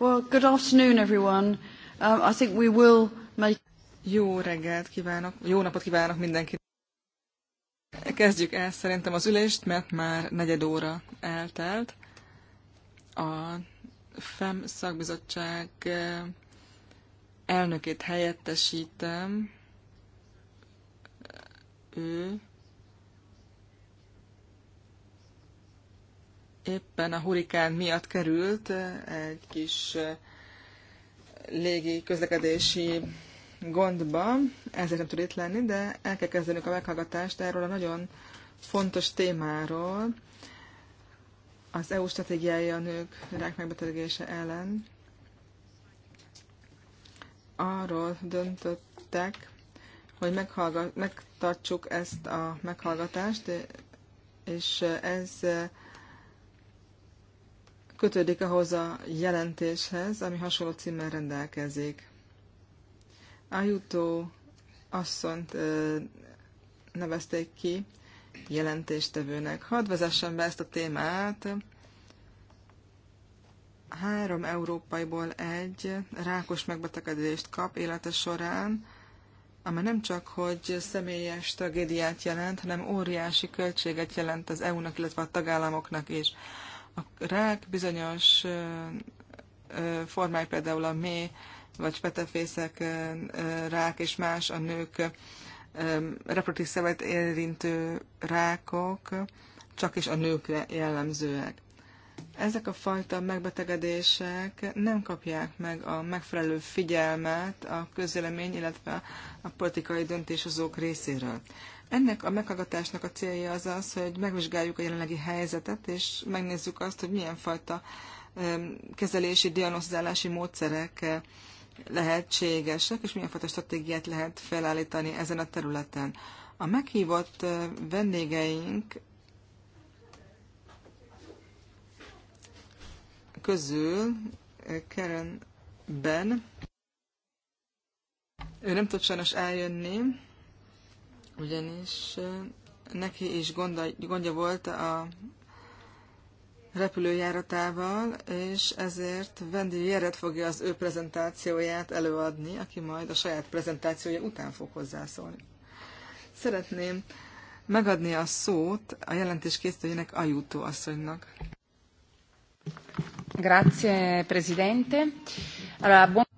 Well, good afternoon, everyone. Um, I think we will make... Jó reggelt kívánok, jó napot kívánok mindenkinek. Kezdjük el szerintem az ülést, mert már negyed óra eltelt. A FEM szakbizottság eh, elnökét helyettesítem. Ő éppen a hurikán miatt került eh, egy kis eh, légi közlekedési gondba, ezért nem tud itt lenni, de el kell kezdenünk a meghallgatást erről a nagyon fontos témáról, az EU stratégiája a nők rák megbetegedése ellen. Arról döntöttek, hogy meghallgat, megtartsuk ezt a meghallgatást, és ez eh, kötődik ahhoz a jelentéshez, ami hasonló címmel rendelkezik. Ajutó asszonyt nevezték ki jelentéstevőnek. Hadd vezessem be ezt a témát. Három európaiból egy rákos megbetegedést kap élete során, amely nem csak, hogy személyes tragédiát jelent, hanem óriási költséget jelent az EU-nak, illetve a tagállamoknak is. A rák bizonyos formái, például a mély vagy petefészek rák és más a nők reproduktív szervet érintő rákok csak is a nőkre jellemzőek. Ezek a fajta megbetegedések nem kapják meg a megfelelő figyelmet a közélemény, illetve a politikai döntéshozók részéről. Ennek a meghallgatásnak a célja az az, hogy megvizsgáljuk a jelenlegi helyzetet, és megnézzük azt, hogy milyen fajta kezelési, diagnosztizálási módszerek eh, lehetségesek, és milyen fajta stratégiát lehet felállítani ezen a területen. A meghívott eh, vendégeink közül eh, Karen Ben, ő nem tud sajnos eljönni, ugyanis neki is gonda, gondja volt a repülőjáratával, és ezért Wendy Jared fogja az ő prezentációját előadni, aki majd a saját prezentációja után fog hozzászólni. Szeretném megadni a szót a jelentés készítőjének Ajutó asszonynak. Grazie, Presidente.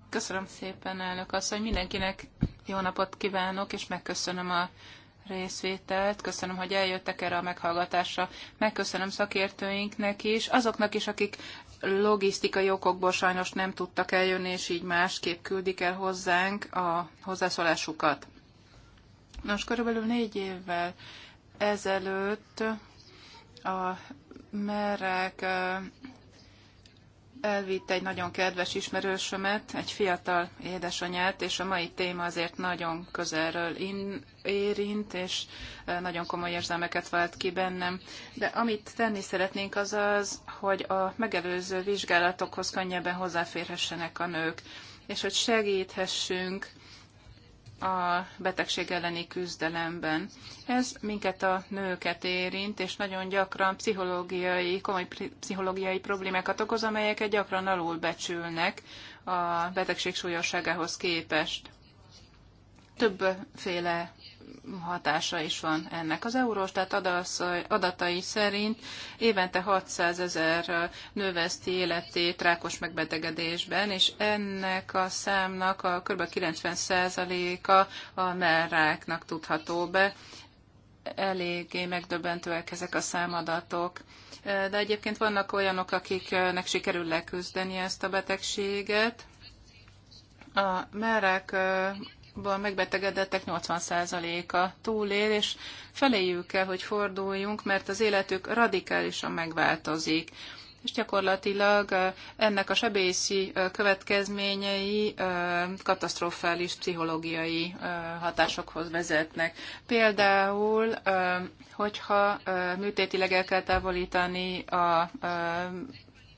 Köszönöm szépen, elnök asszony. Mindenkinek jó napot kívánok, és megköszönöm a részvételt, köszönöm, hogy eljöttek erre a meghallgatásra, megköszönöm szakértőinknek is, azoknak is, akik logisztikai okokból sajnos nem tudtak eljönni, és így másképp küldik el hozzánk a hozzászólásukat. Nos, körülbelül négy évvel ezelőtt a merek elvitt egy nagyon kedves ismerősömet, egy fiatal édesanyát, és a mai téma azért nagyon közelről in, érint, és nagyon komoly érzelmeket vált ki bennem. De amit tenni szeretnénk az az, hogy a megelőző vizsgálatokhoz könnyebben hozzáférhessenek a nők, és hogy segíthessünk a betegség elleni küzdelemben. Ez minket a nőket érint, és nagyon gyakran pszichológiai, komoly pszichológiai problémákat okoz, amelyeket gyakran becsülnek a betegség súlyosságához képest. Többféle hatása is van ennek. Az Eurostat adatai szerint évente 600 ezer növeszti életét rákos megbetegedésben, és ennek a számnak a kb. 90%-a a melráknak tudható be. Eléggé megdöbbentőek ezek a számadatok. De egyébként vannak olyanok, akiknek sikerül leküzdeni ezt a betegséget. A merek akikből megbetegedettek 80%-a túlél, és feléjük kell, hogy forduljunk, mert az életük radikálisan megváltozik. És gyakorlatilag ennek a sebészi következményei katasztrofális pszichológiai hatásokhoz vezetnek. Például, hogyha műtétileg el kell távolítani a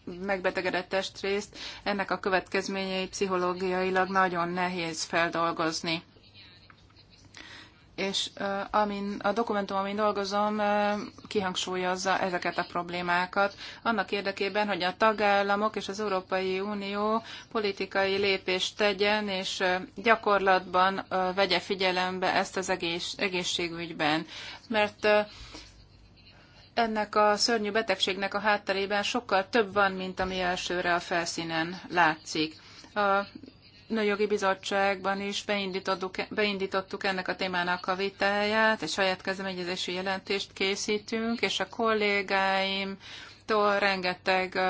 megbetegedett testrészt, ennek a következményei pszichológiailag nagyon nehéz feldolgozni. És amin, a dokumentum, amin dolgozom, kihangsúlyozza ezeket a problémákat, annak érdekében, hogy a tagállamok és az Európai Unió politikai lépést tegyen, és gyakorlatban vegye figyelembe ezt az egész, egészségügyben. Mert ennek a szörnyű betegségnek a hátterében sokkal több van, mint ami elsőre a felszínen látszik. A Nőjogi Bizottságban is beindítottuk, beindítottuk ennek a témának a vitáját, egy saját kezdeményezési jelentést készítünk, és a kollégáimtól rengeteg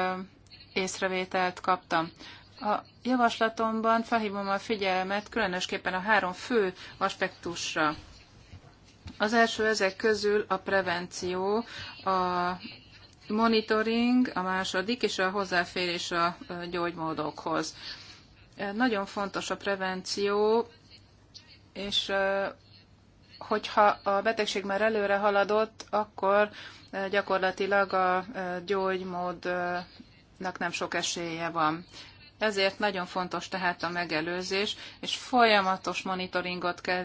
észrevételt kaptam. A javaslatomban felhívom a figyelmet különösképpen a három fő aspektusra az első ezek közül a prevenció, a monitoring, a második, és a hozzáférés a gyógymódokhoz. Nagyon fontos a prevenció, és hogyha a betegség már előre haladott, akkor gyakorlatilag a gyógymódnak nem sok esélye van. Ezért nagyon fontos tehát a megelőzés, és folyamatos monitoringot kell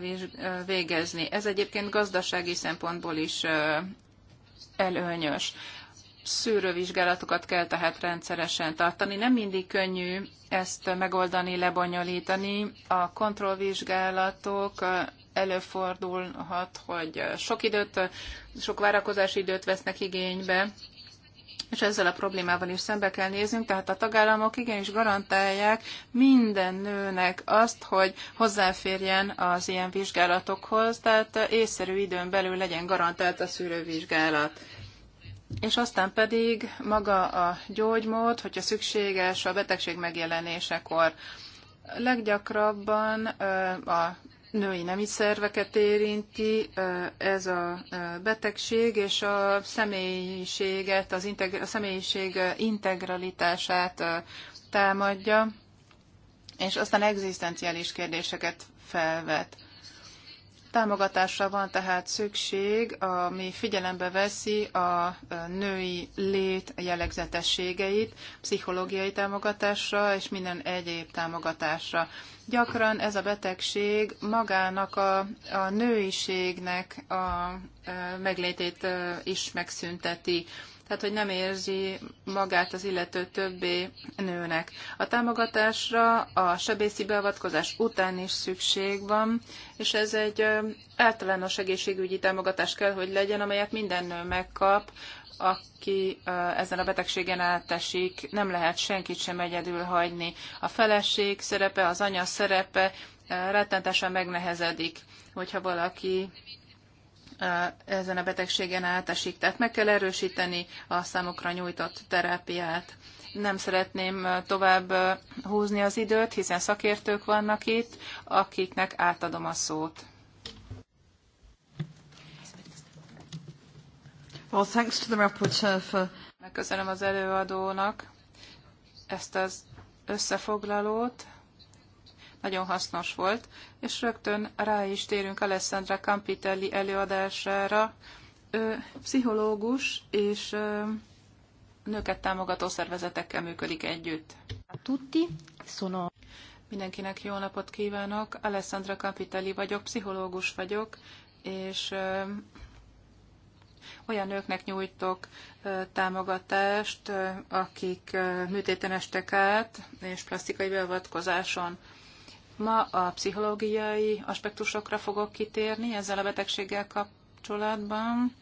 végezni. Ez egyébként gazdasági szempontból is előnyös szűrővizsgálatokat kell tehát rendszeresen tartani. Nem mindig könnyű ezt megoldani, lebonyolítani. A kontrollvizsgálatok előfordulhat, hogy sok időt, sok várakozási időt vesznek igénybe, és ezzel a problémával is szembe kell néznünk, tehát a tagállamok igenis garantálják minden nőnek azt, hogy hozzáférjen az ilyen vizsgálatokhoz, tehát észszerű időn belül legyen garantált a szűrővizsgálat. És aztán pedig maga a gyógymód, hogyha szükséges a betegség megjelenésekor. Leggyakrabban a női nemi szerveket érinti ez a betegség, és a személyiséget, az integ- a személyiség integralitását támadja, és aztán egzisztenciális kérdéseket felvet. Támogatásra van tehát szükség, ami figyelembe veszi a női lét jellegzetességeit, pszichológiai támogatásra és minden egyéb támogatásra. Gyakran ez a betegség magának a, a nőiségnek a e, meglétét e, is megszünteti tehát hogy nem érzi magát az illető többé nőnek. A támogatásra a sebészi beavatkozás után is szükség van, és ez egy általános egészségügyi támogatás kell, hogy legyen, amelyet minden nő megkap, aki ezen a betegségen átesik, nem lehet senkit sem egyedül hagyni. A feleség szerepe, az anya szerepe rettentesen megnehezedik, hogyha valaki ezen a betegségen átesik. Tehát meg kell erősíteni a számokra nyújtott terápiát. Nem szeretném tovább húzni az időt, hiszen szakértők vannak itt, akiknek átadom a szót. Well, thanks to the rapporteur for... Megköszönöm az előadónak ezt az összefoglalót nagyon hasznos volt, és rögtön rá is térünk Alessandra Campitelli előadására. Ő pszichológus és nőket támogató szervezetekkel működik együtt. Tutti sono. Mindenkinek jó napot kívánok! Alessandra Capitelli vagyok, pszichológus vagyok, és olyan nőknek nyújtok támogatást, akik műtéten estek át, és plastikai beavatkozáson Ma a pszichológiai aspektusokra fogok kitérni ezzel a betegséggel kapcsolatban,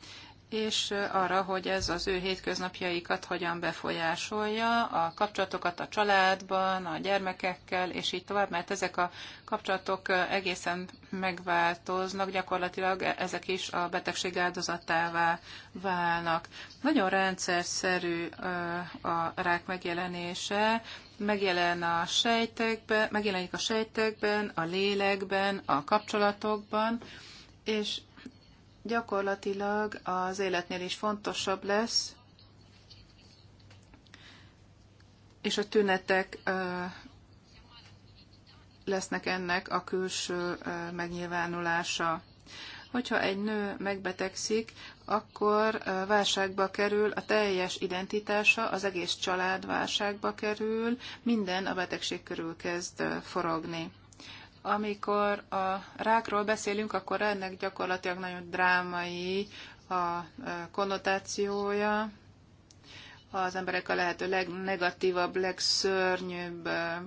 és arra, hogy ez az ő hétköznapjaikat hogyan befolyásolja, a kapcsolatokat a családban, a gyermekekkel, és így tovább, mert ezek a kapcsolatok egészen megváltoznak, gyakorlatilag e-, ezek is a betegség áldozatává válnak. Nagyon rendszerszerű a rák megjelenése, megjelen a sejtekben, megjelenik a sejtekben, a lélekben, a kapcsolatokban, és gyakorlatilag az életnél is fontosabb lesz, és a tünetek lesznek ennek a külső megnyilvánulása. Hogyha egy nő megbetegszik, akkor válságba kerül a teljes identitása, az egész család válságba kerül, minden a betegség körül kezd forogni amikor a rákról beszélünk, akkor ennek gyakorlatilag nagyon drámai a e, konnotációja. Az emberek a lehető legnegatívabb, legszörnyűbb e,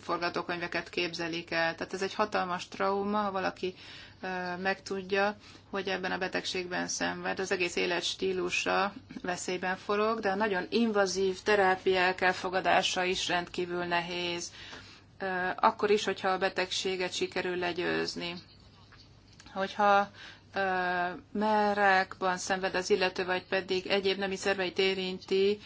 forgatókönyveket képzelik el. Tehát ez egy hatalmas trauma, ha valaki e, megtudja, hogy ebben a betegségben szenved, az egész életstílusa veszélyben forog, de a nagyon invazív terápiák elfogadása is rendkívül nehéz akkor is, hogyha a betegséget sikerül legyőzni. Hogyha merrákban szenved az illető, vagy pedig egyéb nemi szerveit érinti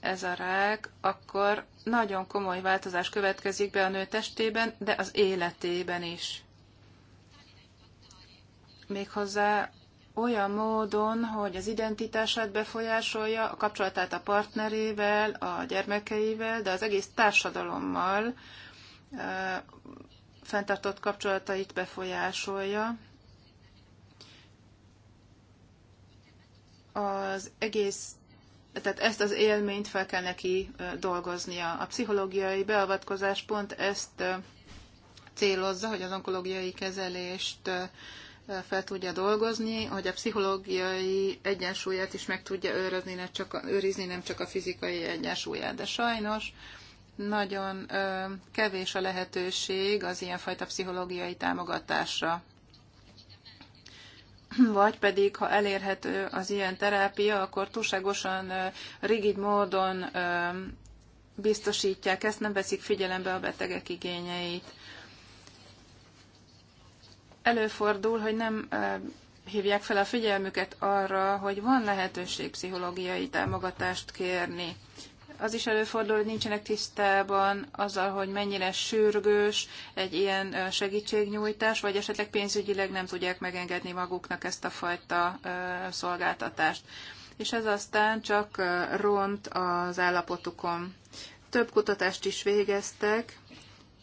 ez a rák, akkor nagyon komoly változás következik be a nő testében, de az életében is. Méghozzá olyan módon, hogy az identitását befolyásolja, a kapcsolatát a partnerével, a gyermekeivel, de az egész társadalommal fenntartott kapcsolatait befolyásolja. Az egész, tehát ezt az élményt fel kell neki dolgoznia. A pszichológiai beavatkozás pont ezt célozza, hogy az onkológiai kezelést fel tudja dolgozni, hogy a pszichológiai egyensúlyát is meg tudja őrizni, nem csak a, őrizni, nem csak a fizikai egyensúlyát. De sajnos nagyon ö, kevés a lehetőség az ilyenfajta pszichológiai támogatásra. Vagy pedig, ha elérhető az ilyen terápia, akkor túlságosan ö, rigid módon ö, biztosítják ezt, nem veszik figyelembe a betegek igényeit előfordul, hogy nem hívják fel a figyelmüket arra, hogy van lehetőség pszichológiai támogatást kérni. Az is előfordul, hogy nincsenek tisztában azzal, hogy mennyire sürgős egy ilyen segítségnyújtás, vagy esetleg pénzügyileg nem tudják megengedni maguknak ezt a fajta szolgáltatást. És ez aztán csak ront az állapotukon. Több kutatást is végeztek,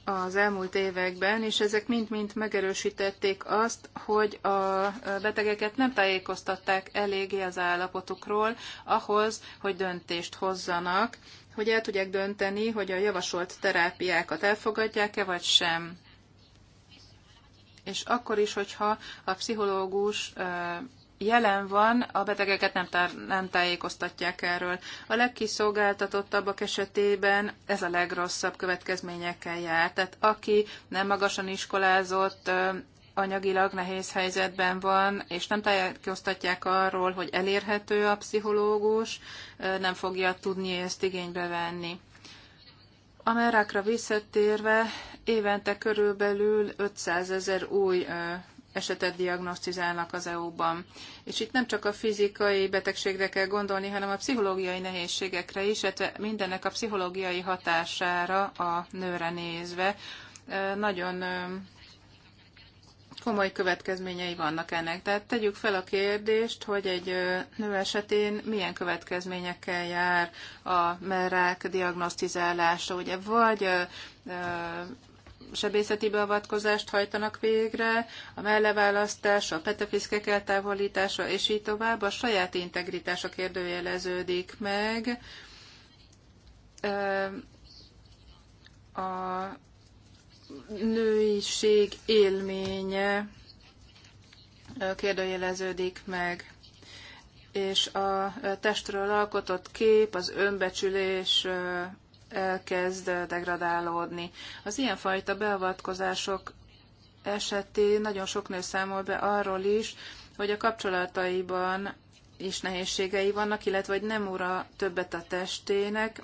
az elmúlt években, és ezek mind-mind megerősítették azt, hogy a betegeket nem tájékoztatták eléggé az állapotukról ahhoz, hogy döntést hozzanak, hogy el tudják dönteni, hogy a javasolt terápiákat elfogadják-e vagy sem. És akkor is, hogyha a pszichológus jelen van, a betegeket nem, tá- nem tájékoztatják erről. A legkiszolgáltatottabbak esetében ez a legrosszabb következményekkel jár. Tehát aki nem magasan iskolázott, anyagilag nehéz helyzetben van, és nem tájékoztatják arról, hogy elérhető a pszichológus, nem fogja tudni ezt igénybe venni. A merákra visszatérve évente körülbelül 500 ezer új esetet diagnosztizálnak az EU-ban. És itt nem csak a fizikai betegségre kell gondolni, hanem a pszichológiai nehézségekre is, illetve hát mindennek a pszichológiai hatására a nőre nézve. Nagyon komoly következményei vannak ennek. Tehát tegyük fel a kérdést, hogy egy nő esetén milyen következményekkel jár a merák diagnosztizálása, ugye, vagy sebészeti beavatkozást hajtanak végre, a melleválasztás, a petefiszkek eltávolítása, és így tovább, a saját integritása kérdőjeleződik meg. A nőiség élménye kérdőjeleződik meg és a testről alkotott kép, az önbecsülés elkezd degradálódni. Az ilyenfajta beavatkozások esetén nagyon sok nő számol be arról is, hogy a kapcsolataiban is nehézségei vannak, illetve hogy nem ura többet a testének,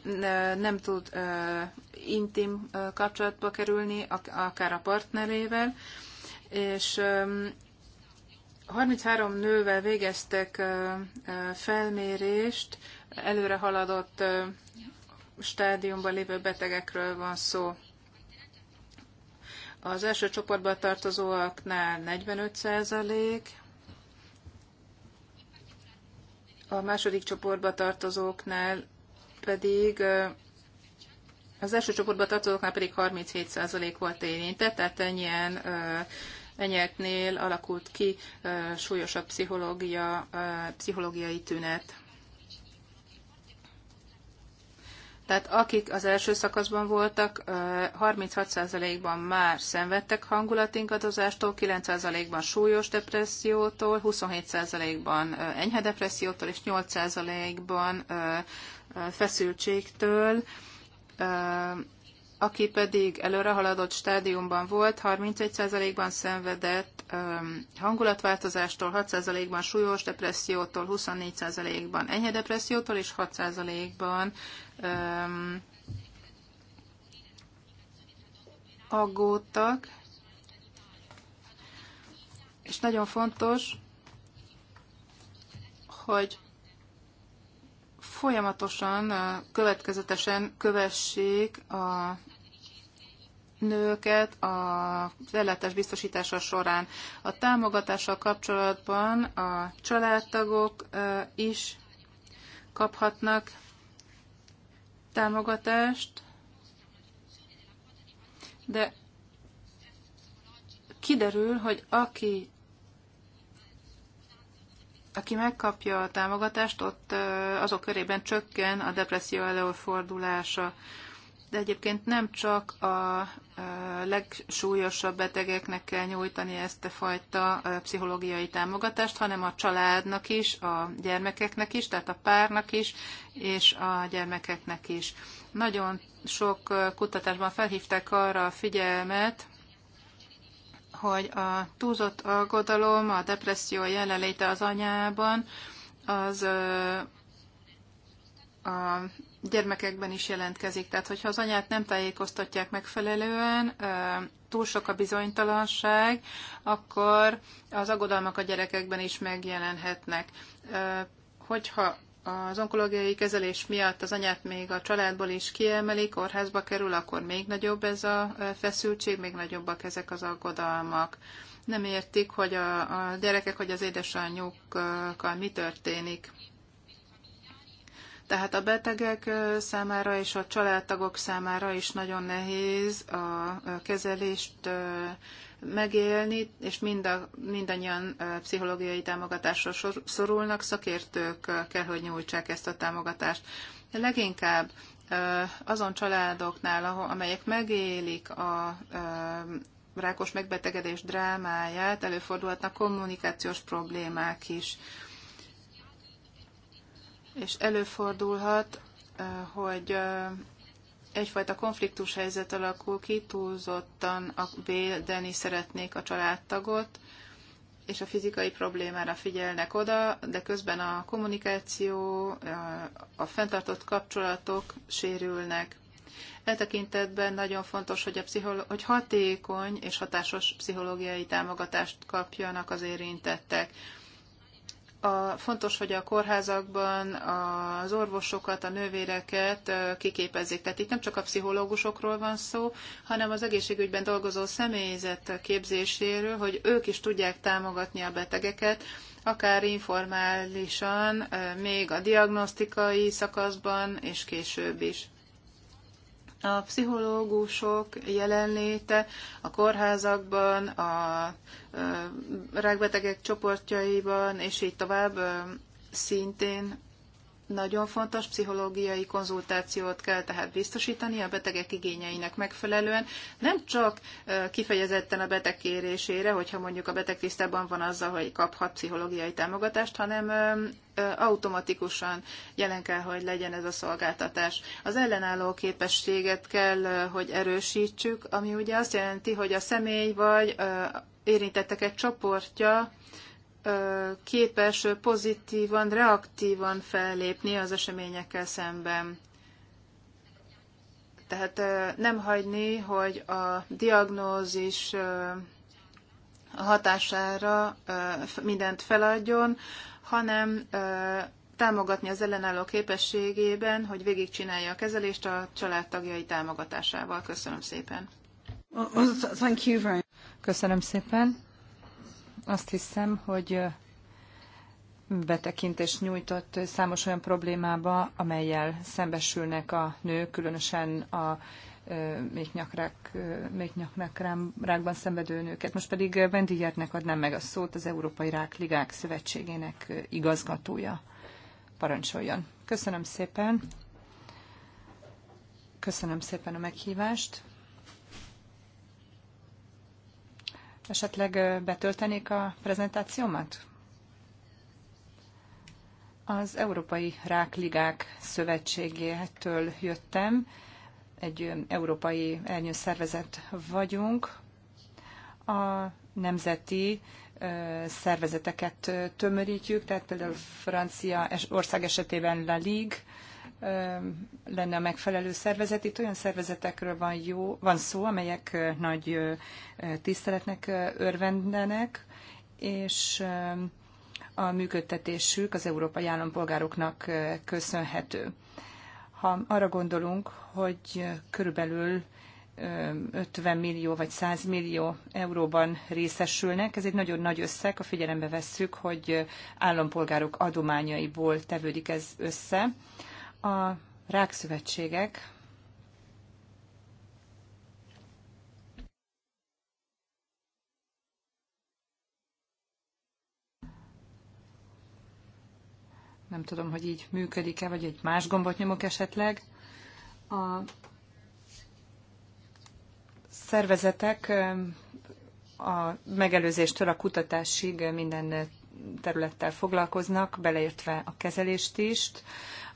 nem tud intim kapcsolatba kerülni, akár a partnerével, és 33 nővel végeztek felmérést előre haladott stádiumban lévő betegekről van szó. Az első csoportban tartozóaknál 45%, százalék, a második csoportba tartozóknál pedig az első csoportba tartozóknál pedig 37% volt érintett, tehát ennyien ennyieknél alakult ki súlyosabb pszichológia, pszichológiai tünet. Tehát akik az első szakaszban voltak, 36%-ban már szenvedtek hangulatingadozástól, 9%-ban súlyos depressziótól, 27%-ban enyhe depressziótól és 8%-ban feszültségtől aki pedig előre haladott stádiumban volt, 31%-ban szenvedett um, hangulatváltozástól, 6%-ban súlyos depressziótól, 24%-ban enyhe depressziótól és 6%-ban um, aggódtak. És nagyon fontos, hogy folyamatosan, következetesen kövessék a nőket az ellátás biztosítása során. A támogatással kapcsolatban a családtagok is kaphatnak támogatást, de kiderül, hogy aki aki megkapja a támogatást, ott azok körében csökken a depresszió előfordulása de egyébként nem csak a legsúlyosabb betegeknek kell nyújtani ezt a fajta pszichológiai támogatást, hanem a családnak is, a gyermekeknek is, tehát a párnak is, és a gyermekeknek is. Nagyon sok kutatásban felhívták arra a figyelmet, hogy a túlzott aggodalom, a depresszió jelenléte az anyában, az a gyermekekben is jelentkezik. Tehát, hogyha az anyát nem tájékoztatják megfelelően, túl sok a bizonytalanság, akkor az aggodalmak a gyerekekben is megjelenhetnek. Hogyha az onkológiai kezelés miatt az anyát még a családból is kiemeli, kórházba kerül, akkor még nagyobb ez a feszültség, még nagyobbak ezek az aggodalmak. Nem értik, hogy a, a gyerekek, hogy az édesanyjukkal mi történik tehát a betegek számára és a családtagok számára is nagyon nehéz a kezelést megélni, és mind a, mindannyian pszichológiai támogatásra szorulnak, szakértők kell, hogy nyújtsák ezt a támogatást. Leginkább azon családoknál, amelyek megélik a rákos megbetegedés drámáját, előfordulhatnak kommunikációs problémák is és előfordulhat, hogy egyfajta konfliktus helyzet alakul ki, túlzottan a védeni szeretnék a családtagot, és a fizikai problémára figyelnek oda, de közben a kommunikáció, a fenntartott kapcsolatok sérülnek. E tekintetben nagyon fontos, hogy, a hogy hatékony és hatásos pszichológiai támogatást kapjanak az érintettek a, fontos, hogy a kórházakban az orvosokat, a nővéreket kiképezzék. Tehát itt nem csak a pszichológusokról van szó, hanem az egészségügyben dolgozó személyzet képzéséről, hogy ők is tudják támogatni a betegeket, akár informálisan, még a diagnosztikai szakaszban, és később is. A pszichológusok jelenléte a kórházakban, a rákbetegek csoportjaiban, és így tovább szintén nagyon fontos pszichológiai konzultációt kell tehát biztosítani a betegek igényeinek megfelelően, nem csak kifejezetten a beteg kérésére, hogyha mondjuk a beteg tisztában van azzal, hogy kaphat pszichológiai támogatást, hanem automatikusan jelen kell, hogy legyen ez a szolgáltatás. Az ellenálló képességet kell, hogy erősítsük, ami ugye azt jelenti, hogy a személy vagy érintettek egy csoportja képes pozitívan, reaktívan fellépni az eseményekkel szemben. Tehát nem hagyni, hogy a diagnózis hatására mindent feladjon, hanem támogatni az ellenálló képességében, hogy végigcsinálja a kezelést a családtagjai támogatásával. Köszönöm szépen. Köszönöm szépen. Azt hiszem, hogy betekintést nyújtott számos olyan problémába, amelyel szembesülnek a nők, különösen a méhnyakrák, rákban szenvedő nőket. Most pedig Bendigernek adnám meg a szót, az Európai Rákligák Szövetségének igazgatója. Parancsoljon. Köszönöm szépen. Köszönöm szépen a meghívást. Esetleg betöltenék a prezentációmat? Az Európai Rákligák Szövetségétől jöttem, egy európai elnyőszervezet vagyunk. A nemzeti szervezeteket tömörítjük, tehát például Francia ország esetében La Ligue, lenne a megfelelő szervezet. Itt olyan szervezetekről van, jó, van szó, amelyek nagy tiszteletnek örvendenek, és a működtetésük az európai állampolgároknak köszönhető. Ha arra gondolunk, hogy körülbelül 50 millió vagy 100 millió euróban részesülnek. Ez egy nagyon nagy összeg, a figyelembe vesszük, hogy állampolgárok adományaiból tevődik ez össze a rákszövetségek nem tudom, hogy így működik-e, vagy egy más gombot nyomok esetleg. A szervezetek a megelőzéstől a kutatásig minden területtel foglalkoznak, beleértve a kezelést is,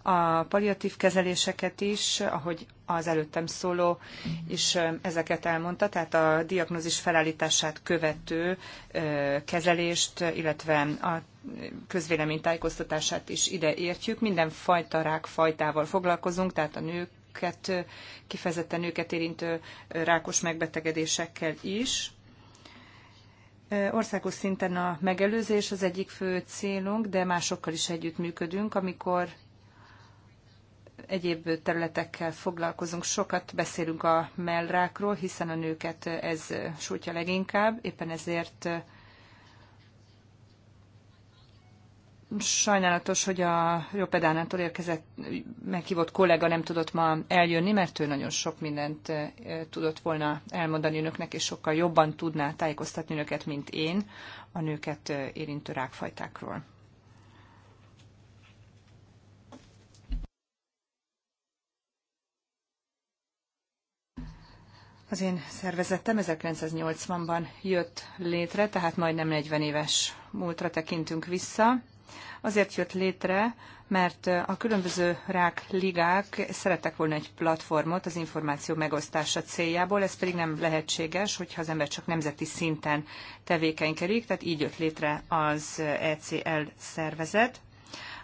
a palliatív kezeléseket is, ahogy az előttem szóló is ezeket elmondta, tehát a diagnózis felállítását követő kezelést, illetve a közvélemény tájékoztatását is ide értjük. Minden fajta fajtával foglalkozunk, tehát a nőket, kifejezetten nőket érintő rákos megbetegedésekkel is Országos szinten a megelőzés az egyik fő célunk, de másokkal is együttműködünk, amikor egyéb területekkel foglalkozunk. Sokat beszélünk a mellrákról, hiszen a nőket ez sújtja leginkább, éppen ezért Sajnálatos, hogy a Ropedánától érkezett meghívott kollega nem tudott ma eljönni, mert ő nagyon sok mindent eh, tudott volna elmondani önöknek, és sokkal jobban tudná tájékoztatni önöket, mint én a nőket eh, érintő rákfajtákról. Az én szervezetem 1980-ban jött létre, tehát majdnem 40 éves múltra tekintünk vissza. Azért jött létre, mert a különböző rák ligák szerettek volna egy platformot az információ megosztása céljából, ez pedig nem lehetséges, hogyha az ember csak nemzeti szinten tevékenykedik, tehát így jött létre az ECL szervezet.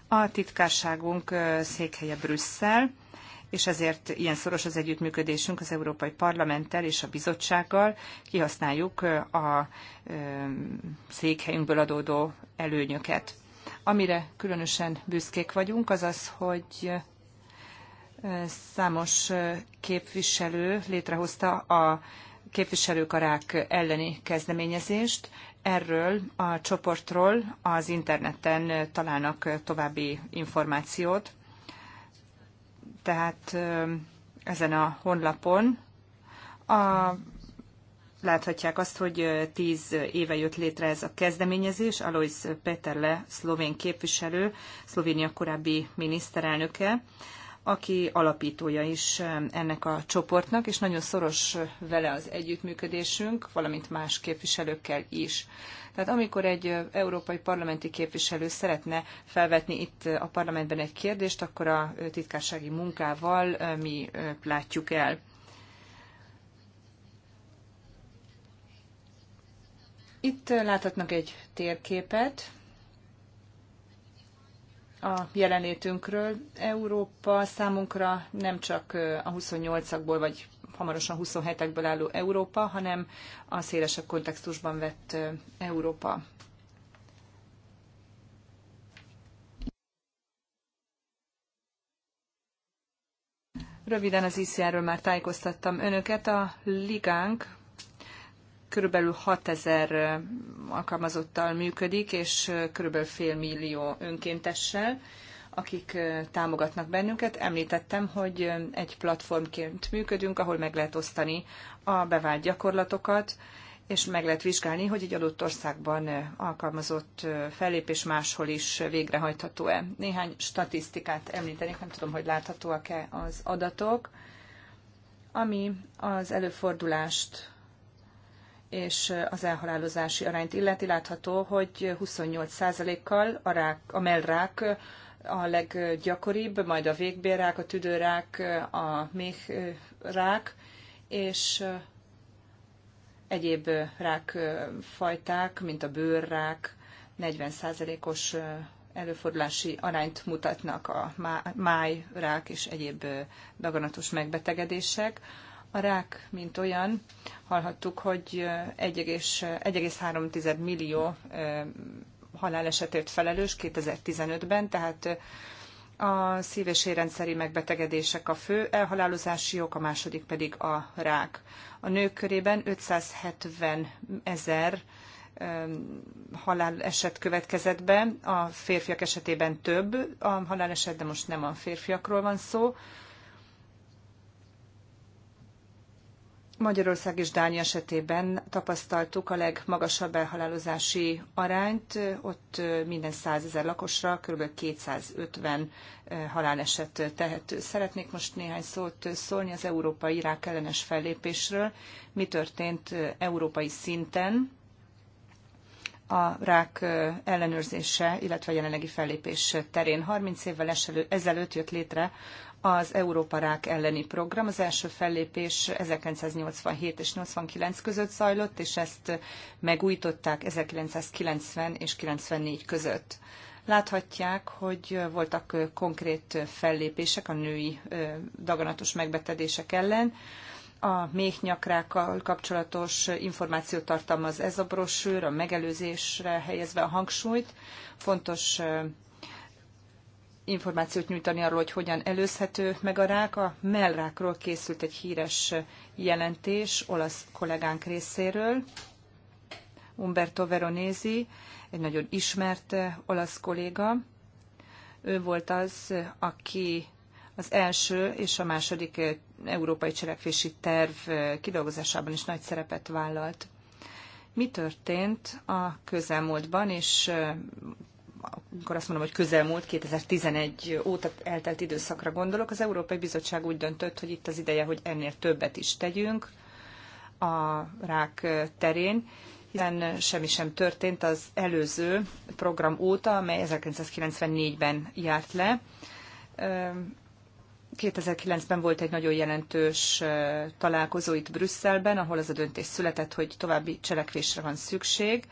A titkárságunk székhelye Brüsszel, és ezért ilyen szoros az együttműködésünk az Európai Parlamenttel és a bizottsággal. Kihasználjuk a székhelyünkből adódó előnyöket. Amire különösen büszkék vagyunk, az az, hogy számos képviselő létrehozta a képviselők a rák elleni kezdeményezést. Erről a csoportról az interneten találnak további információt. Tehát ezen a honlapon a láthatják azt, hogy tíz éve jött létre ez a kezdeményezés. Alois Peterle, szlovén képviselő, Szlovénia korábbi miniszterelnöke, aki alapítója is ennek a csoportnak, és nagyon szoros vele az együttműködésünk, valamint más képviselőkkel is. Tehát amikor egy európai parlamenti képviselő szeretne felvetni itt a parlamentben egy kérdést, akkor a titkársági munkával mi látjuk el. Itt láthatnak egy térképet a jelenlétünkről. Európa számunkra nem csak a 28-akból, vagy hamarosan 27-ekből álló Európa, hanem a szélesebb kontextusban vett Európa. Röviden az ICR-ről már tájékoztattam önöket. A ligánk körülbelül 6000 alkalmazottal működik, és körülbelül fél millió önkéntessel, akik támogatnak bennünket. Említettem, hogy egy platformként működünk, ahol meg lehet osztani a bevált gyakorlatokat, és meg lehet vizsgálni, hogy egy adott országban alkalmazott fellépés máshol is végrehajtható-e. Néhány statisztikát említenék, nem tudom, hogy láthatóak-e az adatok, ami az előfordulást és eh, az elhalálozási arányt illeti látható, hogy 28%-kal a, rák, a mellrák eh, a leggyakoribb, majd a végbérrák, a tüdőrák, eh, a méhrák, és egyéb rákfajták, mint a bőrrák, 40%-os előfordulási arányt mutatnak a májrák és egyéb daganatos megbetegedések. A rák, mint olyan, hallhattuk, hogy 1,3 millió halálesetért felelős 2015-ben, tehát a szív- és érrendszeri megbetegedések a fő elhalálozási ok, a második pedig a rák. A nők körében 570 ezer haláleset következett be, a férfiak esetében több a haláleset, de most nem a férfiakról van szó. Magyarország és Dánia esetében tapasztaltuk a legmagasabb elhalálozási arányt, ott minden százezer lakosra kb. 250 haláleset tehető. Szeretnék most néhány szót szólni az európai irák ellenes fellépésről. Mi történt európai szinten a rák ellenőrzése, illetve a jelenlegi fellépés terén. 30 évvel ezelőtt jött létre az Európa Rák elleni program. Az első fellépés 1987 és 89 között zajlott, és ezt megújították 1990 és 94 között. Láthatják, hogy voltak konkrét fellépések a női daganatos megbetegedések ellen. A méhnyakrákkal kapcsolatos információt tartalmaz ez a brosőr, a megelőzésre helyezve a hangsúlyt. Fontos információt nyújtani arról, hogy hogyan előzhető meg a rák. A mellrákról készült egy híres jelentés olasz kollégánk részéről, Umberto Veronesi, egy nagyon ismert eh, olasz kolléga. Ő volt az, aki az első és a második eh, európai cselekvési terv eh, kidolgozásában is nagy szerepet vállalt. Mi történt a közelmúltban, és amikor azt mondom, hogy közelmúlt 2011 óta eltelt időszakra gondolok, az Európai Bizottság úgy döntött, hogy itt az ideje, hogy ennél többet is tegyünk a rák terén, hiszen semmi sem történt az előző program óta, amely 1994-ben járt le. 2009-ben volt egy nagyon jelentős találkozó itt Brüsszelben, ahol az a döntés született, hogy további cselekvésre van szükség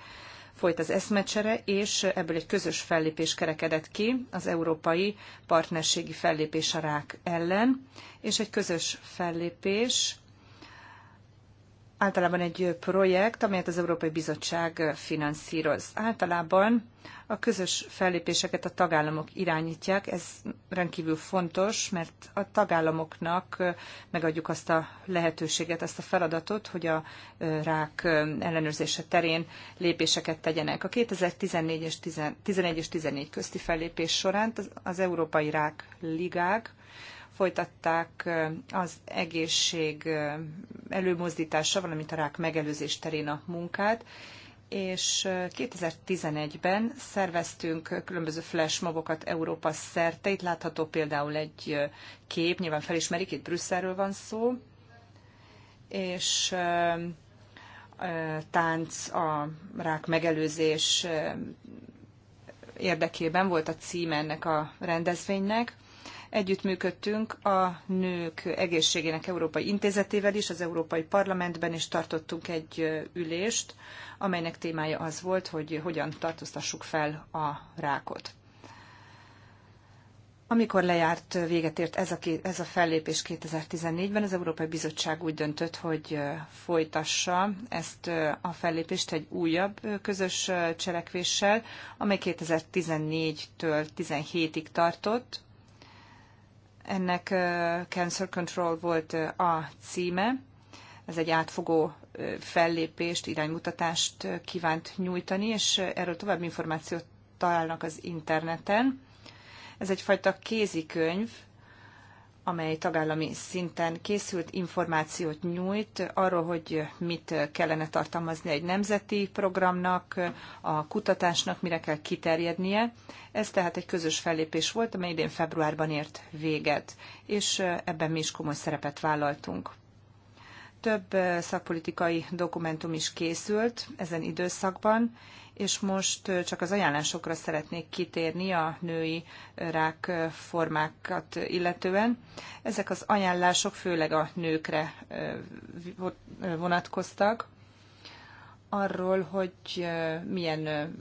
folyt az eszmecsere, és ebből egy közös fellépés kerekedett ki az európai partnerségi fellépés a rák ellen, és egy közös fellépés általában egy projekt, amelyet az Európai Bizottság finanszíroz. Általában a közös fellépéseket a tagállamok irányítják. Ez rendkívül fontos, mert a tagállamoknak megadjuk azt a lehetőséget, azt a feladatot, hogy a rák ellenőrzése terén lépéseket tegyenek. A 2014 és 11 és 14 közti fellépés során az Európai Rák Ligák folytatták az egészség előmozdítása, valamint a rák megelőzés terén a munkát, és 2011-ben szerveztünk különböző flashmobokat Európa szerte. Itt látható például egy kép, nyilván felismerik, itt Brüsszelről van szó, és tánc a rák megelőzés érdekében volt a cím ennek a rendezvénynek. Együttműködtünk a Nők Egészségének Európai Intézetével is, az Európai Parlamentben is tartottunk egy ülést, amelynek témája az volt, hogy hogyan tartóztassuk fel a rákot. Amikor lejárt véget ért ez a, ez a fellépés 2014-ben, az Európai Bizottság úgy döntött, hogy folytassa ezt a fellépést egy újabb közös cselekvéssel, amely 2014-től 17-ig tartott, ennek Cancer Control volt a címe. Ez egy átfogó fellépést, iránymutatást kívánt nyújtani, és erről további információt találnak az interneten. Ez egyfajta kézikönyv, amely tagállami szinten készült, információt nyújt arról, hogy mit kellene tartalmazni egy nemzeti programnak, a kutatásnak, mire kell kiterjednie. Ez tehát egy közös fellépés volt, amely idén februárban ért véget, és ebben mi is komoly szerepet vállaltunk. Több eh, szakpolitikai dokumentum is készült ezen időszakban, és most eh, csak az ajánlásokra szeretnék kitérni a női eh, rák formákat illetően. Ezek az ajánlások főleg a nőkre vonatkoztak, arról, hogy milyen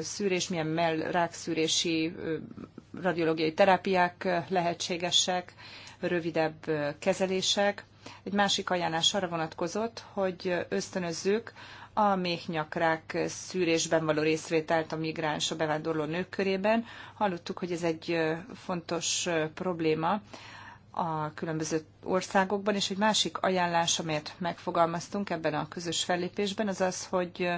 szűrés, milyen szűrési radiológiai terápiák lehetségesek, rövidebb kezelések, egy másik ajánlás arra vonatkozott, hogy ösztönözzük a méhnyakrák szűrésben való részvételt a migráns, a bevándorló nők körében. Hallottuk, hogy ez egy fontos probléma a különböző országokban, és egy másik ajánlás, amelyet megfogalmaztunk ebben a közös fellépésben, az az, hogy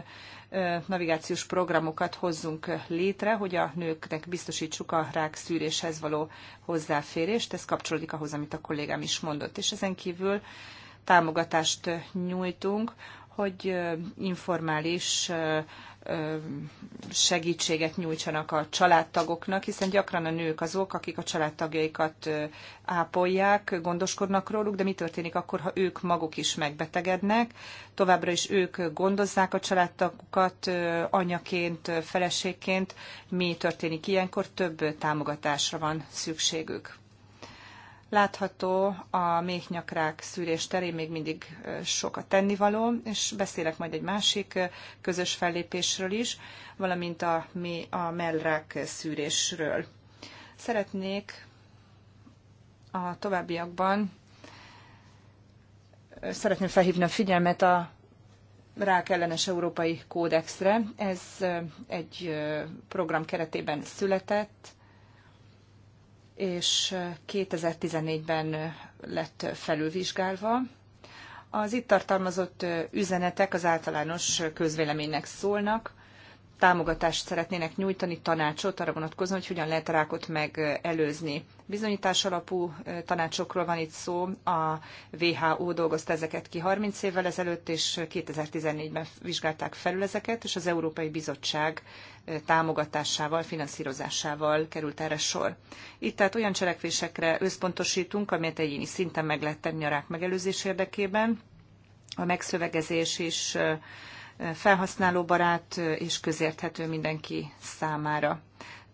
navigációs programokat hozzunk létre, hogy a nőknek biztosítsuk a rák szűréshez való hozzáférést. Ez kapcsolódik ahhoz, amit a kollégám is mondott. És ezen kívül támogatást nyújtunk hogy informális segítséget nyújtsanak a családtagoknak, hiszen gyakran a nők azok, akik a családtagjaikat ápolják, gondoskodnak róluk, de mi történik akkor, ha ők maguk is megbetegednek, továbbra is ők gondozzák a családtagokat anyaként, feleségként, mi történik ilyenkor, több támogatásra van szükségük. Látható a méhnyakrák szűrés terén még mindig sok a tennivaló, és beszélek majd egy másik közös fellépésről is, valamint a, a mellrák szűrésről. Szeretnék a továbbiakban szeretném felhívni a figyelmet a rák ellenes európai kódexre. Ez egy program keretében született, és 2014-ben lett felülvizsgálva. Az itt tartalmazott üzenetek az általános közvéleménynek szólnak, támogatást szeretnének nyújtani, tanácsot arra vonatkozóan, hogy hogyan lehet rákot megelőzni. Bizonyítás alapú tanácsokról van itt szó, a WHO dolgozta ezeket ki 30 évvel ezelőtt, és 2014-ben vizsgálták felül ezeket, és az Európai Bizottság támogatásával, finanszírozásával került erre sor. Itt tehát olyan cselekvésekre összpontosítunk, amelyet egyéni szinten meg lehet tenni a rák megelőzés érdekében. A megszövegezés is felhasználóbarát és közérthető mindenki számára.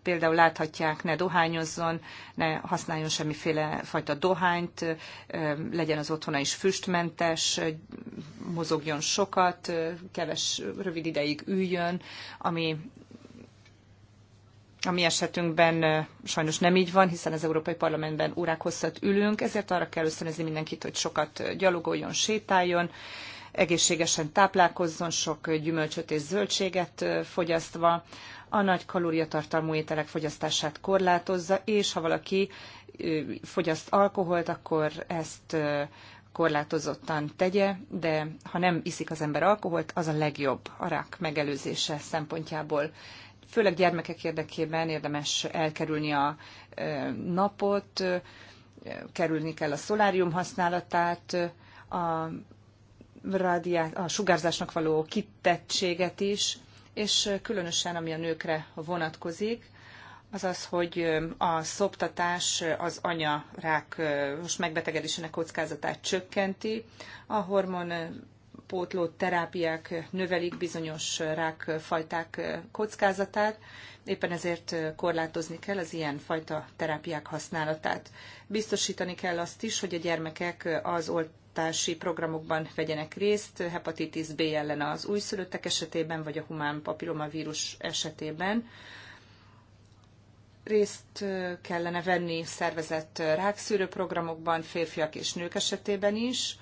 Például láthatják, ne dohányozzon, ne használjon semmiféle fajta dohányt, legyen az otthona is füstmentes, mozogjon sokat, keves rövid ideig üljön, ami a mi esetünkben sajnos nem így van, hiszen az Európai Parlamentben órák hosszat ülünk, ezért arra kell ösztönözni mindenkit, hogy sokat gyalogoljon, sétáljon, egészségesen táplálkozzon, sok gyümölcsöt és zöldséget fogyasztva, a nagy kalóriatartalmú ételek fogyasztását korlátozza, és ha valaki fogyaszt alkoholt, akkor ezt korlátozottan tegye, de ha nem iszik az ember alkoholt, az a legjobb a rák megelőzése szempontjából főleg gyermekek érdekében érdemes elkerülni a napot, kerülni kell a szolárium használatát, a, radiá- a sugárzásnak való kitettséget is, és különösen ami a nőkre vonatkozik, az az, hogy a szoptatás az anyarák most megbetegedésének kockázatát csökkenti, a hormon pótló terápiák növelik bizonyos rákfajták kockázatát, éppen ezért korlátozni kell az ilyen fajta terápiák használatát. Biztosítani kell azt is, hogy a gyermekek az oltási programokban vegyenek részt, hepatitis B ellen az újszülöttek esetében, vagy a humán papillomavírus esetében, részt kellene venni szervezett rákszűrő programokban, férfiak és nők esetében is,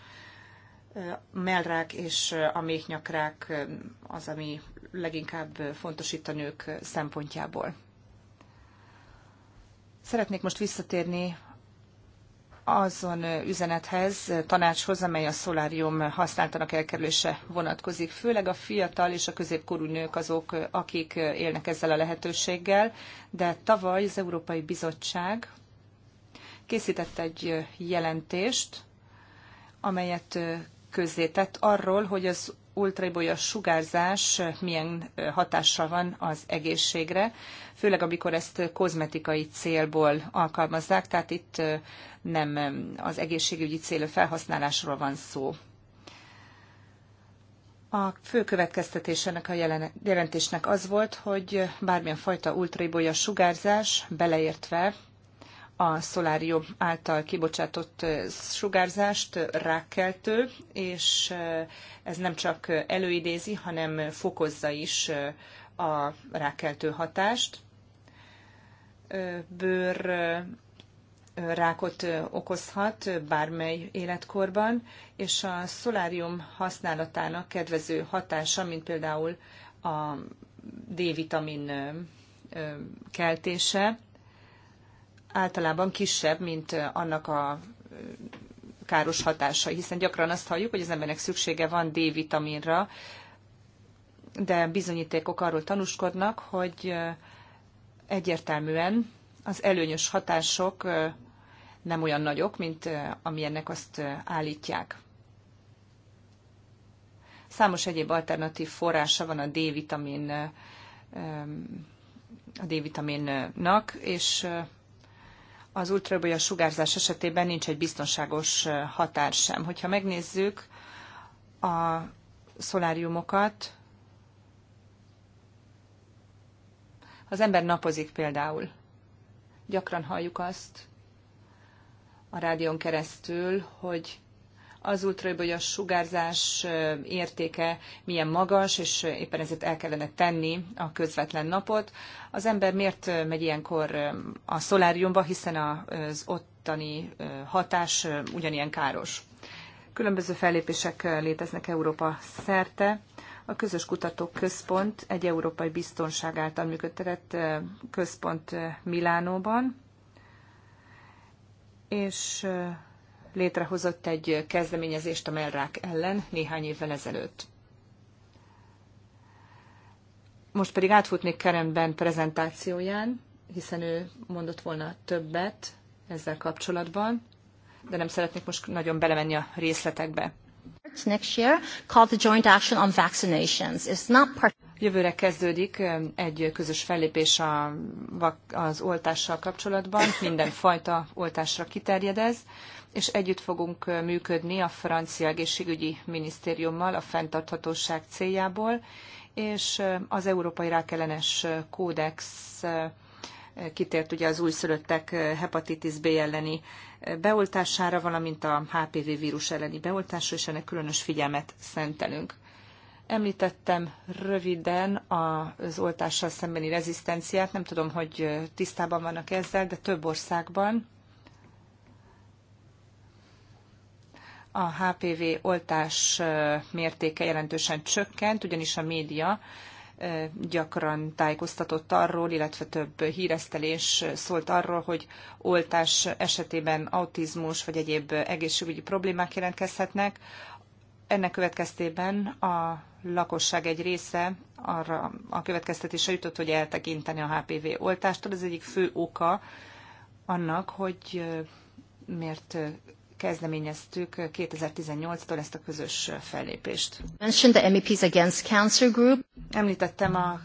mellrák és a méhnyakrák az, ami leginkább fontos itt a nők szempontjából. Szeretnék most visszatérni azon üzenethez, tanácshoz, amely a szolárium használtanak elkerülése vonatkozik. Főleg a fiatal és a középkorú nők azok, akik élnek ezzel a lehetőséggel, de tavaly az Európai Bizottság készített egy jelentést, amelyet közzétett arról, hogy az ultraibolya sugárzás milyen hatással van az egészségre, főleg amikor ezt kozmetikai célból alkalmazzák, tehát itt nem az egészségügyi célú felhasználásról van szó. A fő következtetés ennek a jelentésnek az volt, hogy bármilyen fajta ultraibolya sugárzás, beleértve a szolárium által kibocsátott sugárzást rákkeltő, és ez nem csak előidézi, hanem fokozza is a rákeltő hatást. Bőr rákot okozhat bármely életkorban, és a szolárium használatának kedvező hatása, mint például a D-vitamin keltése, általában kisebb, mint annak a káros hatása, hiszen gyakran azt halljuk, hogy az embernek szüksége van D-vitaminra, de bizonyítékok arról tanúskodnak, hogy egyértelműen az előnyös hatások nem olyan nagyok, mint amilyennek azt állítják. Számos egyéb alternatív forrása van a D-vitamin a D-vitaminnak, és az ultrabolya sugárzás esetében nincs egy biztonságos határ sem. Hogyha megnézzük a szoláriumokat, az ember napozik például. Gyakran halljuk azt a rádión keresztül, hogy az útra, hogy a sugárzás értéke milyen magas, és éppen ezért el kellene tenni a közvetlen napot. Az ember miért megy ilyenkor a szoláriumba, hiszen az ottani hatás ugyanilyen káros. Különböző fellépések léteznek Európa szerte. A Közös Kutatóközpont egy európai biztonság által működtetett központ Milánóban, és létrehozott egy kezdeményezést a mellrák ellen néhány évvel ezelőtt. Most pedig átfutnék Keremben prezentációján, hiszen ő mondott volna többet ezzel kapcsolatban, de nem szeretnék most nagyon belemenni a részletekbe. Next year, called the Joint Action on Vaccinations. It's not part Jövőre kezdődik um, egy közös fellépés a, az oltással kapcsolatban, minden fajta oltásra kiterjed ez és együtt fogunk működni a francia egészségügyi minisztériummal a fenntarthatóság céljából, és az Európai Rákellenes Kódex kitért ugye az újszülöttek hepatitis B elleni beoltására, valamint a HPV vírus elleni beoltásra, és ennek különös figyelmet szentelünk. Említettem röviden az oltással szembeni rezisztenciát, nem tudom, hogy tisztában vannak ezzel, de több országban a HPV oltás mértéke jelentősen csökkent, ugyanis a média gyakran tájékoztatott arról, illetve több híresztelés szólt arról, hogy oltás esetében autizmus vagy egyéb egészségügyi problémák jelentkezhetnek. Ennek következtében a lakosság egy része arra a következtetése jutott, hogy eltekinteni a HPV oltástól. Ez egyik fő oka annak, hogy miért kezdeményeztük 2018-tól ezt a közös fellépést. Említettem a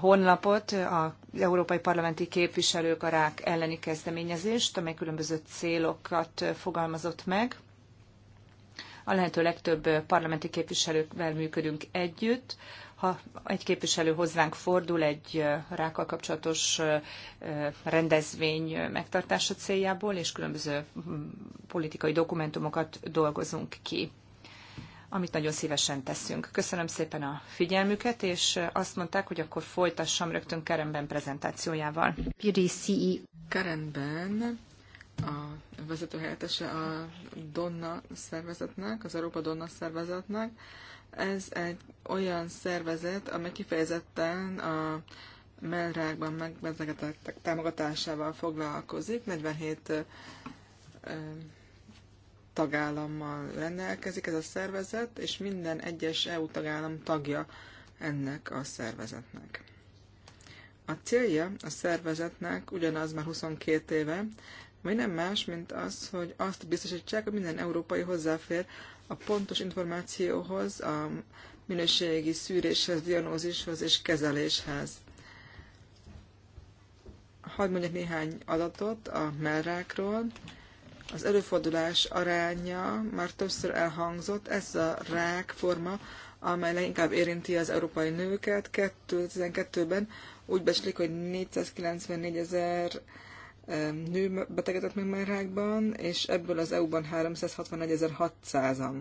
honlapot, az Európai Parlamenti Képviselők a rák elleni kezdeményezést, amely különböző célokat fogalmazott meg. A lehető legtöbb parlamenti képviselővel működünk együtt, ha egy képviselő hozzánk fordul egy rákkal kapcsolatos rendezvény megtartása céljából, és különböző mm, politikai dokumentumokat dolgozunk ki amit nagyon szívesen teszünk. Köszönöm szépen a figyelmüket, és azt mondták, hogy akkor folytassam rögtön Keremben prezentációjával. PDCE. Kerenben a vezetőhelyettese a Donna szervezetnek, az Európa Donna szervezetnek, ez egy olyan szervezet, ami kifejezetten a melrákban megbetegedettek támogatásával foglalkozik, 47 tagállammal rendelkezik ez a szervezet, és minden egyes EU tagállam tagja ennek a szervezetnek. A célja a szervezetnek ugyanaz már 22 éve, ami nem más, mint az, hogy azt biztosítsák, hogy minden európai hozzáfér a pontos információhoz, a minőségi szűréshez, diagnózishoz és kezeléshez. Hadd mondjak néhány adatot a mellrákról. Az előfordulás aránya már többször elhangzott, ez a rákforma, amely leginkább érinti az európai nőket. 2012-ben úgy beszélik, hogy 494 ezer nő betegedett meg már rákban, és ebből az EU-ban 361.600-an.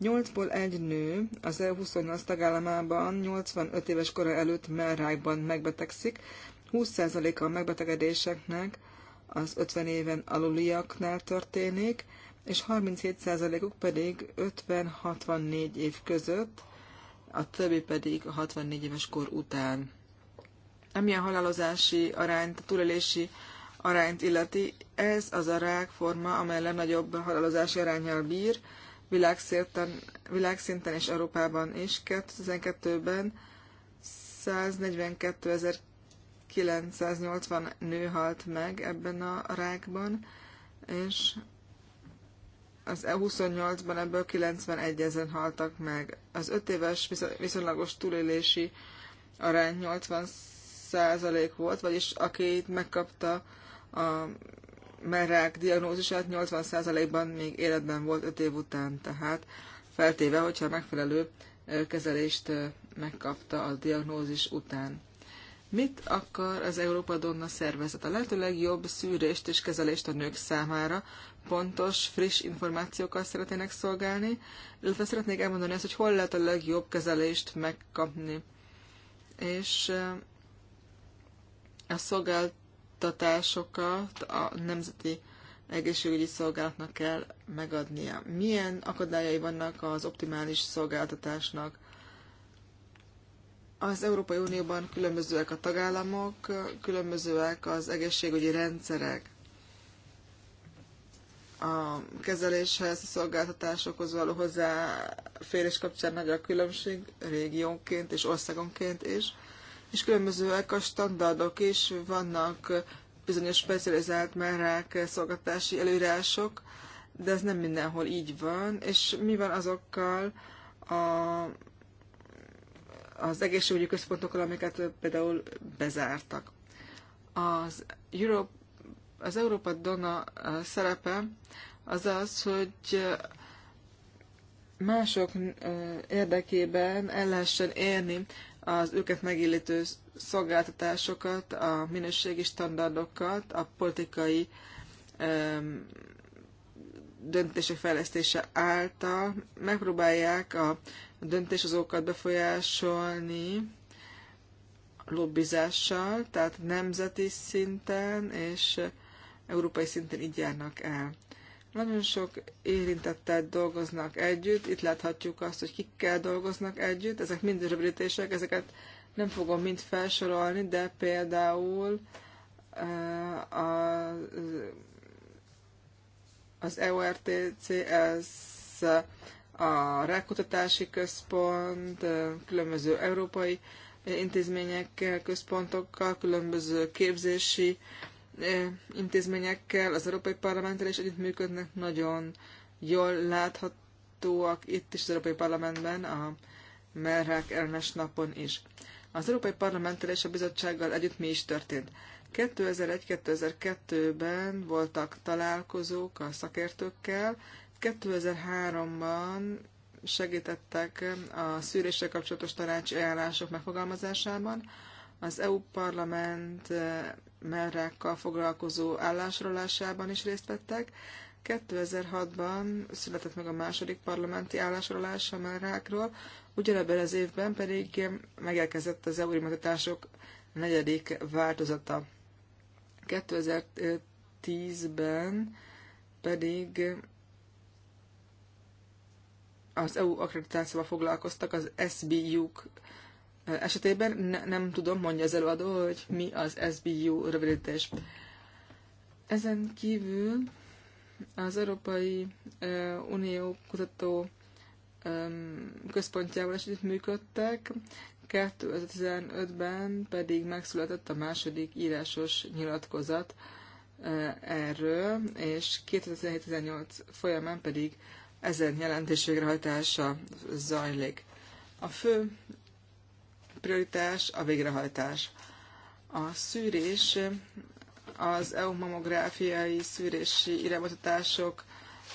8-ból egy nő az EU 28 tagállamában 85 éves kora előtt mellrákban megbetegszik, 20%-a a megbetegedéseknek az 50 éven aluliaknál történik, és 37%-uk pedig 50-64 év között, a többi pedig a 64 éves kor után. Ami a halálozási arányt, a túlélési arányt illeti, ez az a rákforma, amely legnagyobb halálozási arányjal bír, világszinten, világszinten és Európában is. 2012-ben 142.980 nő halt meg ebben a rákban, és az E28-ban ebből 91 ezeren haltak meg. Az 5 éves viszonylagos túlélési arány 80 százalék volt, vagyis aki megkapta a merák diagnózisát 80%-ban még életben volt 5 év után, tehát feltéve, hogyha megfelelő kezelést megkapta a diagnózis után. Mit akar az Európa Donna szervezet? A lehető legjobb szűrést és kezelést a nők számára, pontos, friss információkkal szeretnének szolgálni, illetve szeretnék elmondani azt, hogy hol lehet a legjobb kezelést megkapni. És a szolgált juttatásokat a Nemzeti Egészségügyi Szolgálatnak kell megadnia. Milyen akadályai vannak az optimális szolgáltatásnak? Az Európai Unióban különbözőek a tagállamok, különbözőek az egészségügyi rendszerek. A kezeléshez, a szolgáltatásokhoz való hozzáférés kapcsán nagy a különbség régiónként és országonként is és különbözőek a standardok is, vannak bizonyos specializált merák szolgatási előírások, de ez nem mindenhol így van, és mi van azokkal a, az egészségügyi központokkal, amiket például bezártak. Az, Europe, az Európa Dona szerepe az az, hogy mások érdekében el lehessen érni az őket megillítő szolgáltatásokat, a minőségi standardokat, a politikai öm, döntések fejlesztése által megpróbálják a döntéshozókat befolyásolni lobbizással, tehát nemzeti szinten és európai szinten így járnak el. Nagyon sok érintettet dolgoznak együtt, itt láthatjuk azt, hogy kikkel dolgoznak együtt, ezek mind rövidítések, ezeket nem fogom mind felsorolni, de például eh, az EORTC, ez eh, a Rákutatási Központ, eh, különböző európai intézményekkel, központokkal, különböző képzési intézményekkel, az Európai Parlamenttel is együttműködnek, nagyon jól láthatóak itt is az Európai Parlamentben, a merrák ellenes napon is. Az Európai Parlamenttel és a bizottsággal együtt mi is történt. 2001-2002-ben voltak találkozók a szakértőkkel, 2003-ban segítettek a szűréssel kapcsolatos tanácsi ajánlások megfogalmazásában. Az EU parlament merrákkal foglalkozó állásrólásában is részt vettek. 2006-ban született meg a második parlamenti állásrólás a merrákról, ugyanebben az évben pedig megelkezett az eurimatatások negyedik változata. 2010-ben pedig az EU akreditációval foglalkoztak az SBU-k esetében ne, nem tudom, mondja az előadó, hogy mi az SBU rövidítés. Ezen kívül az Európai Unió kutató központjával is működtek, 2015-ben pedig megszületett a második írásos nyilatkozat erről, és 2017-18 folyamán pedig ezen jelentés végrehajtása zajlik. A fő prioritás a végrehajtás. A szűrés, az EU mammográfiai szűrési iránymutatások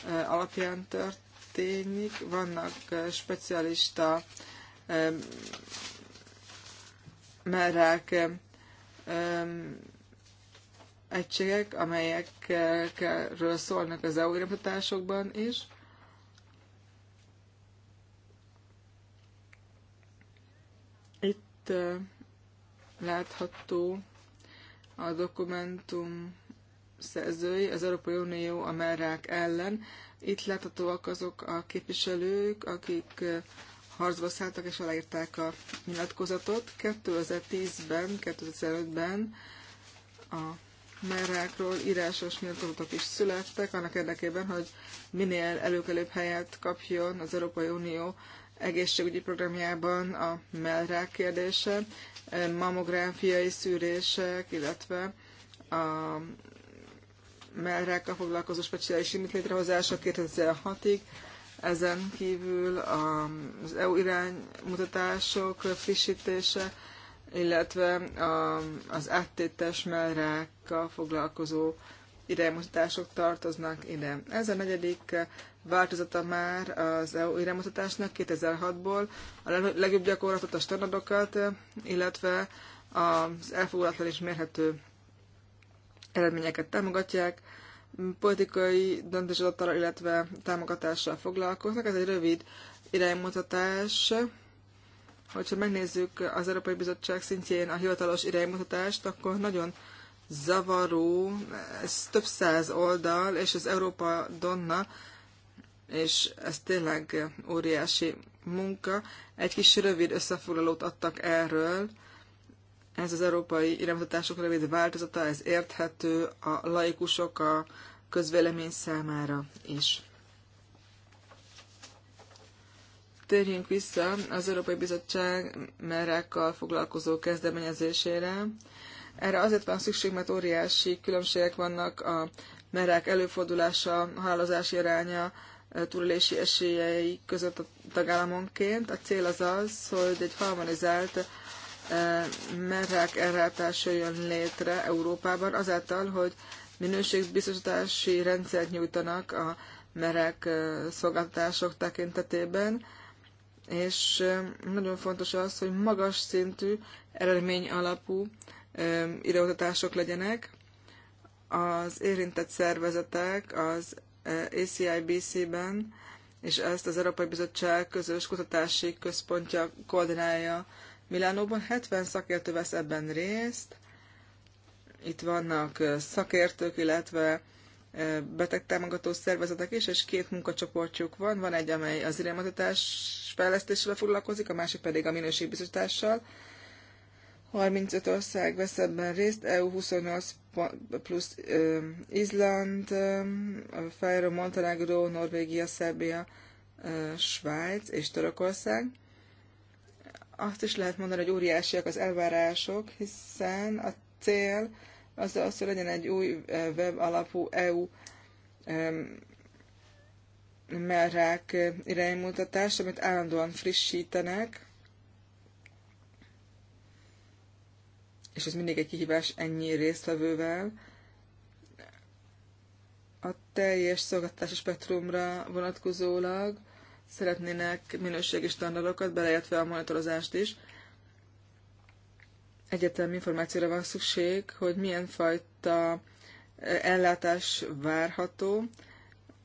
eh, alapján történik. Vannak eh, specialista merrák egységek, amelyekről szólnak az EU iránymutatásokban is itt látható a dokumentum szerzői, az Európai Unió a merrák ellen. Itt láthatóak azok a képviselők, akik harcba szálltak és aláírták a nyilatkozatot. 2010-ben, 2005-ben a merrákról írásos nyilatkozatok is születtek, annak érdekében, hogy minél előkelőbb helyet kapjon az Európai Unió egészségügyi programjában a mellrák kérdése, mammográfiai szűrések, illetve a mellrákkal foglalkozó speciális limit létrehozása 2006-ig, ezen kívül az EU iránymutatások frissítése, illetve az áttétes mellrákkal foglalkozó irányítások tartoznak ide. Ez a negyedik változata már az EU iránymutatásnak 2006-ból, a legjobb gyakorlatot, a standardokat, illetve az elfogadatlan és mérhető eredményeket támogatják, politikai döntéshozatalra, illetve támogatással foglalkoznak. Ez egy rövid iránymutatás. Hogyha megnézzük az Európai Bizottság szintjén a hivatalos iránymutatást, akkor nagyon zavaró, ez több száz oldal, és az Európa Donna, és ez tényleg óriási munka. Egy kis rövid összefoglalót adtak erről. Ez az európai iránymutatások rövid változata, ez érthető a laikusok, a közvélemény számára is. Térjünk vissza az Európai Bizottság merekkal foglalkozó kezdeményezésére. Erre azért van szükség, mert óriási különbségek vannak a merák előfordulása, halálozási aránya, túlélési esélyei között a tagállamonként. A cél az az, hogy egy harmonizált eh, merák elrátás jön létre Európában azáltal, hogy minőségbiztosítási rendszert nyújtanak a merek eh, szolgáltatások tekintetében, és eh, nagyon fontos az, hogy magas szintű, eredmény alapú ideutatások legyenek. Az érintett szervezetek az ACIBC-ben, és ezt az Európai Bizottság közös kutatási központja koordinálja Milánóban. 70 szakértő vesz ebben részt. Itt vannak szakértők, illetve betegtámogató szervezetek is, és két munkacsoportjuk van. Van egy, amely az iránymutatás fejlesztésével foglalkozik, a másik pedig a minőségbiztosítással. 35 ország vesz ebben részt, EU 28 plusz uh, Izland, Fajra, Montenegro, Norvégia, Szerbia, uh, Svájc és Törökország. Azt is lehet mondani, hogy óriásiak az elvárások, hiszen a cél az az, hogy legyen egy új web alapú EU merrák iránymutatás, amit állandóan frissítenek, és ez mindig egy kihívás ennyi résztvevővel, a teljes szolgáltatási spektrumra vonatkozólag szeretnének minőségi standardokat, beleértve a monitorozást is. Egyetem információra van szükség, hogy milyen fajta eh, ellátás várható,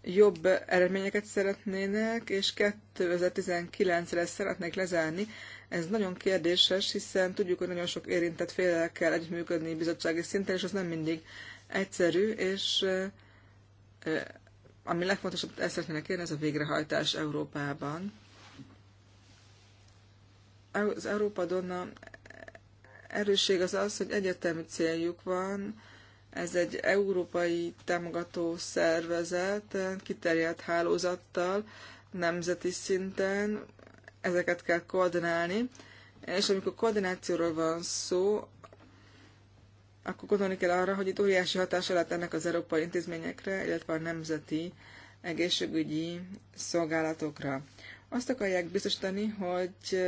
jobb eredményeket szeretnének, és 2019-re szeretnék lezárni ez nagyon kérdéses, hiszen tudjuk, hogy nagyon sok érintett félel kell együttműködni bizottsági szinten, és az nem mindig egyszerű, és ami legfontosabb, ezt szeretnének kérni, ez a végrehajtás Európában. Az Európa Donna erősség az az, hogy egyetemű céljuk van, ez egy európai támogató szervezet, kiterjedt hálózattal, nemzeti szinten, ezeket kell koordinálni, és amikor koordinációról van szó, akkor gondolni kell arra, hogy itt óriási hatása lett ennek az európai intézményekre, illetve a nemzeti egészségügyi szolgálatokra. Azt akarják biztosítani, hogy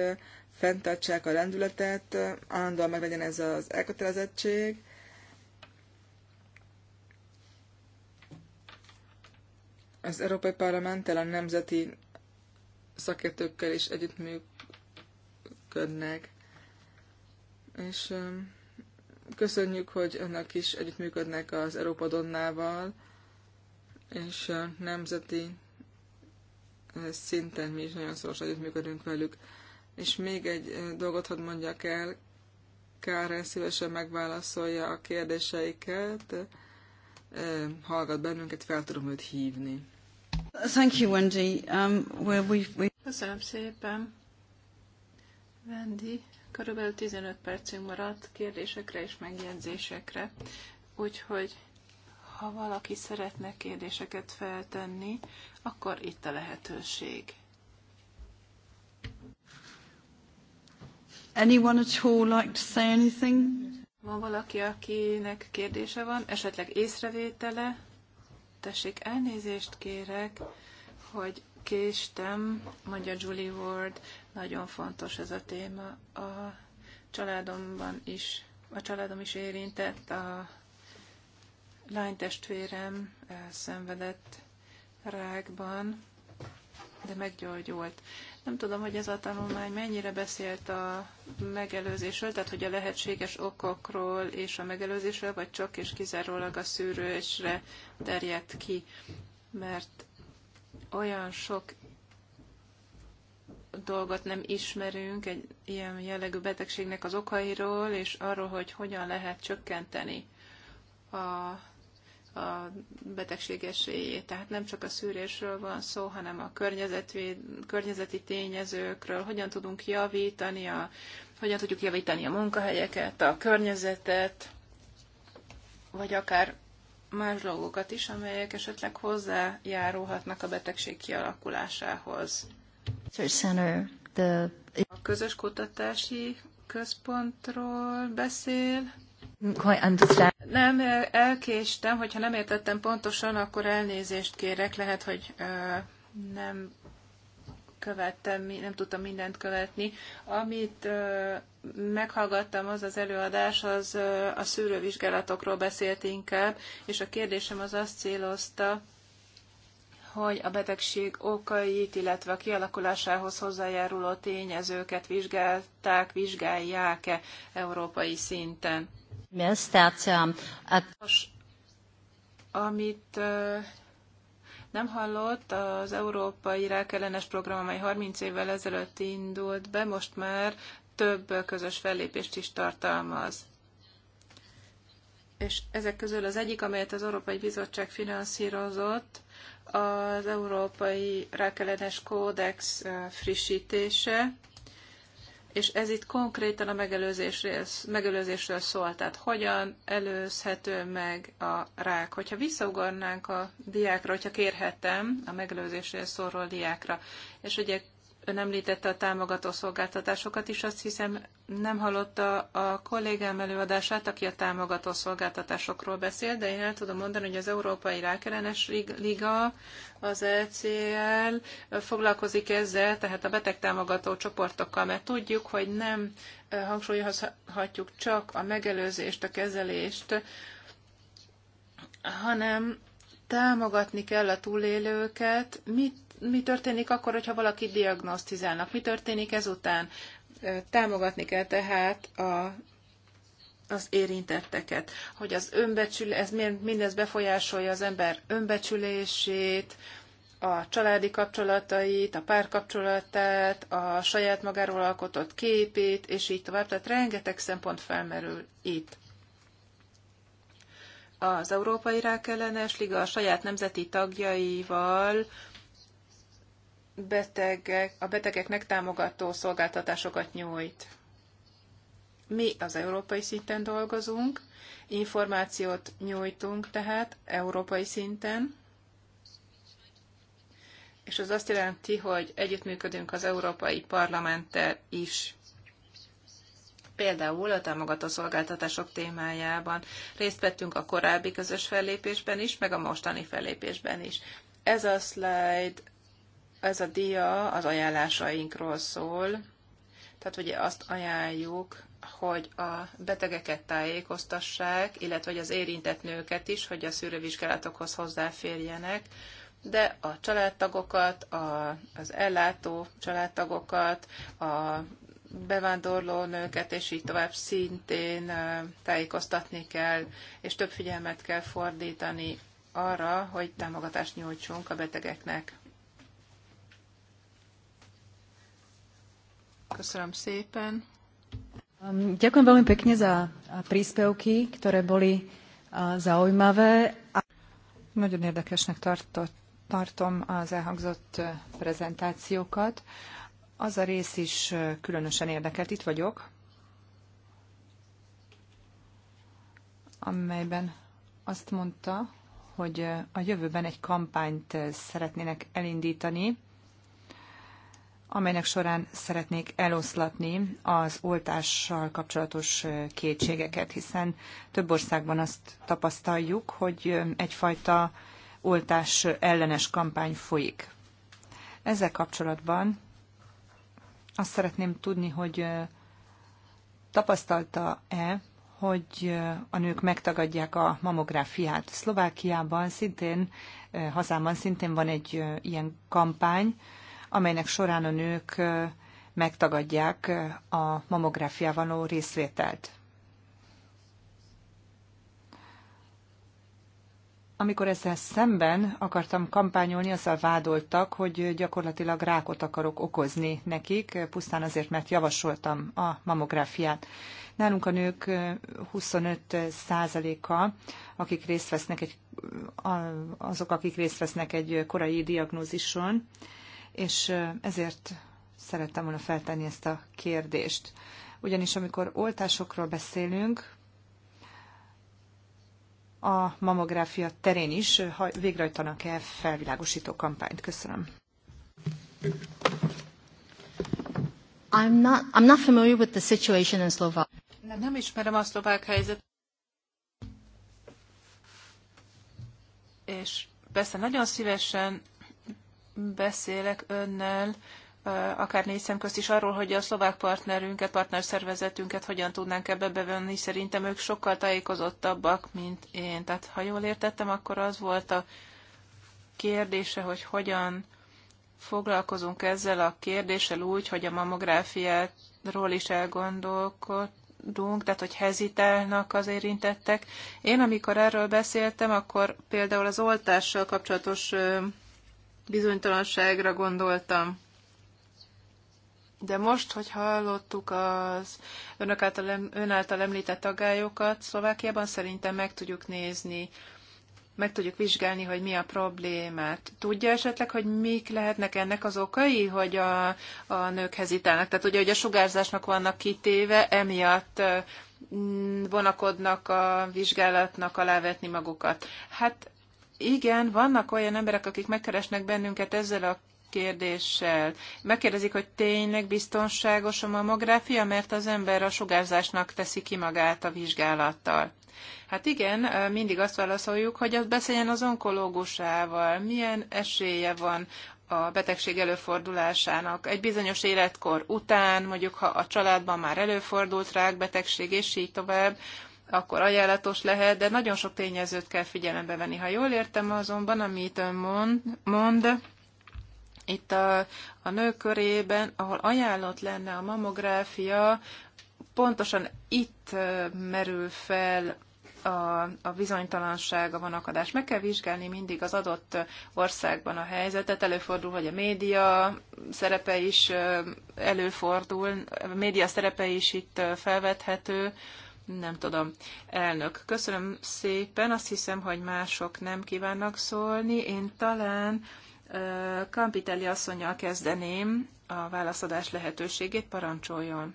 fenntartsák a rendületet, állandóan meg legyen ez az elkötelezettség, az Európai Parlamenttel, a nemzeti szakértőkkel is együttműködnek. És köszönjük, hogy önök is együttműködnek az Európa Donnával, és nemzeti szinten mi is nagyon szoros együttműködünk velük. És még egy dolgot hadd mondjak el, Karen szívesen megválaszolja a kérdéseiket, hallgat bennünket, fel tudom őt hívni. Thank you, Wendy. Um, well, we, we... Köszönöm szépen. Vendi, körülbelül 15 percünk maradt kérdésekre és megjegyzésekre, úgyhogy ha valaki szeretne kérdéseket feltenni, akkor itt a lehetőség. Anyone at all like to say anything? Van valaki, akinek kérdése van, esetleg észrevétele? Tessék, elnézést kérek, hogy késtem, mondja Julie Ward, nagyon fontos ez a téma. A családomban is, a családom is érintett, a lánytestvérem eh, szenvedett rákban, de meggyógyult. Nem tudom, hogy ez a tanulmány mennyire beszélt a megelőzésről, tehát hogy a lehetséges okokról és a megelőzésről, vagy csak és kizárólag a szűrősre terjedt ki. Mert olyan sok dolgot nem ismerünk egy ilyen jellegű betegségnek az okairól, és arról, hogy hogyan lehet csökkenteni a, a betegség esélyét. Tehát nem csak a szűrésről van szó, hanem a környezeti tényezőkről, hogyan tudunk javítani a, hogyan tudjuk javítani a munkahelyeket, a környezetet, vagy akár más dolgokat is, amelyek esetleg hozzájárulhatnak a betegség kialakulásához. A közös kutatási központról beszél. Nem, elkéstem, hogyha nem értettem pontosan, akkor elnézést kérek, lehet, hogy nem követtem, nem tudtam mindent követni. Amit meghallgattam, az az előadás, az a szűrővizsgálatokról beszélt inkább, és a kérdésem az azt célozta, hogy a betegség okait, illetve a kialakulásához hozzájáruló tényezőket vizsgálták, vizsgálják-e európai szinten. Most, um, amit nem hallott, az Európai Rákellenes Program, amely 30 évvel ezelőtt indult be, most már több közös fellépést is tartalmaz. És ezek közül az egyik, amelyet az Európai Bizottság finanszírozott, az Európai Rákellenes Kódex frissítése, és ez itt konkrétan a megelőzésről, megelőzésről szól, tehát hogyan előzhető meg a rák. Hogyha visszaugornánk a diákra, hogyha kérhetem a megelőzésről szóló diákra, és ugye Ön említette a támogató szolgáltatásokat is, azt hiszem nem hallotta a kollégám előadását, aki a támogató szolgáltatásokról beszél, de én el tudom mondani, hogy az Európai Rákellenes Liga, az ECL foglalkozik ezzel, tehát a betegtámogató csoportokkal, mert tudjuk, hogy nem eh, hangsúlyozhatjuk csak a megelőzést, a kezelést, hanem támogatni kell a túlélőket, mit mi történik akkor, hogyha valaki diagnosztizálnak? Mi történik ezután? Támogatni kell tehát a az érintetteket, hogy az önbecsül, ez mindez befolyásolja az ember önbecsülését, a családi kapcsolatait, a párkapcsolatát, a saját magáról alkotott képét, és így tovább. Tehát rengeteg szempont felmerül itt. Az Európai Rákellenes Liga a saját nemzeti tagjaival betegek, a betegeknek támogató szolgáltatásokat nyújt. Mi az európai szinten dolgozunk, információt nyújtunk tehát európai szinten, és az azt jelenti, hogy együttműködünk az Európai Parlamenttel is. Például a támogató szolgáltatások témájában részt vettünk a korábbi közös fellépésben is, meg a mostani fellépésben is. Ez a slide ez a dia az ajánlásainkról szól, tehát ugye azt ajánljuk, hogy a betegeket tájékoztassák, illetve hogy az érintett nőket is, hogy a szűrővizsgálatokhoz hozzáférjenek, de a családtagokat, a, az ellátó családtagokat, a bevándorló nőket, és így tovább szintén tájékoztatni kell, és több figyelmet kell fordítani arra, hogy támogatást nyújtsunk a betegeknek. Köszönöm szépen. Um, ďakujem veľmi pekne za príspevky, ktoré boli zaujímavé. Nagyon érdekesnek tartott, tartom az elhangzott e, prezentációkat. Az a rész is e, különösen érdekelt. Itt vagyok, amelyben azt mondta, hogy e, a jövőben egy kampányt szeretnének elindítani, amelynek során szeretnék eloszlatni az oltással kapcsolatos kétségeket, hiszen több országban azt tapasztaljuk, hogy egyfajta oltás ellenes kampány folyik. Ezzel kapcsolatban azt szeretném tudni, hogy tapasztalta-e, hogy a nők megtagadják a mamográfiát. Szlovákiában szintén, hazámban szintén van egy ilyen kampány, amelynek során a nők megtagadják a mamográfiában való részvételt. Amikor ezzel szemben akartam kampányolni, azzal vádoltak, hogy gyakorlatilag rákot akarok okozni nekik, pusztán azért, mert javasoltam a mamográfiát. Nálunk a nők 25%-a, akik részt vesznek egy, azok, akik részt vesznek egy korai diagnózison, és ezért szerettem volna feltenni ezt a kérdést. Ugyanis amikor oltásokról beszélünk, a mamográfia terén is végrehajtanak-e felvilágosító kampányt? Köszönöm. I'm not, I'm not familiar with the situation in Slovakia. Nem, nem ismerem a szlovák helyzetet. És persze nagyon szívesen beszélek önnel, akár négy szem közt is arról, hogy a szlovák partnerünket, partnerszervezetünket hogyan tudnánk ebbe bevonni. Szerintem ők sokkal tájékozottabbak, mint én. Tehát ha jól értettem, akkor az volt a kérdése, hogy hogyan foglalkozunk ezzel a kérdéssel úgy, hogy a mammográfiáról is elgondolkodunk, tehát hogy hezitálnak az érintettek. Én amikor erről beszéltem, akkor például az oltással kapcsolatos bizonytalanságra gondoltam. De most, hogy hallottuk az önök által, ön által említett agályokat, Szlovákiában szerintem meg tudjuk nézni, meg tudjuk vizsgálni, hogy mi a problémát. Tudja esetleg, hogy mik lehetnek ennek az okai, hogy a, a nők hezitálnak? Tehát ugye, hogy a sugárzásnak vannak kitéve, emiatt vonakodnak a vizsgálatnak alávetni magukat. Hát igen, vannak olyan emberek, akik megkeresnek bennünket ezzel a kérdéssel. Megkérdezik, hogy tényleg biztonságos a mammográfia, mert az ember a sugárzásnak teszi ki magát a vizsgálattal. Hát igen, mindig azt válaszoljuk, hogy az beszéljen az onkológusával, milyen esélye van a betegség előfordulásának egy bizonyos életkor után, mondjuk ha a családban már előfordult rákbetegség, és így tovább, akkor ajánlatos lehet, de nagyon sok tényezőt kell figyelembe venni. Ha jól értem azonban, amit ön mond, mond itt a, a nők körében, ahol ajánlott lenne a mammográfia, pontosan itt merül fel a, a bizonytalanság, a vanakadás. Meg kell vizsgálni mindig az adott országban a helyzetet. Előfordul, hogy a média szerepe is előfordul, a média szerepe is itt felvethető, nem tudom. Elnök, köszönöm szépen. Azt hiszem, hogy mások nem kívánnak szólni. Én talán uh, Kampiteli asszonyjal kezdeném a válaszadás lehetőségét. Parancsoljon.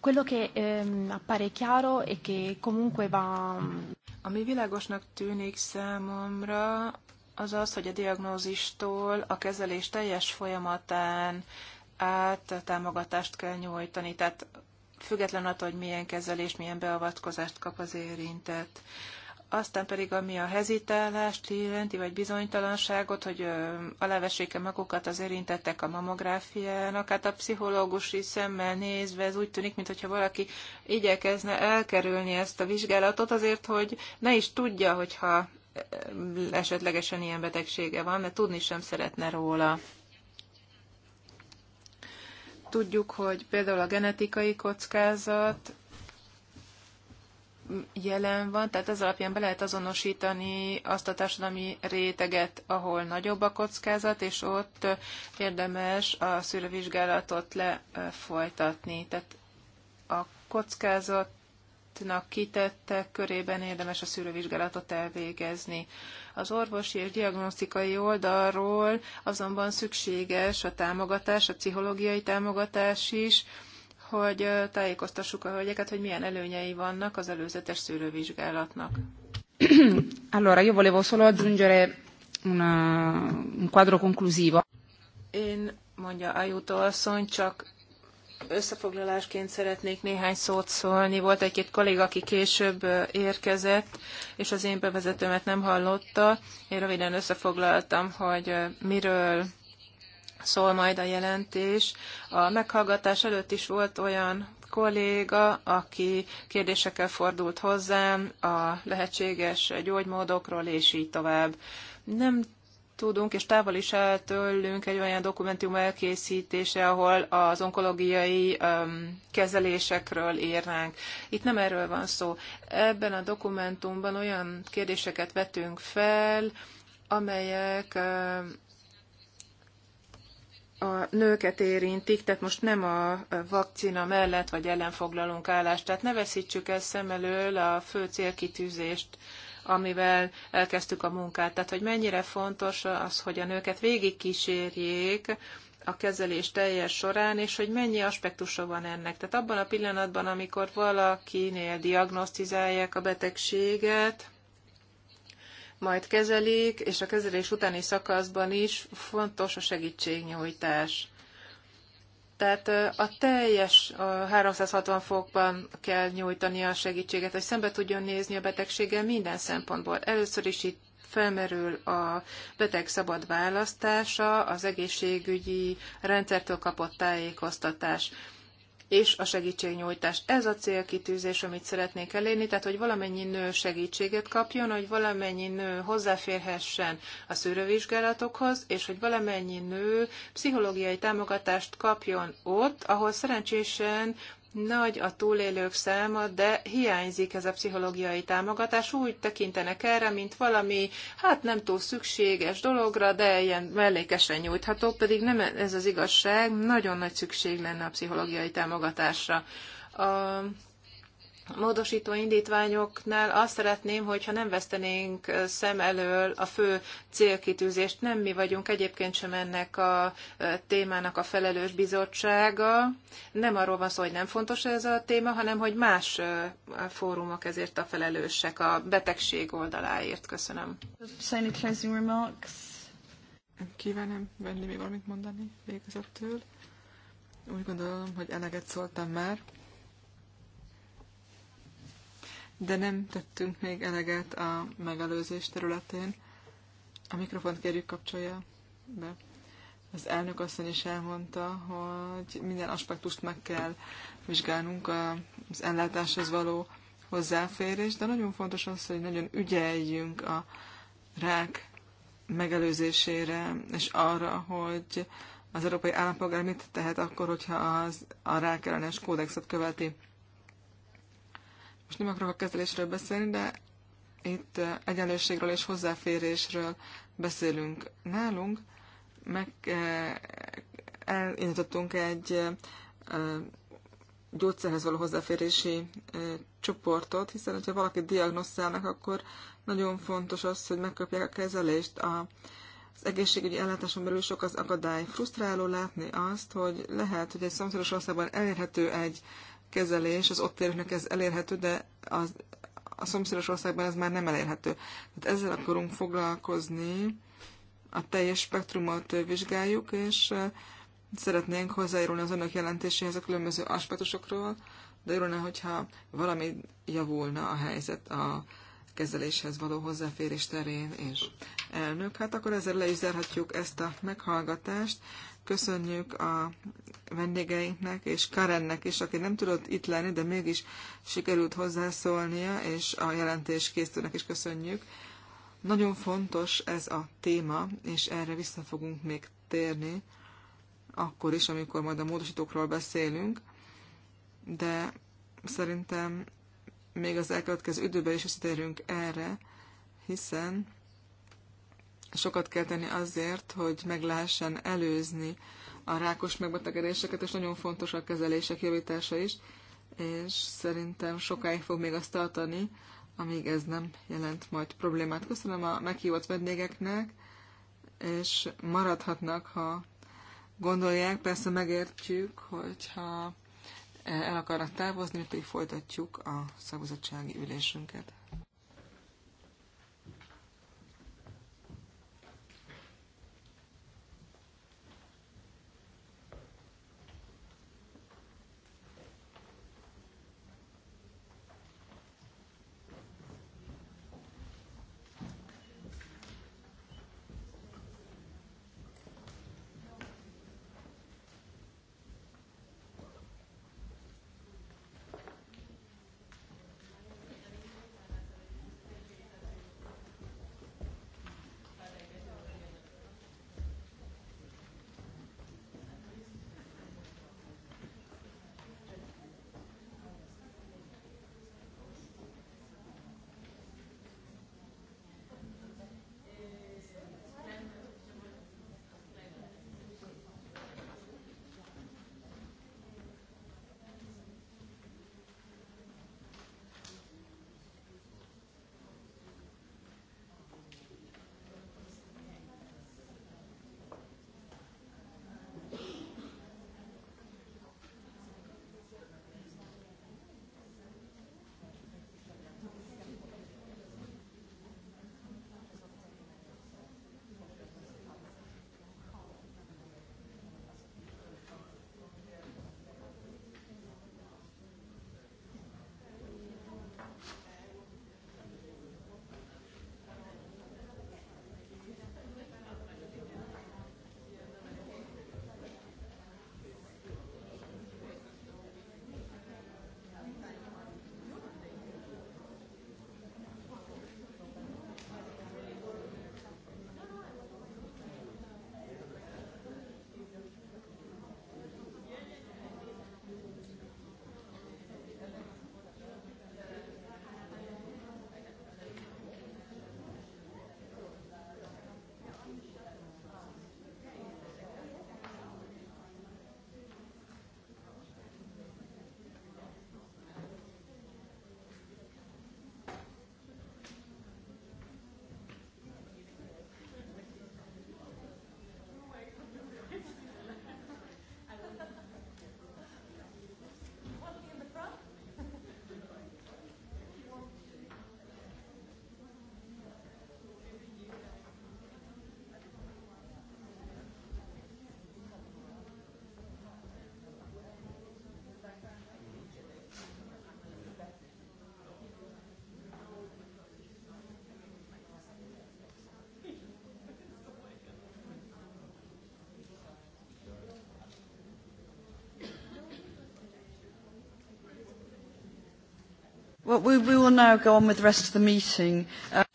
Quello che eh, appare chiaro è che comunque va... Ami világosnak tűnik számomra, az az, hogy a diagnózistól a kezelés teljes folyamatán át támogatást kell nyújtani. Tehát független attól, hogy milyen kezelés milyen beavatkozást kap az érintett. Aztán pedig, ami a hezitálást jelenti, vagy bizonytalanságot, hogy ö, alávessék-e magukat az érintettek a mamográfiának, hát a pszichológusi szemmel nézve ez úgy tűnik, mintha valaki igyekezne elkerülni ezt a vizsgálatot azért, hogy ne is tudja, hogyha esetlegesen ilyen betegsége van, mert tudni sem szeretne róla. Tudjuk, hogy például a genetikai kockázat jelen van, tehát ez alapján be lehet azonosítani azt a társadalmi réteget, ahol nagyobb a kockázat, és ott érdemes a szülővizsgálatot lefolytatni. Tehát a kockázatnak kitettek körében érdemes a szülővizsgálatot elvégezni. Az orvosi és diagnosztikai oldalról azonban szükséges a támogatás, a pszichológiai támogatás is, hogy tájékoztassuk a hölgyeket, hogy milyen előnyei vannak az előzetes szűrővizsgálatnak. Allora, io volevo solo aggiungere una, un quadro conclusivo. Én, mondja Ajuto asszony, csak összefoglalásként szeretnék néhány szót szólni. Volt egy-két kolléga, aki később érkezett, és az én bevezetőmet nem hallotta. Én röviden összefoglaltam, hogy miről szól majd a jelentés. A meghallgatás előtt is volt olyan kolléga, aki kérdésekkel fordult hozzám a lehetséges gyógymódokról, és így tovább. Nem tudunk, és távol is áll tőlünk egy olyan dokumentum elkészítése, ahol az onkológiai um, kezelésekről írnánk. Itt nem erről van szó. Ebben a dokumentumban olyan kérdéseket vetünk fel, amelyek um, a nőket érintik, tehát most nem a vakcina mellett vagy ellenfoglalunk foglalunk állást. Tehát ne veszítsük el szem elől a fő célkitűzést amivel elkezdtük a munkát. Tehát, hogy mennyire fontos az, hogy a nőket végigkísérjék, a kezelés teljes során, és hogy mennyi aspektusa van ennek. Tehát abban a pillanatban, amikor valakinél diagnosztizálják a betegséget, majd kezelik, és a kezelés utáni szakaszban is fontos a segítségnyújtás. Tehát a teljes 360 fokban kell nyújtani a segítséget, hogy szembe tudjon nézni a betegséggel minden szempontból. Először is itt felmerül a beteg szabad választása, az egészségügyi rendszertől kapott tájékoztatás és a segítségnyújtás. Ez a célkitűzés, amit szeretnék elérni, tehát hogy valamennyi nő segítséget kapjon, hogy valamennyi nő hozzáférhessen a szűrővizsgálatokhoz, és hogy valamennyi nő pszichológiai támogatást kapjon ott, ahol szerencsésen nagy a túlélők száma, de hiányzik ez a pszichológiai támogatás. Úgy tekintenek erre, mint valami, hát nem túl szükséges dologra, de ilyen mellékesen nyújtható, pedig nem ez az igazság, nagyon nagy szükség lenne a pszichológiai támogatásra. A módosító indítványoknál azt szeretném, hogyha nem vesztenénk szem elől a fő célkitűzést. Nem mi vagyunk egyébként sem ennek a témának a felelős bizottsága. Nem arról van szó, hogy nem fontos ez a téma, hanem hogy más fórumok ezért a felelősek a betegség oldaláért. Köszönöm. Kívánom venni még valamit mondani végezettől. Úgy gondolom, hogy eleget szóltam már de nem tettünk még eleget a megelőzés területén. A mikrofont kérjük kapcsolja be. Az elnök asszony is elmondta, hogy minden aspektust meg kell vizsgálnunk az ellátáshoz való hozzáférés, de nagyon fontos az, hogy nagyon ügyeljünk a rák megelőzésére, és arra, hogy az európai állampolgár mit tehet akkor, hogyha az, a rák ellenes kódexet követi. Most nem akarok a kezelésről beszélni, de itt eh, egyenlőségről és hozzáférésről beszélünk. Nálunk meg eh, elindítottunk egy eh, gyógyszerhez való hozzáférési csoportot, hiszen ha valaki diagnosztálnak, akkor nagyon fontos az, hogy megkapják a kezelést. A, az egészségügyi ellátáson belül sok az akadály. Frusztráló látni azt, hogy lehet, hogy egy szomszédos országban elérhető egy kezelés az ott élőknek ez elérhető, de az, a szomszédos országban ez már nem elérhető. Tehát ezzel akarunk foglalkozni, a teljes spektrumot vizsgáljuk, és szeretnénk hozzájárulni az önök jelentéséhez a különböző aspektusokról, de jó lenne, hogyha valami javulna a helyzet a kezeléshez való hozzáférés terén és elnök. Hát akkor ezzel le is zárhatjuk ezt a meghallgatást. Köszönjük a vendégeinknek és Karennek is, aki nem tudott itt lenni, de mégis sikerült hozzászólnia, és a jelentés készülnek is köszönjük. Nagyon fontos ez a téma, és erre vissza fogunk még térni, akkor is, amikor majd a módosítókról beszélünk, de szerintem még az elkövetkező időben is visszatérünk erre, hiszen sokat kell tenni azért, hogy meg lehessen előzni a rákos megbetegedéseket, és nagyon fontos a kezelések javítása is, és szerintem sokáig fog még azt tartani, amíg ez nem jelent majd problémát. Köszönöm a meghívott vendégeknek, és maradhatnak, ha gondolják, persze megértjük, hogyha el akarnak távozni, mi pedig folytatjuk a szakbizottsági ülésünket.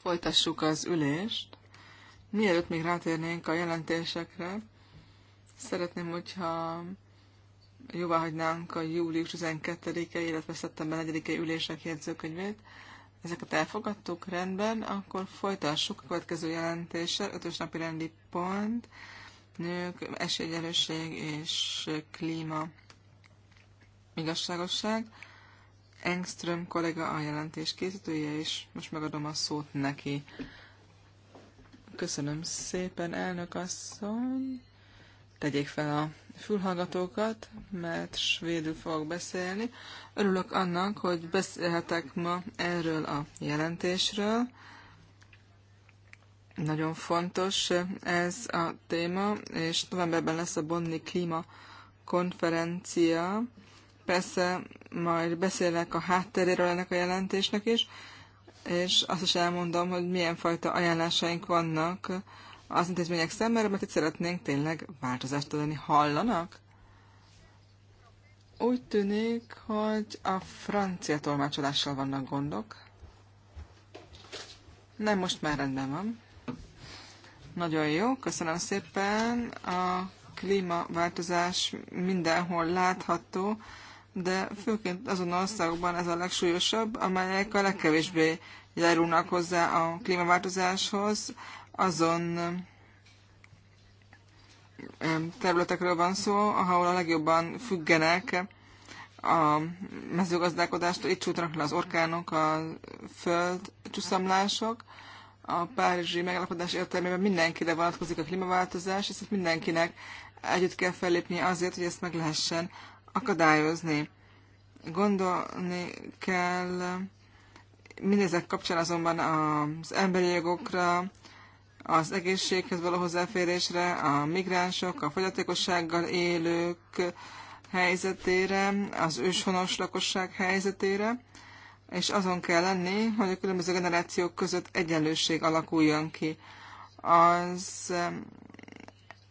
Folytassuk az ülést. Mielőtt még rátérnénk a jelentésekre, szeretném, hogyha jóvá hagynánk a július 12-e, illetve szeptember 4-e ülések jegyzőkönyvét. Ezeket elfogadtuk, rendben, akkor folytassuk a következő jelentéssel, ötös napi rendi pont, nők, esélyegyenlőség és klíma igazságosság. Engström kollega a jelentés készítője, és most megadom a szót neki. Köszönöm szépen, elnök asszony. Tegyék fel a fülhallgatókat, mert svédül fogok beszélni. Örülök annak, hogy beszélhetek ma erről a jelentésről. Nagyon fontos ez a téma, és novemberben lesz a Bonni Klíma konferencia, Persze majd beszélek a hátteréről ennek a jelentésnek is, és azt is elmondom, hogy milyen fajta ajánlásaink vannak az intézmények szemmel, mert itt szeretnénk tényleg változást adni. Hallanak? Úgy tűnik, hogy a francia tolmácsolással vannak gondok. Nem, most már rendben van. Nagyon jó, köszönöm szépen. A klímaváltozás mindenhol látható, de főként azon országokban ez a legsúlyosabb, amelyek a legkevésbé járulnak hozzá a klímaváltozáshoz, azon területekről van szó, ahol a legjobban függenek a mezőgazdálkodástól, itt csútanak le az orkánok, a földcsúszamlások. A párizsi megállapodás értelmében mindenkire vonatkozik a klímaváltozás, és mindenkinek együtt kell fellépni azért, hogy ezt meg lehessen akadályozni. Gondolni kell mindezek kapcsán azonban az emberi jogokra, az egészséghez való hozzáférésre, a migránsok, a fogyatékossággal élők helyzetére, az őshonos lakosság helyzetére, és azon kell lenni, hogy a különböző generációk között egyenlőség alakuljon ki. Az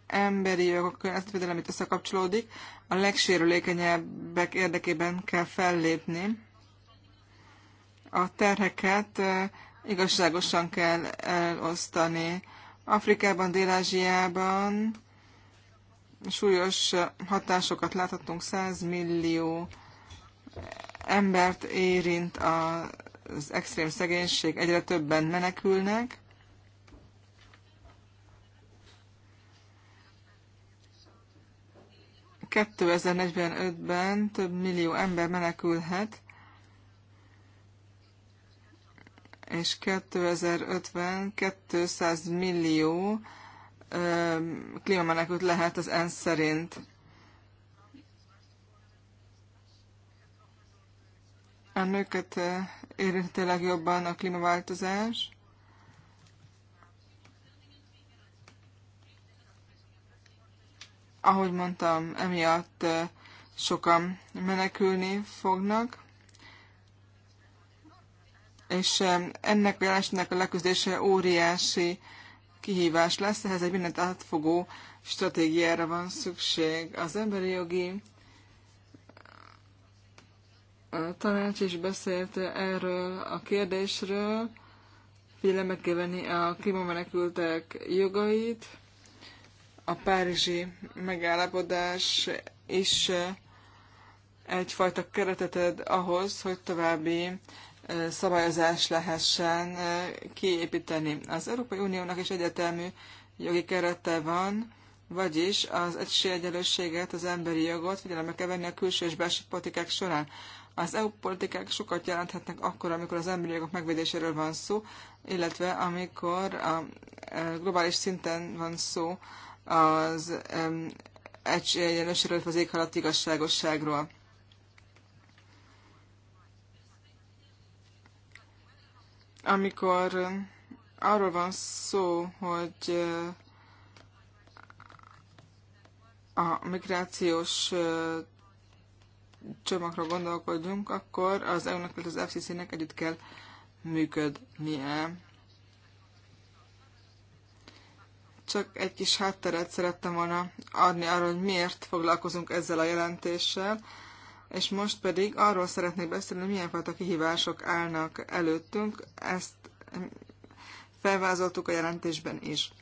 emberi jogok környezetvédelem itt összekapcsolódik, a legsérülékenyebbek érdekében kell fellépni. A terheket igazságosan kell elosztani. Afrikában, Dél-Ázsiában súlyos hatásokat láthatunk, 100 millió embert érint az extrém szegénység, egyre többen menekülnek, 2045-ben több millió ember menekülhet, és 2050 200 millió klímamenekült lehet az ENSZ szerint. A nőket érinti legjobban a klímaváltozás. ahogy mondtam, emiatt sokan menekülni fognak, és ennek a jelenségnek a leküzdése óriási kihívás lesz, ehhez egy mindent átfogó stratégiára van szükség. Az emberi jogi tanács is beszélt erről a kérdésről, figyelembe kell venni a klímamenekültek jogait, a párizsi megállapodás is egyfajta keretet ad ahhoz, hogy további szabályozás lehessen kiépíteni. Az Európai Uniónak is egyetemű jogi kerete van, vagyis az egységegyelősséget, az emberi jogot figyelembe kell venni a külső és belső politikák során. Az EU politikák sokat jelenthetnek akkor, amikor az emberi jogok megvédéséről van szó, illetve amikor a globális szinten van szó az egyenlőségről, az éghajlat igazságosságról. Amikor arról van szó, hogy eh, a migrációs eh, csomagra gondolkodjunk, akkor az EU-nak az FCC-nek együtt kell működnie. Csak egy kis hátteret szerettem volna adni arról, hogy miért foglalkozunk ezzel a jelentéssel, és most pedig arról szeretnék beszélni, milyen fajta kihívások állnak előttünk, ezt felvázoltuk a jelentésben is.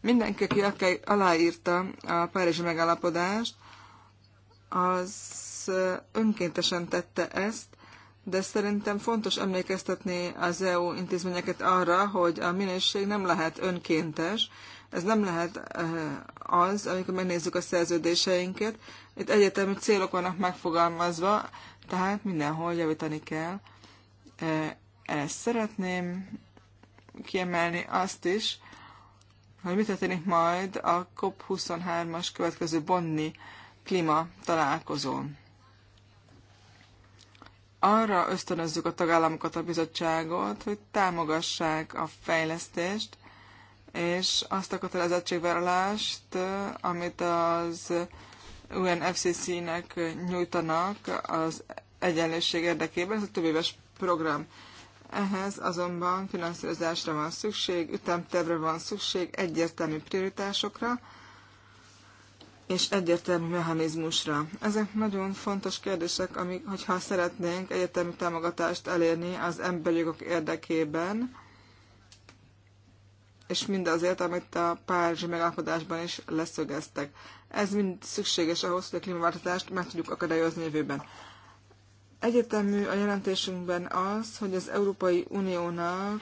Mindenki, aki aláírta a Párizsi megállapodást, az önkéntesen tette ezt, de szerintem fontos emlékeztetni az EU intézményeket arra, hogy a minőség nem lehet önkéntes, ez nem lehet eh, az, amikor megnézzük a szerződéseinket. Itt egyetemi célok vannak megfogalmazva, tehát mindenhol javítani kell. Eh, ezt szeretném kiemelni azt is, hogy mi történik majd a COP23-as következő Bonni klíma találkozón arra ösztönözzük a tagállamokat, a bizottságot, hogy támogassák a fejlesztést, és azt a kötelezettségvállalást, amit az UNFCC-nek nyújtanak az egyenlőség érdekében, ez a több éves program. Ehhez azonban finanszírozásra van szükség, ütemtervre van szükség, egyértelmű prioritásokra, és egyértelmű mechanizmusra. Ezek nagyon fontos kérdések, amik, hogyha szeretnénk egyértelmű támogatást elérni az emberi jogok érdekében, és mindazért, amit a Párizsi megállapodásban is leszögeztek. Ez mind szükséges ahhoz, hogy a klímaváltozást meg tudjuk akadályozni jövőben. Egyetemű a jelentésünkben az, hogy az Európai Uniónak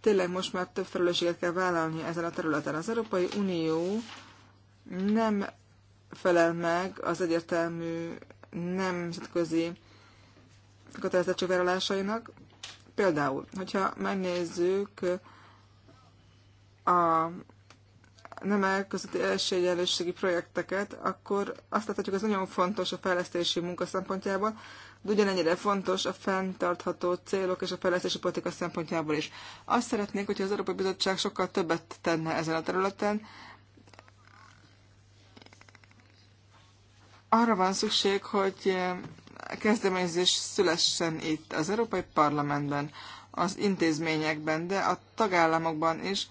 tényleg most már több felelősséget kell vállalni ezen a területen. Az Európai Unió nem felel meg az egyértelmű nemzetközi kötelezettségvállalásainak. Például, hogyha megnézzük a nemek közötti esélyegyenlőségi projekteket, akkor azt láthatjuk, hogy ez nagyon fontos a fejlesztési munka szempontjából, de ugyanennyire fontos a fenntartható célok és a fejlesztési politika szempontjából is. Azt szeretnék, hogyha az Európai Bizottság sokkal többet tenne ezen a területen, arra van szükség, hogy eh, kezdeményezés szülessen itt az Európai Parlamentben, az intézményekben, de a tagállamokban is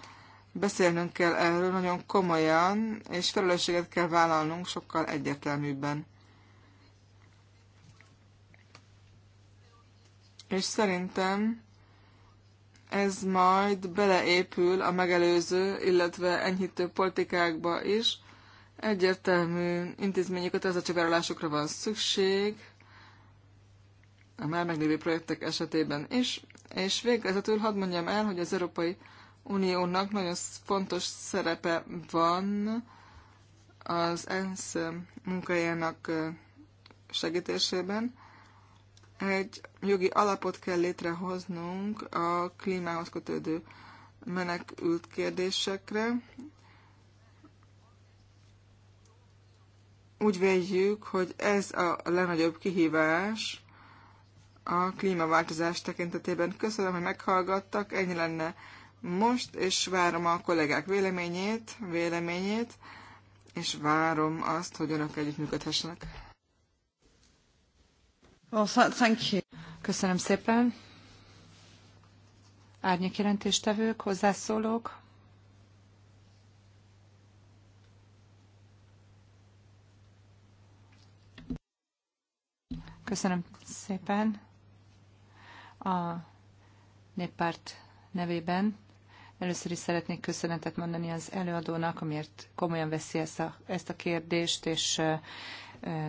beszélnünk kell erről nagyon komolyan, és felelősséget kell vállalnunk sokkal egyértelműbben. És szerintem ez majd beleépül a megelőző, illetve enyhítő politikákba is, Egyértelmű intézményi kötelezettségvállalásokra van szükség a már meglévő projektek esetében is, és végezetül hadd mondjam el, hogy az Európai Uniónak nagyon fontos szerepe van az ENSZ munkájának segítésében. Egy jogi alapot kell létrehoznunk a klímához kötődő menekült kérdésekre, úgy véljük, hogy ez a legnagyobb kihívás a klímaváltozás tekintetében. Köszönöm, hogy meghallgattak, ennyi lenne most, és várom a kollégák véleményét, véleményét, és várom azt, hogy önök együttműködhessenek. Well, thank you. Köszönöm szépen. Árnyék jelentéstevők, hozzászólók. Köszönöm szépen. A néppárt nevében először is szeretnék köszönetet mondani az előadónak, amiért komolyan veszi ezt a, ezt a kérdést, és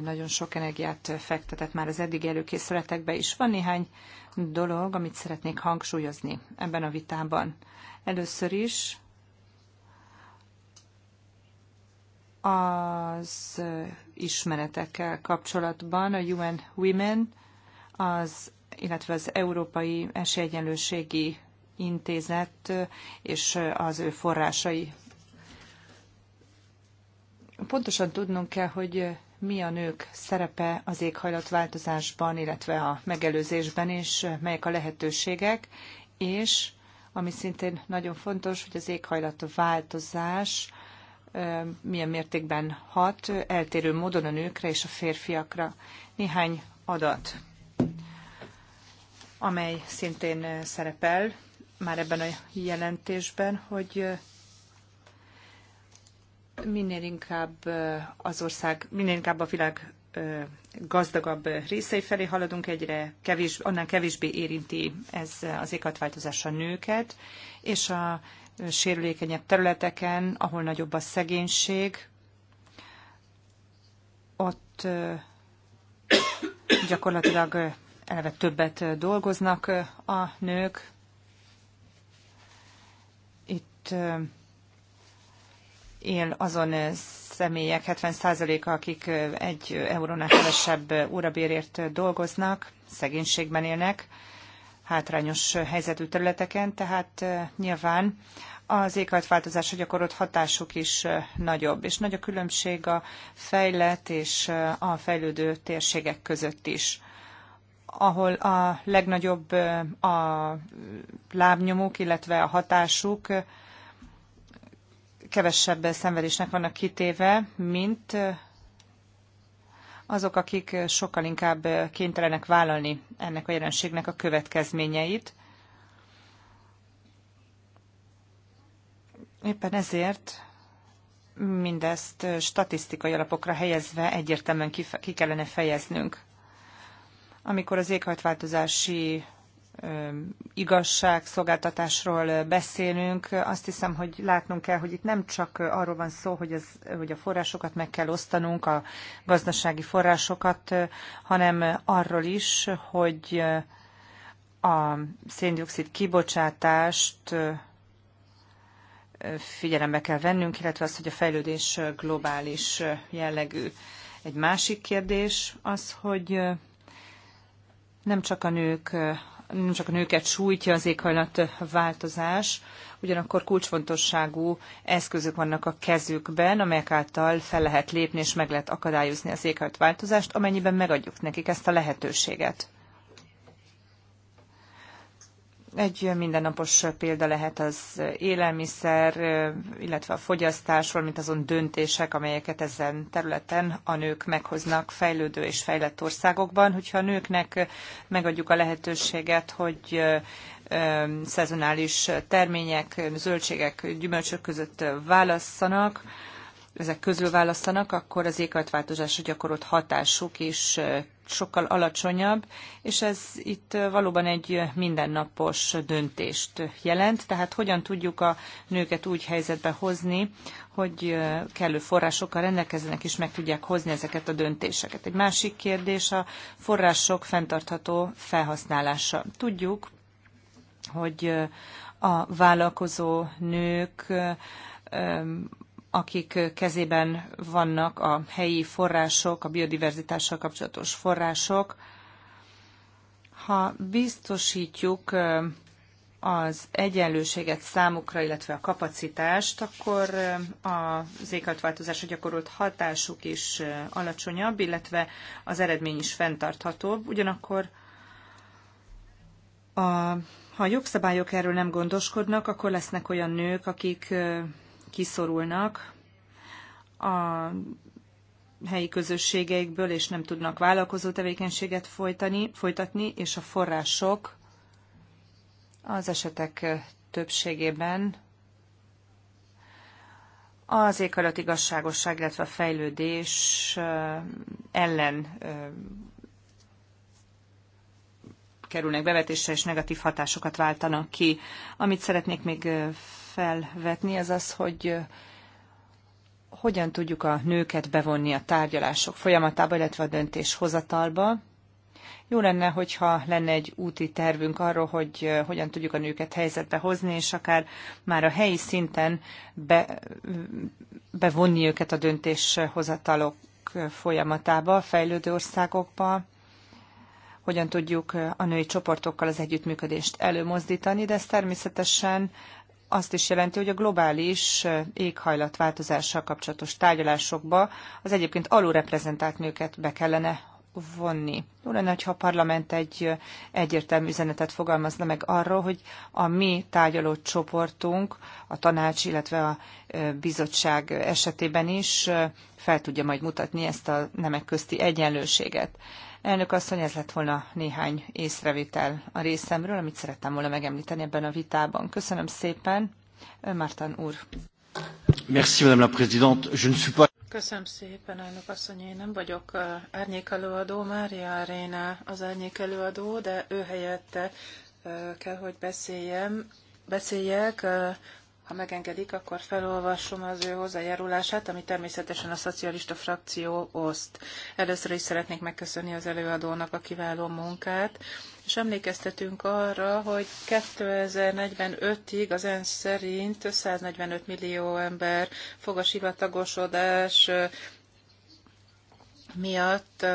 nagyon sok energiát fektetett már az eddig előkészületekbe is. Van néhány dolog, amit szeretnék hangsúlyozni ebben a vitában. Először is az ismeretekkel kapcsolatban a UN Women, az, illetve az Európai Esélyegyenlőségi Intézet és az ő forrásai. Pontosan tudnunk kell, hogy mi a nők szerepe az éghajlatváltozásban, illetve a megelőzésben, és melyek a lehetőségek, és ami szintén nagyon fontos, hogy az éghajlatváltozás milyen mértékben hat eltérő módon a nőkre és a férfiakra. Néhány adat, amely szintén szerepel már ebben a jelentésben, hogy minél inkább az ország, minél inkább a világ gazdagabb részei felé haladunk, egyre kevés, annál kevésbé érinti ez az éghajlatváltozás a nőket, és a sérülékenyebb területeken, ahol nagyobb a szegénység, ott gyakorlatilag eleve többet dolgoznak a nők. Itt él azon személyek 70%-a, akik egy eurónál kevesebb órabérért dolgoznak, szegénységben élnek hátrányos helyzetű területeken, tehát nyilván az éghajlatváltozásra gyakorolt hatásuk is nagyobb, és nagy a különbség a fejlett és a fejlődő térségek között is ahol a legnagyobb a lábnyomuk, illetve a hatásuk kevesebb szenvedésnek vannak kitéve, mint azok, akik sokkal inkább kénytelenek vállalni ennek a jelenségnek a következményeit. Éppen ezért mindezt statisztikai alapokra helyezve egyértelműen ki, kellene fejeznünk. Amikor az éghajtváltozási igazságszolgáltatásról beszélünk, azt hiszem, hogy látnunk kell, hogy itt nem csak arról van szó, hogy, az hogy a forrásokat meg kell osztanunk, a gazdasági forrásokat, hanem arról is, hogy a széndiokszid kibocsátást figyelembe kell vennünk, illetve az, hogy a fejlődés globális jellegű. Egy másik kérdés az, hogy nem csak a nők nem csak a nőket sújtja az éghajlatváltozás, ugyanakkor kulcsfontosságú eszközök vannak a kezükben, amelyek által fel lehet lépni és meg lehet akadályozni az éghajlatváltozást, amennyiben megadjuk nekik ezt a lehetőséget egy mindennapos példa lehet az élelmiszer, illetve a fogyasztás valamint azon döntések, amelyeket ezen területen a nők meghoznak fejlődő és fejlett országokban. Hogyha a nőknek megadjuk a lehetőséget, hogy szezonális termények, zöldségek, gyümölcsök között válasszanak, ezek közül választanak, akkor az éghajlatváltozásra gyakorolt hatásuk is sokkal alacsonyabb, és ez itt valóban egy mindennapos döntést jelent, tehát hogyan tudjuk a nőket úgy helyzetbe hozni, hogy kellő forrásokkal rendelkezzenek és meg tudják hozni ezeket a döntéseket. Egy másik kérdés a források fenntartható felhasználása. Tudjuk, hogy a vállalkozó nők akik kezében vannak a helyi források, a biodiverzitással kapcsolatos források. Ha biztosítjuk az egyenlőséget számukra, illetve a kapacitást, akkor az éghajlatváltozásra gyakorolt hatásuk is alacsonyabb, illetve az eredmény is fenntarthatóbb. Ugyanakkor a, ha a jogszabályok erről nem gondoskodnak, akkor lesznek olyan nők, akik kiszorulnak a helyi közösségeikből, és nem tudnak vállalkozó tevékenységet folytani, folytatni, és a források az esetek többségében az éghajlat igazságosság, illetve a fejlődés ellen kerülnek bevetésre, és negatív hatásokat váltanak ki. Amit szeretnék még felvetni, az az, hogy hogyan tudjuk a nőket bevonni a tárgyalások folyamatába, illetve a döntéshozatalba. Jó lenne, hogyha lenne egy úti tervünk arról, hogy hogyan tudjuk a nőket helyzetbe hozni, és akár már a helyi szinten be, bevonni őket a döntéshozatalok folyamatába, a fejlődő országokba, hogyan tudjuk a női csoportokkal az együttműködést előmozdítani, de ez természetesen azt is jelenti, hogy a globális éghajlatváltozással kapcsolatos tárgyalásokba az egyébként alulreprezentált nőket be kellene vonni. Jó lenne, ha a parlament egy egyértelmű üzenetet fogalmazna meg arról, hogy a mi tárgyaló csoportunk, a tanács, illetve a bizottság esetében is fel tudja majd mutatni ezt a nemek közti egyenlőséget. Elnök asszony, ez lett volna néhány észrevétel a részemről, amit szerettem volna megemlíteni ebben a vitában. Köszönöm szépen, Márton úr. Merci, Madame la Présidente. Je ne suis pas... Köszönöm szépen, elnök asszony, én nem vagyok árnyékelőadó, Mária Réna az árnyékelőadó, de ő helyette kell, hogy beszéljem. Beszéljek ha megengedik, akkor felolvasom az ő hozzájárulását, ami természetesen a szocialista frakció oszt. Először is szeretnék megköszönni az előadónak a kiváló munkát, és emlékeztetünk arra, hogy 2045-ig az ENSZ szerint 145 millió ember fog a sivatagosodás miatt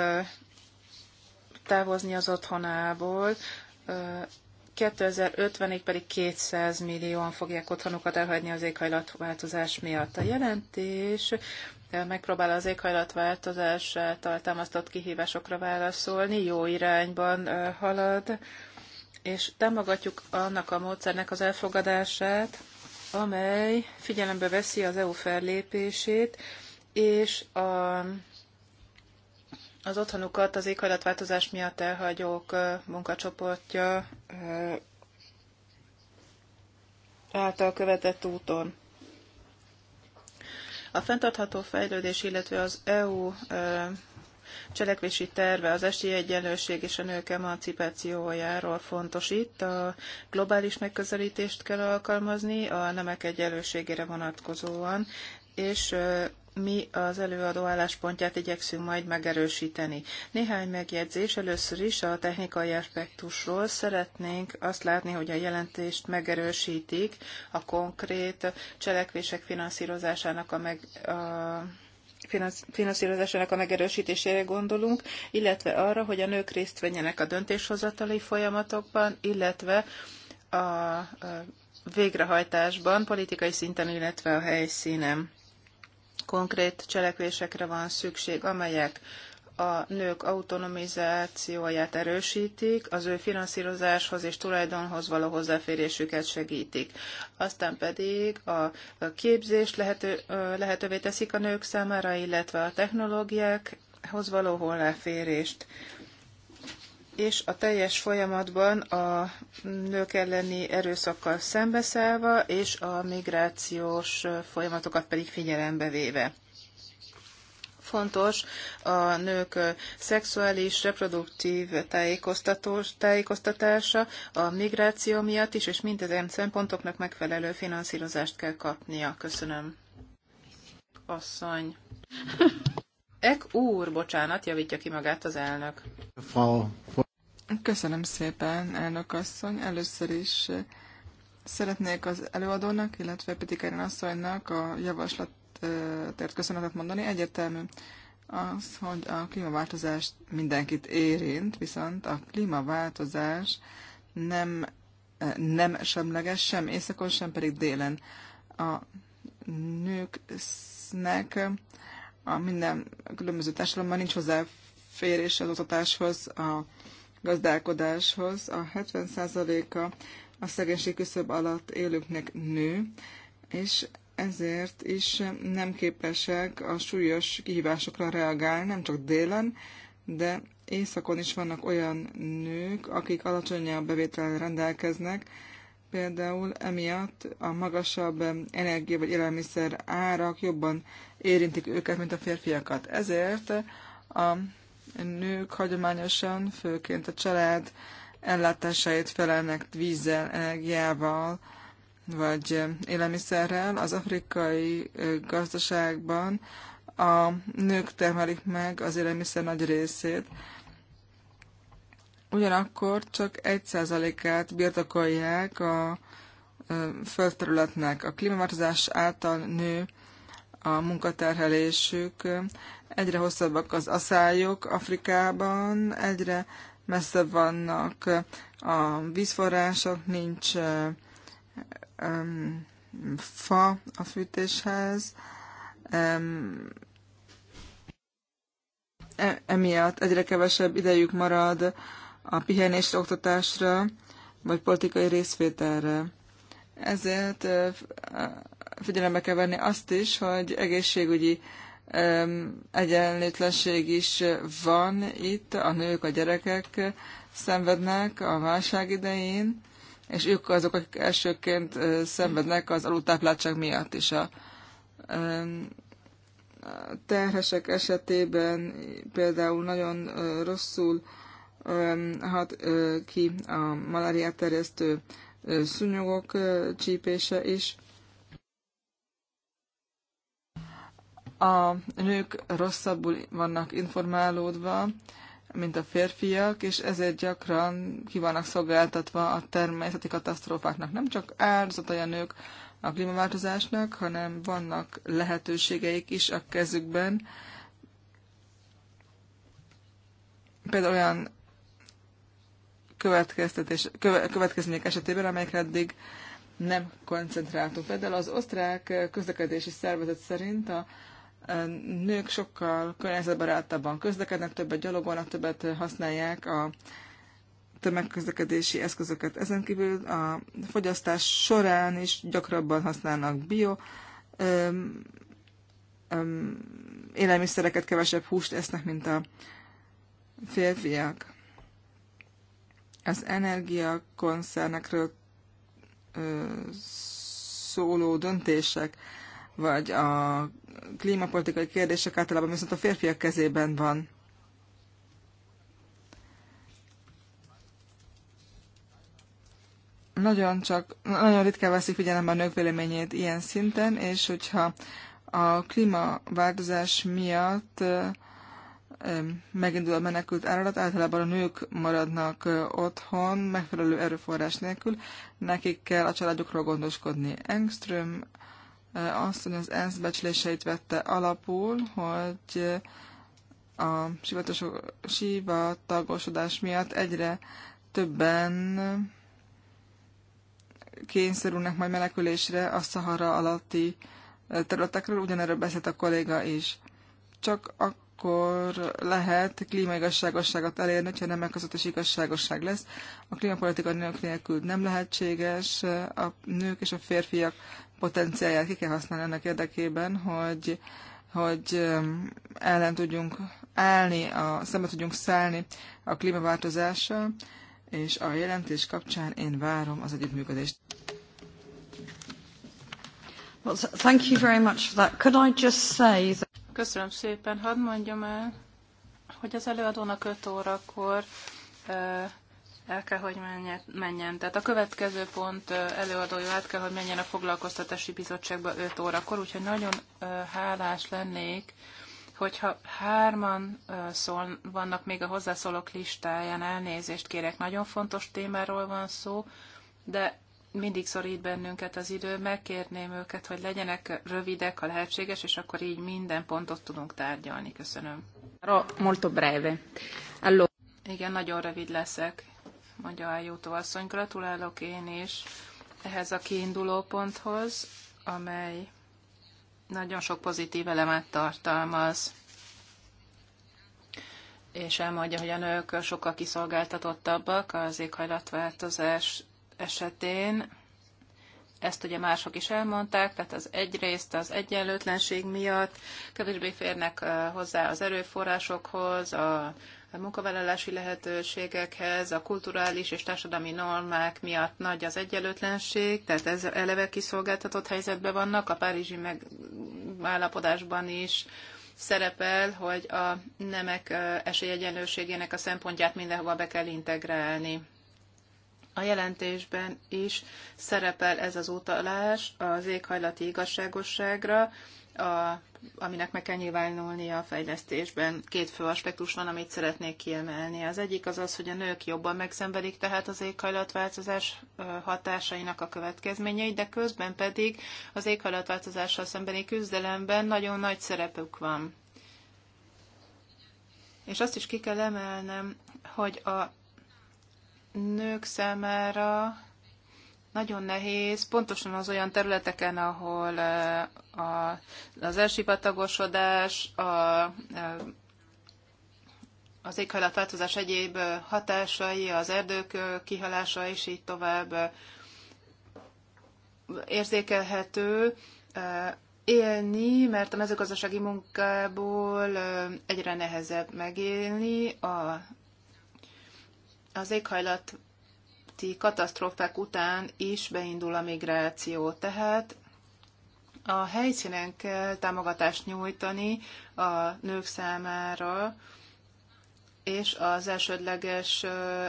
távozni az otthonából, 2050-ig pedig 200 millióan fogják otthonukat elhagyni az éghajlatváltozás miatt. A jelentés eh, megpróbál az éghajlatváltozás által támasztott kihívásokra válaszolni, jó irányban eh, halad, és támogatjuk annak a módszernek az elfogadását, amely figyelembe veszi az EU fellépését, és a az otthonukat az éghajlatváltozás miatt elhagyók munkacsoportja által követett úton. A fenntartható fejlődés, illetve az EU cselekvési terve az egyenlőség és a nők emancipációjáról fontos itt. A globális megközelítést kell alkalmazni a nemek egyenlőségére vonatkozóan, és mi az előadó álláspontját igyekszünk majd megerősíteni. Néhány megjegyzés először is a technikai aspektusról. Szeretnénk azt látni, hogy a jelentést megerősítik a konkrét cselekvések finanszírozásának a meg, a finanszírozásának a megerősítésére gondolunk, illetve arra, hogy a nők részt vegyenek a döntéshozatali folyamatokban, illetve a végrehajtásban, politikai szinten, illetve a helyszínen konkrét cselekvésekre van szükség, amelyek a nők autonomizációját erősítik, az ő finanszírozáshoz és tulajdonhoz való hozzáférésüket segítik. Aztán pedig a képzést lehető, lehetővé teszik a nők számára, illetve a technológiákhoz való hozzáférést és a teljes folyamatban a nők elleni erőszakkal szembeszállva, és a migrációs folyamatokat pedig figyelembe véve. Fontos a nők szexuális, reproduktív tájékoztatása a migráció miatt is, és mindezen szempontoknak megfelelő finanszírozást kell kapnia. Köszönöm. Asszony. Ek úr, bocsánat, javítja ki magát az elnök. Frau Köszönöm szépen, elnök asszony. Először is eh, szeretnék az előadónak, illetve Kárin asszonynak a javaslatért köszönetet mondani. Egyértelmű az, hogy a klímaváltozás mindenkit érint, viszont a klímaváltozás nem, eh, nem semleges, sem északon, sem pedig délen. A nőknek a minden különböző társadalomban nincs hozzáférés az oktatáshoz, a gazdálkodáshoz. A 70%-a a szegénység küszöb alatt élőknek nő, és ezért is nem képesek a súlyos kihívásokra reagálni, nem csak délen, de északon is vannak olyan nők, akik alacsonyabb bevétel rendelkeznek, például emiatt a magasabb energia vagy élelmiszer árak jobban érintik őket, mint a férfiakat. Ezért a nők hagyományosan, főként a család ellátásait felelnek vízzel, energiával, vagy élelmiszerrel. Az afrikai gazdaságban a nők termelik meg az élelmiszer nagy részét, ugyanakkor csak egy százalékát birtokolják a földterületnek. A klímaváltozás által nő a munkaterhelésük. Egyre hosszabbak az aszályok Afrikában, egyre messzebb vannak a vízforrások, nincs fa a fűtéshez. E, emiatt egyre kevesebb idejük marad a pihenésre, oktatásra, vagy politikai részvételre. Ezért figyelembe kell venni azt is, hogy egészségügyi egyenlőtlenség is van itt, a nők, a gyerekek szenvednek a válság idején, és ők azok, akik elsőként szenvednek az alultápláltság miatt is. A terhesek esetében például nagyon rosszul hat ki a maláriát terjesztő szúnyogok csípése is. A nők rosszabbul vannak informálódva, mint a férfiak, és ezért gyakran ki vannak szolgáltatva a természeti katasztrófáknak. Nem csak áldozatai a nők a klímaváltozásnak, hanem vannak lehetőségeik is a kezükben. Például olyan következtetés, köve, következmények esetében, amelyekre eddig nem koncentráltunk. Például az osztrák közlekedési szervezet szerint a nők sokkal környezetbarátabban közlekednek, többet gyalogolnak, többet használják a tömegközlekedési eszközöket. Ezen kívül a fogyasztás során is gyakrabban használnak bio öm, öm, élelmiszereket, kevesebb húst esznek, mint a férfiak. Az energiakoncernekről szóló döntések vagy a klímapolitikai kérdések általában viszont a férfiak kezében van. Nagyon csak, nagyon ritkán veszik figyelembe a nők véleményét ilyen szinten, és hogyha a klímaváltozás miatt megindul a menekült áradat, általában a nők maradnak otthon, megfelelő erőforrás nélkül, nekik kell a családokról gondoskodni. Engström azt, hogy az ENSZ becsléseit vette alapul, hogy a síva tagosodás miatt egyre többen kényszerülnek majd menekülésre a Szahara alatti területekről, ugyanerről beszélt a kolléga is. Csak akkor lehet klímaigazságosságot elérni, ha nem megközöttes igazságosság lesz. A klímapolitika nők nélkül nem lehetséges, a nők és a férfiak potenciáját ki kell használni ennek érdekében, hogy, hogy um, ellen tudjunk állni, a, szembe tudjunk szállni a klímaváltozással, és a jelentés kapcsán én várom az együttműködést. Well, thank you very much for that. Could I just say that... Köszönöm szépen. Hadd mondjam el, hogy az előadónak 5 órakor el kell, hogy menjen. Tehát a következő pont előadója át kell, hogy menjen a foglalkoztatási bizottságba 5 órakor, úgyhogy nagyon hálás lennék, hogyha hárman szól, vannak még a hozzászólók listáján, elnézést kérek, nagyon fontos témáról van szó, de mindig szorít bennünket az idő, megkérném őket, hogy legyenek rövidek, ha lehetséges, és akkor így minden pontot tudunk tárgyalni. Köszönöm. Molto breve. Allora. Igen, nagyon rövid leszek mondja Ájútó asszony. Gratulálok én is ehhez a kiinduló ponthoz, amely nagyon sok pozitív elemet tartalmaz és elmondja, hogy a nők sokkal kiszolgáltatottabbak az éghajlatváltozás esetén. Ezt ugye mások is elmondták, tehát az egyrészt az egyenlőtlenség miatt kevésbé férnek hozzá az erőforrásokhoz, a munkavállalási lehetőségekhez, a kulturális és társadalmi normák miatt nagy az egyenlőtlenség, tehát ez eleve kiszolgáltatott helyzetben vannak, a párizsi megállapodásban is szerepel, hogy a nemek esélyegyenlőségének a szempontját mindenhova be kell integrálni. A jelentésben is szerepel ez az utalás az éghajlati igazságosságra, a, aminek meg kell nyilvánulni a fejlesztésben. Két fő aspektus van, amit szeretnék kiemelni. Az egyik az az, hogy a nők jobban megszenvedik tehát az éghajlatváltozás hatásainak a következményeit, de közben pedig az éghajlatváltozással szembeni küzdelemben nagyon nagy szerepük van. És azt is ki kell emelnem, hogy a nők számára nagyon nehéz, pontosan az olyan területeken, ahol eh, a, az elsivatagosodás, a, eh, az éghajlatváltozás egyéb eh, hatásai, az erdők kihalása és így tovább érzékelhető, élni, mert a mezőgazdasági munkából egyre nehezebb megélni, a, az éghajlat közötti katasztrófák után is beindul a migráció. Tehát a helyszínen kell támogatást nyújtani a nők számára, és az elsődleges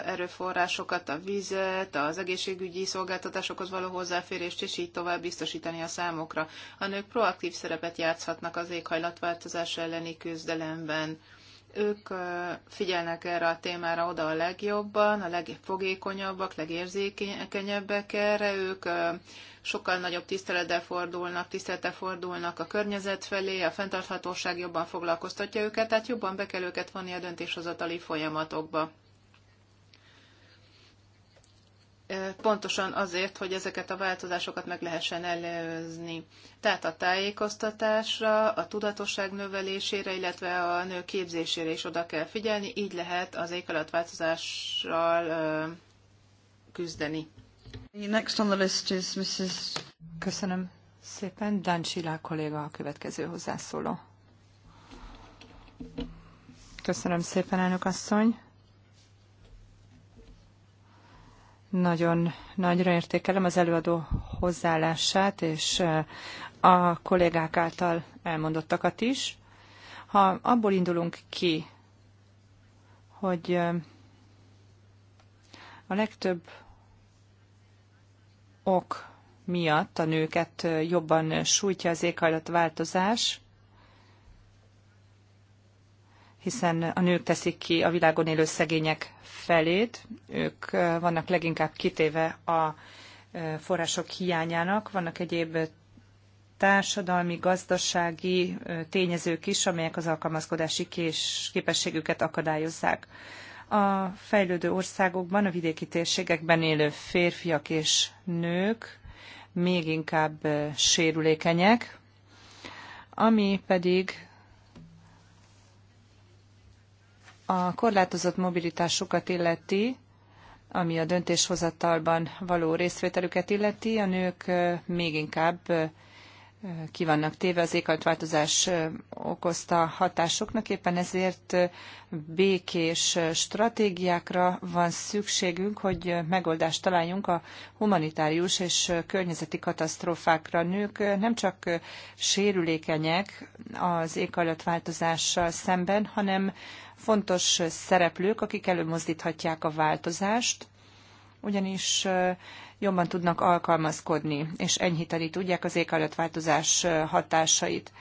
erőforrásokat, a vizet, az egészségügyi szolgáltatásokhoz való hozzáférést, és így tovább biztosítani a számokra. A nők proaktív szerepet játszhatnak az éghajlatváltozás elleni küzdelemben ők figyelnek erre a témára oda a legjobban, a legfogékonyabbak, legérzékenyebbek erre, ők sokkal nagyobb tisztelettel fordulnak, tisztelete fordulnak a környezet felé, a fenntarthatóság jobban foglalkoztatja őket, tehát jobban be kell őket vonni a döntéshozatali folyamatokba pontosan azért, hogy ezeket a változásokat meg lehessen előzni. Tehát a tájékoztatásra, a tudatosság növelésére, illetve a nő képzésére is oda kell figyelni, így lehet az éghajlatváltozással küzdeni. Next on the list is Mrs. Köszönöm szépen. Dan Csillá kolléga a következő hozzászóló. Köszönöm szépen, elnök asszony. Nagyon nagyra értékelem az előadó hozzáállását, és eh, a kollégák által elmondottakat is. Ha abból indulunk ki, hogy eh, a legtöbb ok miatt a nőket eh, jobban sújtja az éghajlatváltozás, hiszen a nők teszik ki a világon élő szegények felét, ők vannak leginkább kitéve a források hiányának, vannak egyéb társadalmi, gazdasági tényezők is, amelyek az alkalmazkodási kés, képességüket akadályozzák. A fejlődő országokban, a vidéki térségekben élő férfiak és nők még inkább sérülékenyek, ami pedig a korlátozott mobilitásukat illeti, ami a döntéshozatalban való részvételüket illeti, a nők még inkább ki vannak téve az éghajlatváltozás okozta hatásoknak, éppen ezért békés stratégiákra van szükségünk, hogy megoldást találjunk a humanitárius és környezeti katasztrófákra. Nők nem csak sérülékenyek az éghajlatváltozással szemben, hanem fontos szereplők, akik előmozdíthatják a változást, ugyanis jobban tudnak alkalmazkodni, és enyhíteni tudják az éghajlatváltozás hatásait.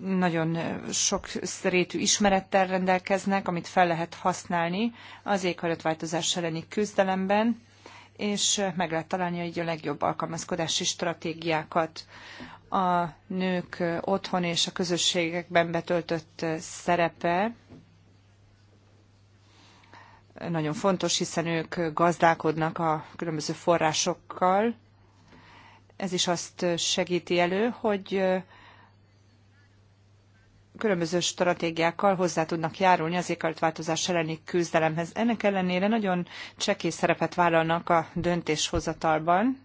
Nagyon sok szerétű ismerettel rendelkeznek, amit fel lehet használni az éghajlatváltozás elleni küzdelemben, és meg lehet találni így a legjobb alkalmazkodási stratégiákat a nők otthon és a közösségekben betöltött szerepe nagyon fontos, hiszen ők gazdálkodnak a különböző forrásokkal. Ez is azt segíti elő, hogy különböző stratégiákkal hozzá tudnak járulni az éghajlatváltozás elleni küzdelemhez. Ennek ellenére nagyon csekély szerepet vállalnak a döntéshozatalban,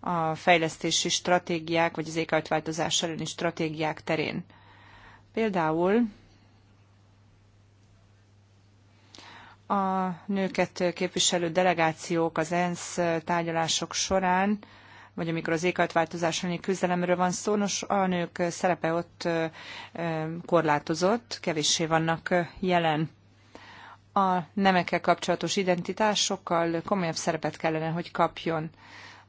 a fejlesztési stratégiák, vagy az éghajlatváltozás elleni stratégiák terén. Például A nőket képviselő delegációk az ENSZ tárgyalások során, vagy amikor az éghajlatváltozás elleni küzdelemről van szó, nos, a nők szerepe ott korlátozott, kevéssé vannak jelen a nemekkel kapcsolatos identitás sokkal komolyabb szerepet kellene, hogy kapjon.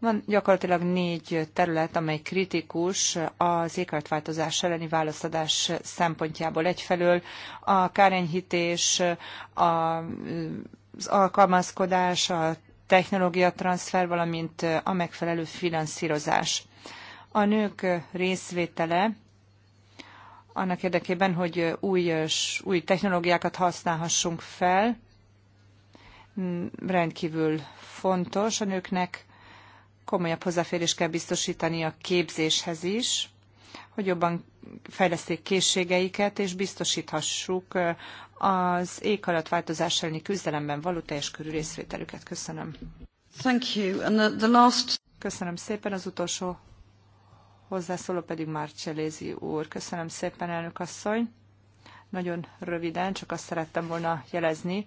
Van gyakorlatilag négy terület, amely kritikus az éghajlatváltozás elleni válaszadás szempontjából. Egyfelől a kárenyhítés, az alkalmazkodás, a technológia transfer, valamint a megfelelő finanszírozás. A nők részvétele annak érdekében, hogy új, új technológiákat használhassunk fel, rendkívül fontos. A nőknek komolyabb hozzáférés kell biztosítani a képzéshez is, hogy jobban fejleszték készségeiket, és biztosíthassuk az változás elleni küzdelemben való teljes körű részvételüket. Köszönöm. Thank you. And the, the last... Köszönöm szépen. Az utolsó hozzászóló pedig Márcselézi úr. Köszönöm szépen, elnök asszony. Nagyon röviden, csak azt szerettem volna jelezni,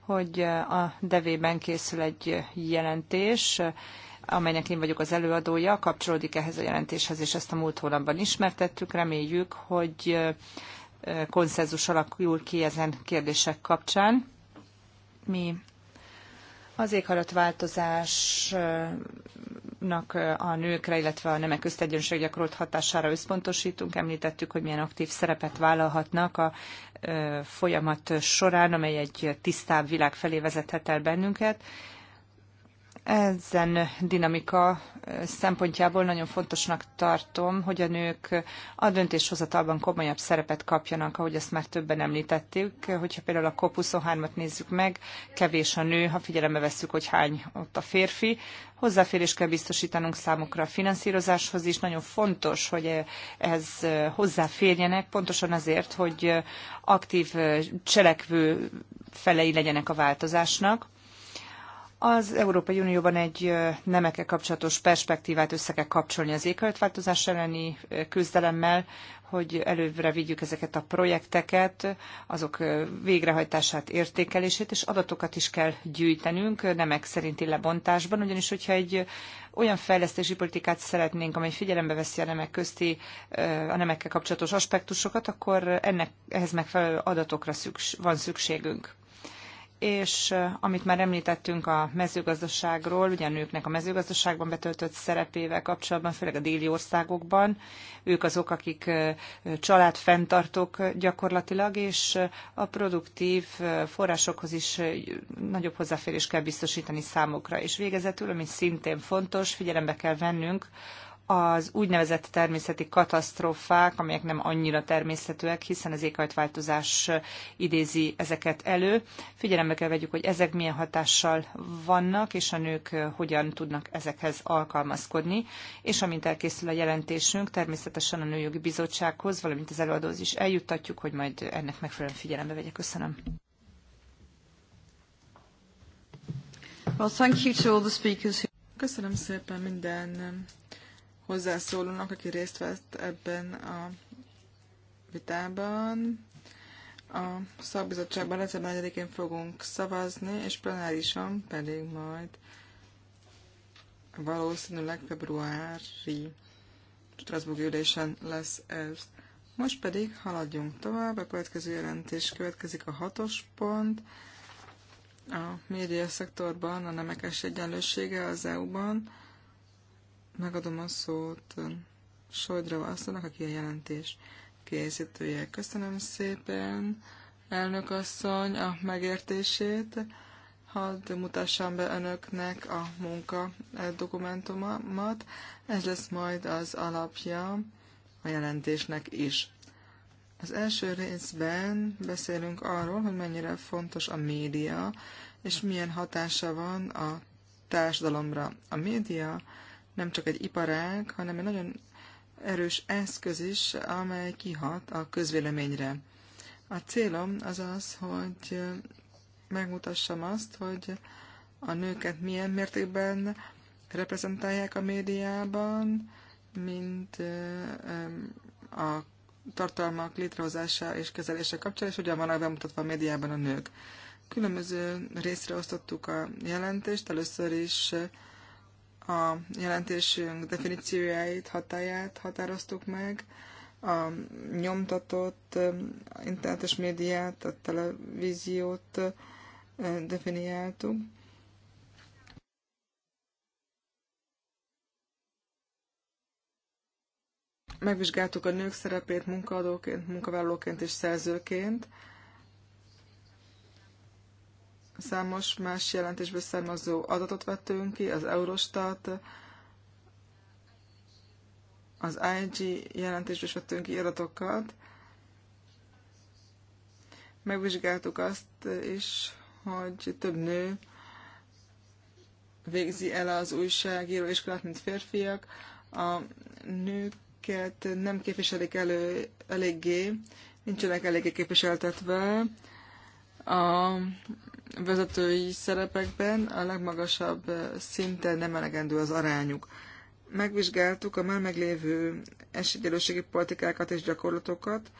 hogy a devében készül egy jelentés, amelynek én vagyok az előadója, kapcsolódik ehhez a jelentéshez, és ezt a múlt hónapban ismertettük. Reméljük, hogy konszenzus alakul ki ezen kérdések kapcsán. Mi az éghajlatváltozásnak a nőkre, illetve a nemek köztegyenlőség gyakorolt hatására összpontosítunk. Említettük, hogy milyen aktív szerepet vállalhatnak a folyamat során, amely egy tisztább világ felé vezethet el bennünket, ezen dinamika szempontjából nagyon fontosnak tartom, hogy a nők a döntéshozatalban komolyabb szerepet kapjanak, ahogy ezt már többen említettük. Hogyha például a COP23-at nézzük meg, kevés a nő, ha figyelembe vesszük, hogy hány ott a férfi. Hozzáférés kell biztosítanunk számukra a finanszírozáshoz is. Nagyon fontos, hogy ez hozzáférjenek, pontosan azért, hogy aktív cselekvő felei legyenek a változásnak az Európai Unióban egy nemekkel kapcsolatos perspektívát össze kell kapcsolni az éghajlatváltozás elleni küzdelemmel, hogy előbbre vigyük ezeket a projekteket, azok végrehajtását, értékelését, és adatokat is kell gyűjtenünk nemek szerinti lebontásban, ugyanis hogyha egy olyan fejlesztési politikát szeretnénk, amely figyelembe veszi a nemek közti, a nemekkel kapcsolatos aspektusokat, akkor ennek, ehhez megfelelő adatokra szüks, van szükségünk és amit már említettünk a mezőgazdaságról, ugye a nőknek a mezőgazdaságban betöltött szerepével kapcsolatban, főleg a déli országokban, ők azok, akik családfenntartók gyakorlatilag, és a produktív forrásokhoz is nagyobb hozzáférés kell biztosítani számukra. És végezetül, ami szintén fontos, figyelembe kell vennünk az úgynevezett természeti katasztrófák, amelyek nem annyira természetűek, hiszen az éghajtváltozás idézi ezeket elő. Figyelembe kell vegyük, hogy ezek milyen hatással vannak, és a nők hogyan tudnak ezekhez alkalmazkodni. És amint elkészül a jelentésünk, természetesen a Nőjogi Bizottsághoz, valamint az előadóhoz is eljuttatjuk, hogy majd ennek megfelelően figyelembe vegye. Köszönöm. Well, thank you to all the speakers. Köszönöm szépen minden hozzászólónak, aki részt vett ebben a vitában. A szakbizottságban december 4-én fogunk szavazni, és plenárisan pedig majd valószínűleg februári Strasbourg ülésen lesz ez. Most pedig haladjunk tovább, a következő jelentés következik a hatos pont. A média szektorban a nemekes egyenlősége az EU-ban megadom a szót Sojdra Vászlónak, aki a jelentés készítője. Köszönöm szépen, elnök asszony, a megértését. Hadd mutassam be önöknek a munka dokumentumomat. Ez lesz majd az alapja a jelentésnek is. Az első részben beszélünk arról, hogy mennyire fontos a média, és milyen hatása van a társadalomra. A média nem csak egy iparág, hanem egy nagyon erős eszköz is, amely kihat a közvéleményre. A célom az az, hogy megmutassam azt, hogy a nőket milyen mértékben reprezentálják a médiában, mint a tartalmak létrehozása és kezelése kapcsolatban, és hogyan vannak bemutatva a médiában a nők. Különböző részre osztottuk a jelentést, először is a jelentésünk definícióját, hatáját határoztuk meg, a nyomtatott internetes médiát, a televíziót definiáltuk. Megvizsgáltuk a nők szerepét munkaadóként, munkavállalóként és szerzőként, számos más jelentésből származó adatot vettünk ki, az Eurostat, az IG jelentésből is vettünk ki adatokat. Megvizsgáltuk azt is, hogy több nő végzi el az újságíró iskolát, mint férfiak. A nőket nem képviselik elő eléggé, nincsenek eléggé képviseltetve. A vezetői szerepekben a legmagasabb eh, szinten nem elegendő az arányuk. Megvizsgáltuk a már meglévő esélyegyenlőségi politikákat és gyakorlatokat.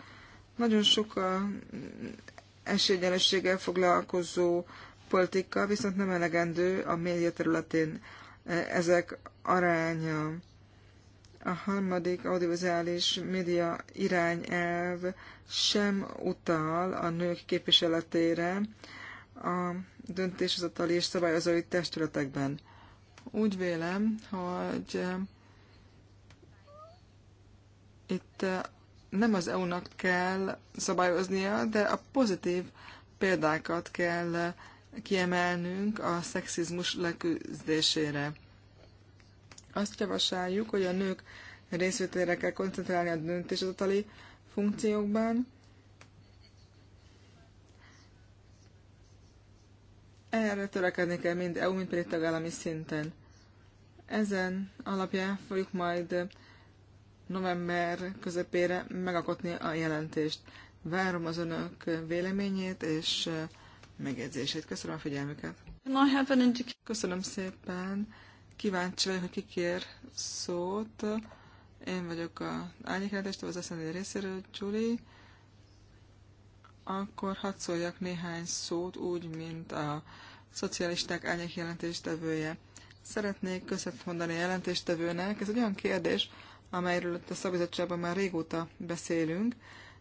Nagyon sok a mm, esélyegyenlőséggel foglalkozó politika, viszont nem elegendő a média területén eh, ezek aránya. A harmadik audiovizuális média irányelv sem utal a nők képviseletére, a döntéshozatali és szabályozói testületekben. Úgy vélem, hogy eh, itt eh, nem az EU-nak kell szabályoznia, de a pozitív példákat kell eh, kiemelnünk a szexizmus leküzdésére. Azt javasoljuk, hogy a nők részvételére kell koncentrálni a döntéshozatali funkciókban, Erre törekedni kell mind EU, mind pedig tagállami szinten. Ezen alapján fogjuk majd november közepére megakotni a jelentést. Várom az önök véleményét és megjegyzését. Köszönöm a figyelmüket. Köszönöm szépen. Kíváncsi vagyok, hogy kikér szót. Én vagyok a Kertestől, az SZND részéről, Julie akkor hadd szóljak néhány szót úgy, mint a szocialisták elnyek jelentéstevője. Szeretnék köszönet mondani a jelentéstevőnek. Ez egy olyan kérdés, amelyről a szabizottságban már régóta beszélünk,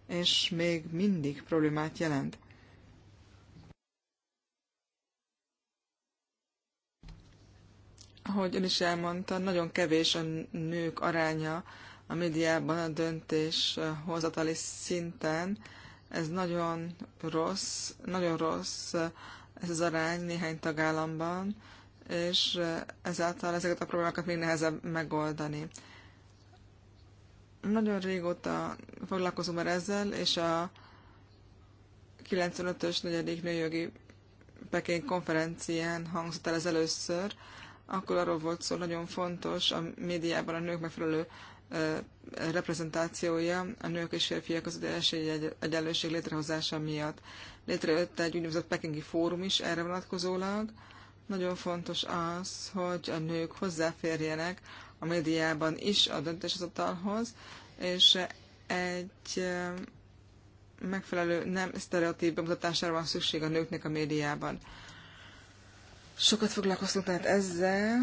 és még mindig problémát jelent. Ahogy ön is elmondta, nagyon kevés a nők aránya a médiában a döntés hozatali szinten, ez nagyon rossz, nagyon rossz eh, ez az arány néhány tagállamban, és eh, ezáltal ezeket a problémákat még nehezebb megoldani. Nagyon régóta foglalkozom már ezzel, és a 95-ös negyedik nőjogi Peking konferencián hangzott el ez először, akkor arról volt szó, nagyon fontos a médiában a nők megfelelő reprezentációja a nők és férfiak közötti esély egyenlőség létrehozása miatt. Létrejött egy úgynevezett pekingi fórum is erre vonatkozólag. Nagyon fontos az, hogy a nők hozzáférjenek a médiában is a döntéshozatalhoz, és egy megfelelő nem sztereotíp bemutatására van szükség a nőknek a médiában. Sokat foglalkoztunk tehát ezzel,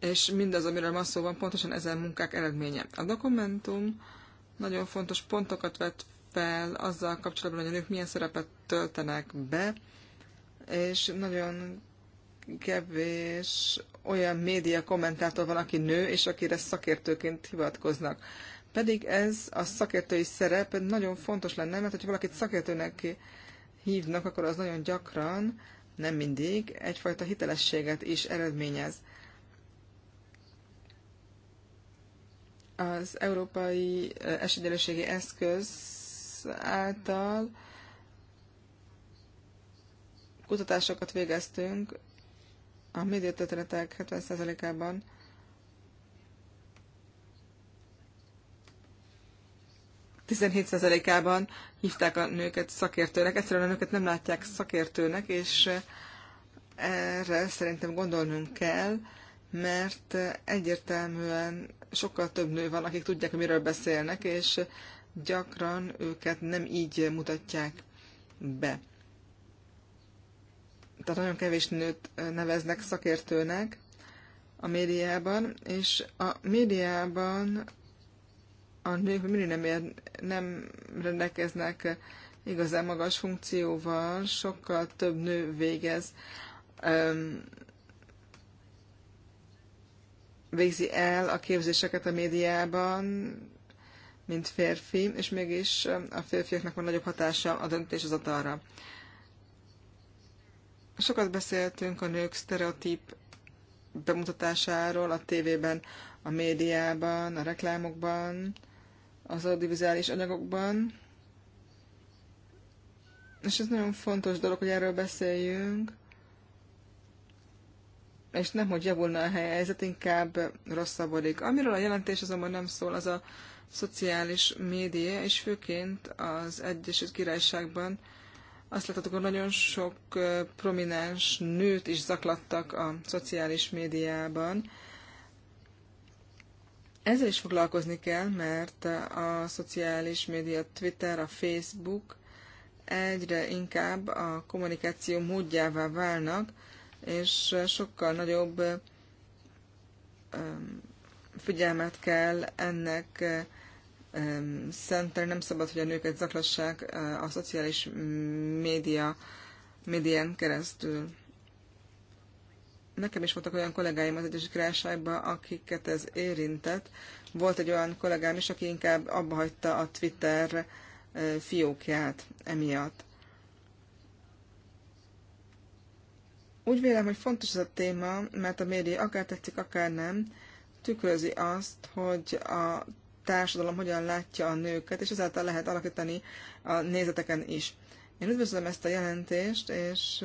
és mindaz, amiről ma szó van, pontosan ezen munkák eredménye. A dokumentum nagyon fontos pontokat vet fel azzal kapcsolatban, hogy a nők milyen szerepet töltenek be, és nagyon kevés olyan média kommentátor van, aki nő, és akire szakértőként hivatkoznak. Pedig ez a szakértői szerep nagyon fontos lenne, mert hogyha valakit szakértőnek hívnak, akkor az nagyon gyakran, nem mindig, egyfajta hitelességet is eredményez. az európai esélyegyenlőségi eszköz által kutatásokat végeztünk a médiatörténetek 70%-ában ában hívták a nőket szakértőnek. Egyszerűen a nőket nem látják szakértőnek, és erre szerintem gondolnunk kell, mert egyértelműen sokkal több nő van, akik tudják, hogy miről beszélnek, és gyakran őket nem így mutatják be. Tehát nagyon kevés nőt neveznek szakértőnek a médiában, és a médiában a nők mindig nem, ér, nem rendelkeznek igazán magas funkcióval, sokkal több nő végez végzi el a képzéseket a médiában, mint férfi, és mégis um, a férfiaknak van nagyobb hatása a döntés az atalra. Sokat beszéltünk a nők sztereotíp bemutatásáról a tévében, a médiában, a reklámokban, az audiovizuális anyagokban. És ez nagyon fontos dolog, hogy erről beszéljünk, és nem, hogy javulna a helyzet, inkább rosszabbodik. Amiről a jelentés azonban nem szól, az a szociális média, és főként az Egyesült Királyságban azt láthatok, hogy nagyon sok prominens nőt is zaklattak a szociális médiában. Ezzel is foglalkozni kell, mert a szociális média, Twitter, a Facebook egyre inkább a kommunikáció módjává válnak, és sokkal nagyobb figyelmet kell ennek szentelni. Nem szabad, hogy a nőket zaklassák a szociális média médián keresztül. Nekem is voltak olyan kollégáim az Egyesült Királyságban, akiket ez érintett. Volt egy olyan kollégám is, aki inkább abba hagyta a Twitter fiókját emiatt. Úgy vélem, hogy fontos ez a téma, mert a média akár tetszik, akár nem, tükrözi azt, hogy a társadalom hogyan látja a nőket, és ezáltal lehet alakítani a nézeteken is. Én üdvözlöm ezt a jelentést, és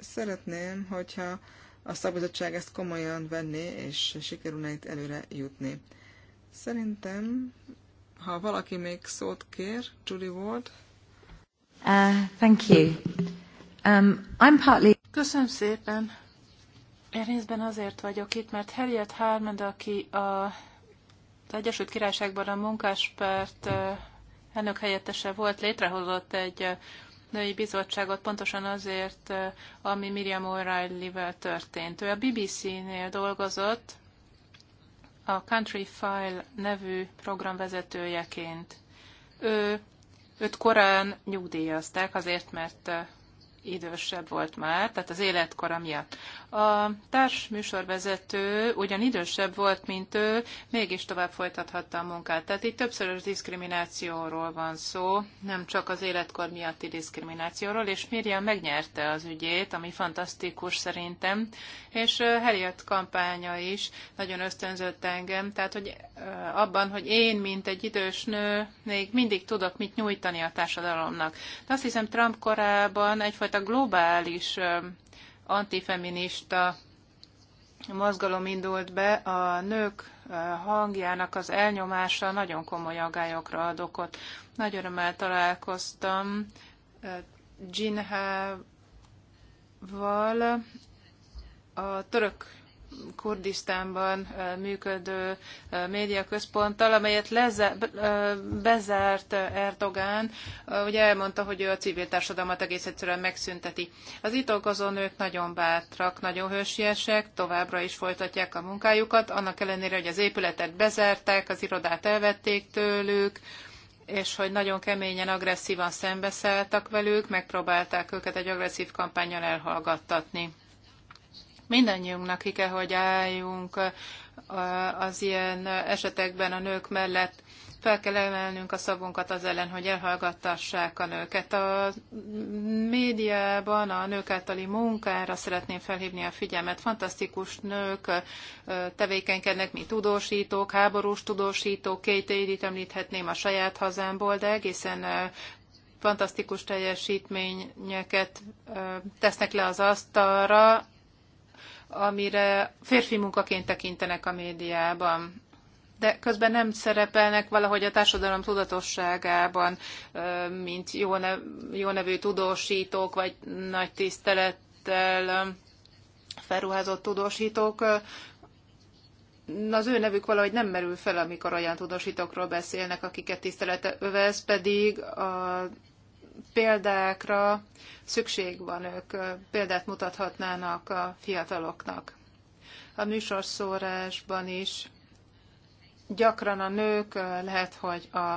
szeretném, hogyha a szakbizottság ezt komolyan venné, és sikerülne itt előre jutni. Szerintem, ha valaki még szót kér, Julie Ward. Uh, thank you. Um, I'm partly... Köszönöm szépen. Én részben azért vagyok itt, mert Harriet Harmond, aki a, az Egyesült Királyságban a munkáspárt elnök helyettese volt, létrehozott egy női bizottságot pontosan azért, ami Miriam O'Reilly-vel történt. Ő a BBC-nél dolgozott, a Country File nevű program vezetőjeként. Ő, őt korán nyugdíjazták, azért, mert idősebb volt már, tehát az életkora miatt. A társ műsorvezető ugyan idősebb volt, mint ő, mégis tovább folytathatta a munkát. Tehát itt többszörös diszkriminációról van szó, nem csak az életkor miatti diszkriminációról, és Miriam megnyerte az ügyét, ami fantasztikus szerintem, és helyett kampánya is nagyon ösztönzött engem, tehát hogy abban, hogy én, mint egy idős nő, még mindig tudok mit nyújtani a társadalomnak. De azt hiszem Trump korában egyfajta egyfajta globális antifeminista mozgalom indult be, a nők hangjának az elnyomása nagyon komoly agályokra ad okot. Nagy örömmel találkoztam Jinhával, a török Kurdisztánban működő médiaközponttal, amelyet leze, bezárt Erdogán, ugye elmondta, hogy ő a civil társadalmat egész egyszerűen megszünteti. Az itt okozó nők nagyon bátrak, nagyon hősiesek, továbbra is folytatják a munkájukat, annak ellenére, hogy az épületet bezárták, az irodát elvették tőlük, és hogy nagyon keményen, agresszívan szembeszálltak velük, megpróbálták őket egy agresszív kampányon elhallgattatni. Mindannyiunknak ki kell, hogy álljunk az ilyen esetekben a nők mellett. Fel kell emelnünk a szavunkat az ellen, hogy elhallgattassák a nőket. A médiában a nők általi munkára szeretném felhívni a figyelmet. Fantasztikus nők tevékenykednek, mint tudósítók, háborús tudósítók, két édit említhetném a saját hazámból, de egészen fantasztikus teljesítményeket tesznek le az asztalra, amire férfi munkaként tekintenek a médiában de közben nem szerepelnek valahogy a társadalom tudatosságában, mint jó, nev, jó nevű tudósítók, vagy nagy tisztelettel felruházott tudósítók. Az ő nevük valahogy nem merül fel, amikor olyan tudósítókról beszélnek, akiket tisztelet övez, pedig a példákra szükség van, ők példát mutathatnának a fiataloknak. A műsorszórásban is gyakran a nők lehet, hogy a,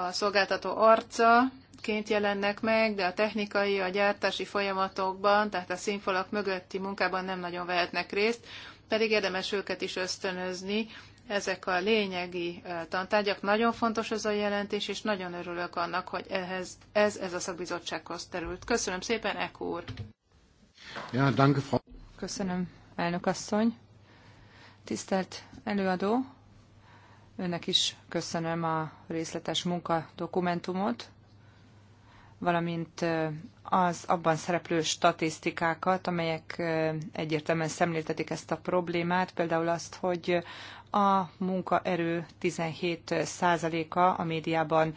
a szolgáltató arca, ként jelennek meg, de a technikai, a gyártási folyamatokban, tehát a színfalak mögötti munkában nem nagyon vehetnek részt, pedig érdemes őket is ösztönözni ezek a lényegi tantárgyak. Nagyon fontos ez a jelentés, és nagyon örülök annak, hogy ehhez, ez, ez a szakbizottsághoz terült. Köszönöm szépen, Ek úr! Ja, danke, Frau. Köszönöm, elnök asszony. Tisztelt előadó, önnek is köszönöm a részletes munkadokumentumot, valamint az abban szereplő statisztikákat, amelyek egyértelműen szemléltetik ezt a problémát, például azt, hogy a munkaerő 17%-a a médiában,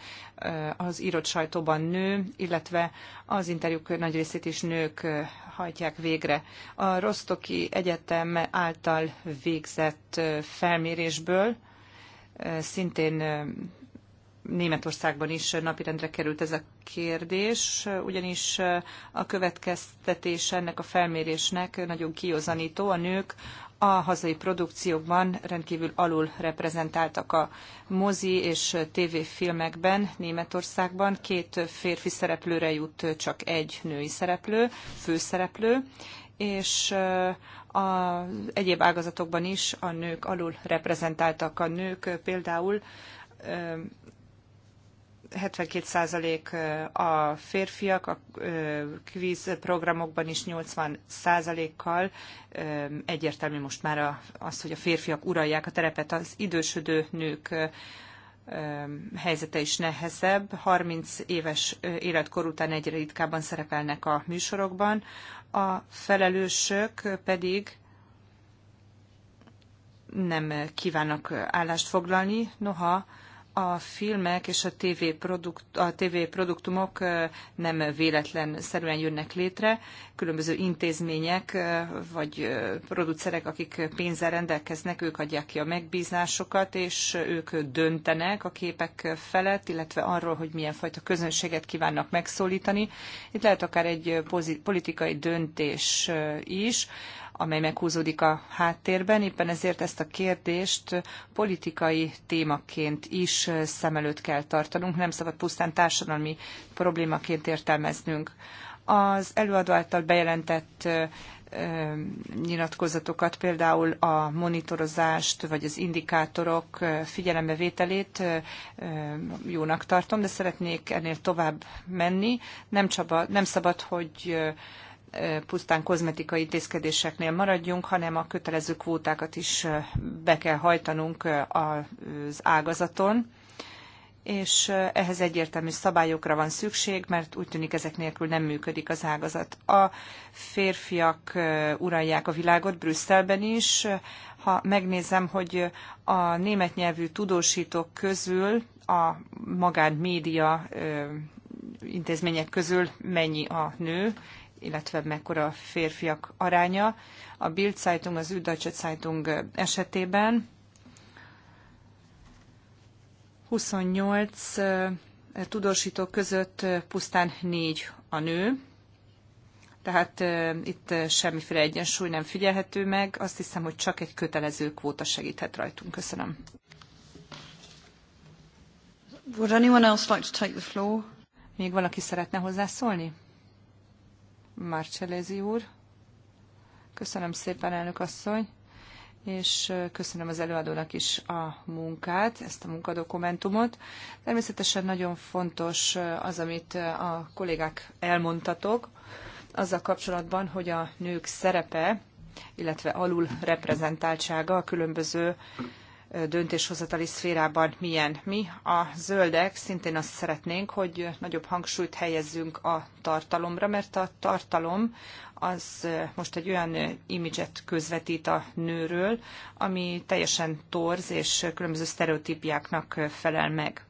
az írott sajtóban nő, illetve az interjúk nagy részét is nők hajtják végre. A Rostoki Egyetem által végzett felmérésből szintén Németországban is napirendre került ez a kérdés, ugyanis a következtetés ennek a felmérésnek nagyon kiozanító. A nők a hazai produkciókban rendkívül alul reprezentáltak a mozi és tévéfilmekben Németországban. Két férfi szereplőre jut csak egy női szereplő, főszereplő, és a egyéb ágazatokban is a nők alul reprezentáltak. A nők például 72% a férfiak, a kvíz programokban is 80%-kal egyértelmű most már az, hogy a férfiak uralják a terepet, az idősödő nők helyzete is nehezebb. 30 éves életkor után egyre ritkábban szerepelnek a műsorokban, a felelősök pedig nem kívánnak állást foglalni, noha a filmek és a TV, produkt, a TV produktumok nem véletlen szerűen jönnek létre. Különböző intézmények vagy producerek, akik pénzzel rendelkeznek, ők adják ki a megbízásokat, és ők döntenek a képek felett, illetve arról, hogy milyen fajta közönséget kívánnak megszólítani. Itt lehet akár egy politikai döntés is, amely meghúzódik a háttérben. Éppen ezért ezt a kérdést politikai témaként is szem előtt kell tartanunk, nem szabad pusztán társadalmi problémaként értelmeznünk. Az előadó által bejelentett nyilatkozatokat, például a monitorozást vagy az indikátorok figyelembevételét jónak tartom, de szeretnék ennél tovább menni. Nem, csaba, nem szabad, hogy pusztán kozmetikai intézkedéseknél maradjunk, hanem a kötelező kvótákat is be kell hajtanunk az ágazaton és ehhez egyértelmű szabályokra van szükség, mert úgy tűnik ezek nélkül nem működik az ágazat. A férfiak uralják a világot Brüsszelben is. Ha megnézem, hogy a német nyelvű tudósítók közül a magánmédia intézmények közül mennyi a nő, illetve mekkora a férfiak aránya. A Bild Zeitung, az Üdeutsche Zeitung esetében 28 tudósító között pusztán 4 a nő, tehát itt semmiféle egyensúly nem figyelhető meg. Azt hiszem, hogy csak egy kötelező kvóta segíthet rajtunk. Köszönöm. Would anyone else like to take the floor? Még valaki szeretne hozzászólni? Marcellesi úr. Köszönöm szépen, elnök asszony, és köszönöm az előadónak is a munkát, ezt a munkadokumentumot. Természetesen nagyon fontos az, amit a kollégák elmondtatok, azzal kapcsolatban, hogy a nők szerepe, illetve alul reprezentáltsága a különböző döntéshozatali szférában milyen. Mi a zöldek szintén azt szeretnénk, hogy nagyobb hangsúlyt helyezzünk a tartalomra, mert a tartalom az most egy olyan imidzset közvetít a nőről, ami teljesen torz és különböző sztereotípiáknak felel meg.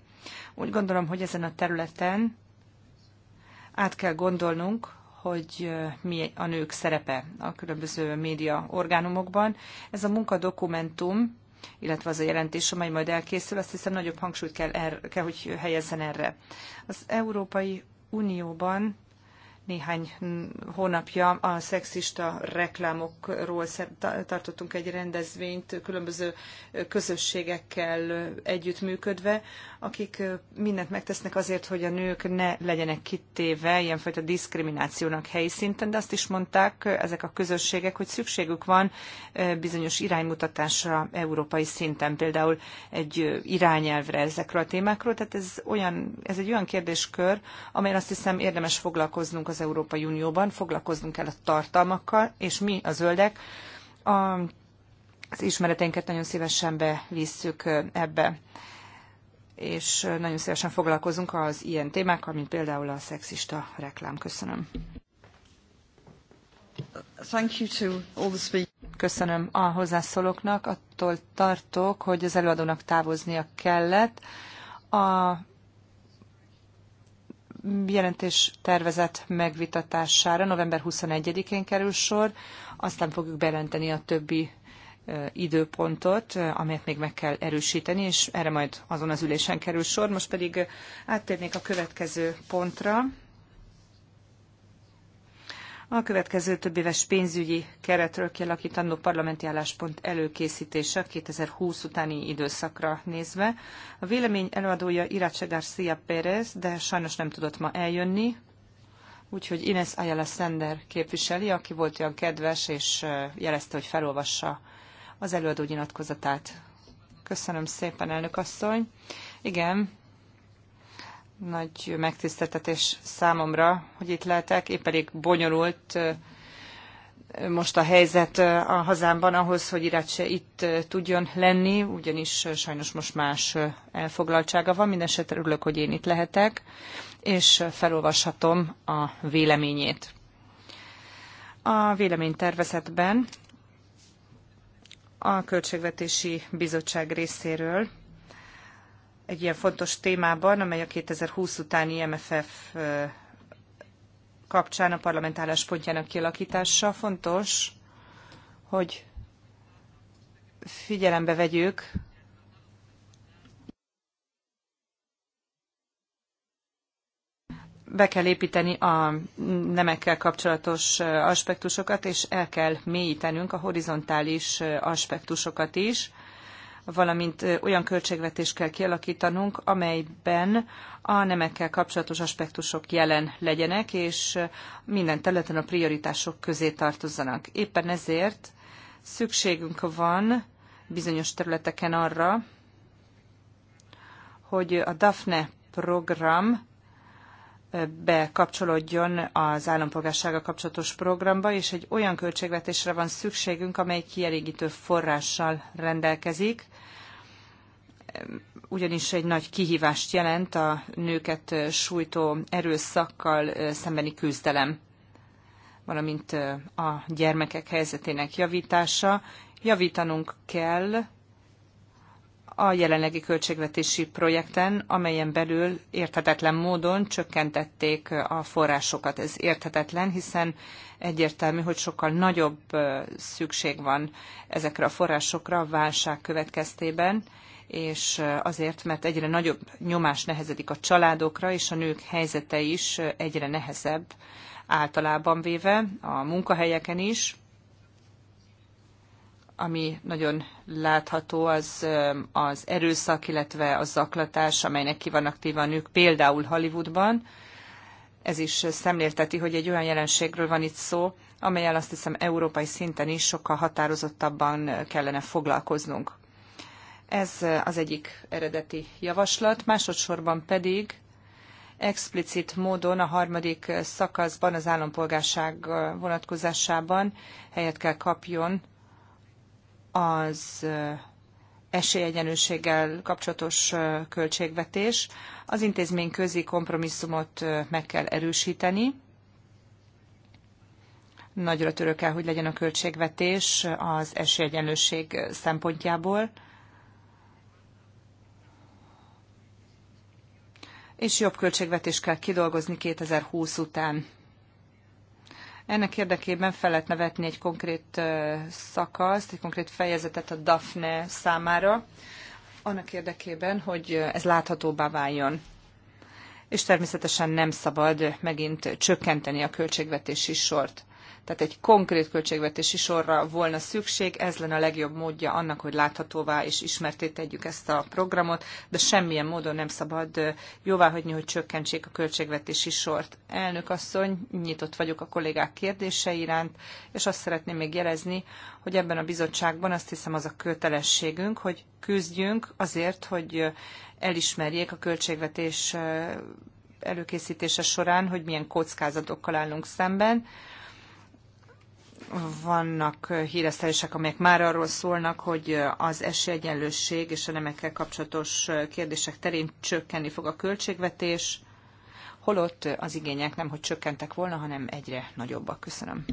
Úgy gondolom, hogy ezen a területen át kell gondolnunk, hogy mi a nők szerepe a különböző média orgánumokban. Ez a munkadokumentum illetve az a jelentés, amely majd elkészül, azt hiszem nagyobb hangsúlyt kell, erre, kell hogy helyezzen erre. Az Európai Unióban néhány hónapja a szexista reklámokról tartottunk egy rendezvényt különböző közösségekkel együttműködve, akik mindent megtesznek azért, hogy a nők ne legyenek kitéve ilyenfajta diszkriminációnak helyi szinten, de azt is mondták ezek a közösségek, hogy szükségük van bizonyos iránymutatásra európai szinten, például egy irányelvre ezekről a témákról. Tehát ez, olyan, ez egy olyan kérdéskör, amelyen azt hiszem érdemes foglalkoznunk az Európai Unióban, foglalkoznunk kell a tartalmakkal, és mi a zöldek a, az ismereteinket nagyon szívesen bevisszük ebbe és nagyon szívesen foglalkozunk az ilyen témákkal, mint például a szexista reklám. Köszönöm. Thank you to all the speakers. Köszönöm a hozzászólóknak. Attól tartok, hogy az előadónak távoznia kellett. A jelentés tervezet megvitatására november 21-én kerül sor, aztán fogjuk bejelenteni a többi időpontot, amelyet még meg kell erősíteni, és erre majd azon az ülésen kerül sor. Most pedig áttérnék a következő pontra. A következő több éves pénzügyi keretről kialakítandó parlamenti álláspont előkészítése 2020 utáni időszakra nézve. A vélemény előadója Irace Garcia Pérez, de sajnos nem tudott ma eljönni, úgyhogy Ines Ayala Sender képviseli, aki volt olyan kedves, és jelezte, hogy felolvassa az előadó nyilatkozatát. Köszönöm szépen, elnök asszony. Igen, nagy megtiszteltetés számomra, hogy itt lehetek. Épp pedig bonyolult most a helyzet a hazámban ahhoz, hogy Irács itt tudjon lenni, ugyanis sajnos most más elfoglaltsága van. Mindenesetre örülök, hogy én itt lehetek, és felolvashatom a véleményét. A véleménytervezetben a Költségvetési Bizottság részéről egy ilyen fontos témában, amely a 2020 utáni MFF kapcsán a parlament álláspontjának kialakítása fontos, hogy figyelembe vegyük be kell építeni a nemekkel kapcsolatos aspektusokat, és el kell mélyítenünk a horizontális aspektusokat is, valamint olyan költségvetést kell kialakítanunk, amelyben a nemekkel kapcsolatos aspektusok jelen legyenek, és minden területen a prioritások közé tartozzanak. Éppen ezért szükségünk van bizonyos területeken arra, hogy a DAFNE program bekapcsolódjon az állampolgársága kapcsolatos programba, és egy olyan költségvetésre van szükségünk, amely kielégítő forrással rendelkezik, ugyanis egy nagy kihívást jelent a nőket sújtó erőszakkal szembeni küzdelem, valamint a gyermekek helyzetének javítása. Javítanunk kell a jelenlegi költségvetési projekten, amelyen belül érthetetlen módon csökkentették a forrásokat. Ez érthetetlen, hiszen egyértelmű, hogy sokkal nagyobb szükség van ezekre a forrásokra a válság következtében, és azért, mert egyre nagyobb nyomás nehezedik a családokra, és a nők helyzete is egyre nehezebb általában véve a munkahelyeken is, ami nagyon látható, az um, az erőszak, illetve a zaklatás, amelynek ki vannak téve a nők, például Hollywoodban. Ez is szemlélteti, hogy egy olyan jelenségről van itt szó, amelyel azt hiszem európai szinten is sokkal határozottabban kellene foglalkoznunk. Ez az egyik eredeti javaslat, másodszorban pedig explicit módon a harmadik szakaszban az állampolgárság vonatkozásában helyet kell kapjon az esélyegyenlőséggel kapcsolatos költségvetés. Az intézmény közi kompromisszumot meg kell erősíteni. Nagyra törő kell, hogy legyen a költségvetés az esélyegyenlőség szempontjából. És jobb költségvetést kell kidolgozni 2020 után. Ennek érdekében fel lehetne vetni egy konkrét szakaszt, egy konkrét fejezetet a Daphne számára, annak érdekében, hogy ez láthatóbbá váljon. És természetesen nem szabad megint csökkenteni a költségvetési sort tehát egy konkrét költségvetési sorra volna szükség, ez lenne a legjobb módja annak, hogy láthatóvá és ismerté tegyük ezt a programot, de semmilyen módon nem szabad jóváhagyni, hogy csökkentsék a költségvetési sort. Elnök asszony, nyitott vagyok a kollégák kérdése iránt, és azt szeretném még jelezni, hogy ebben a bizottságban azt hiszem az a kötelességünk, hogy küzdjünk azért, hogy elismerjék a költségvetés előkészítése során, hogy milyen kockázatokkal állunk szemben, vannak híresztelések, amelyek már arról szólnak, hogy az esélyegyenlőség és a nemekkel kapcsolatos kérdések terén csökkenni fog a költségvetés, holott az igények nem, hogy csökkentek volna, hanem egyre nagyobbak. Köszönöm.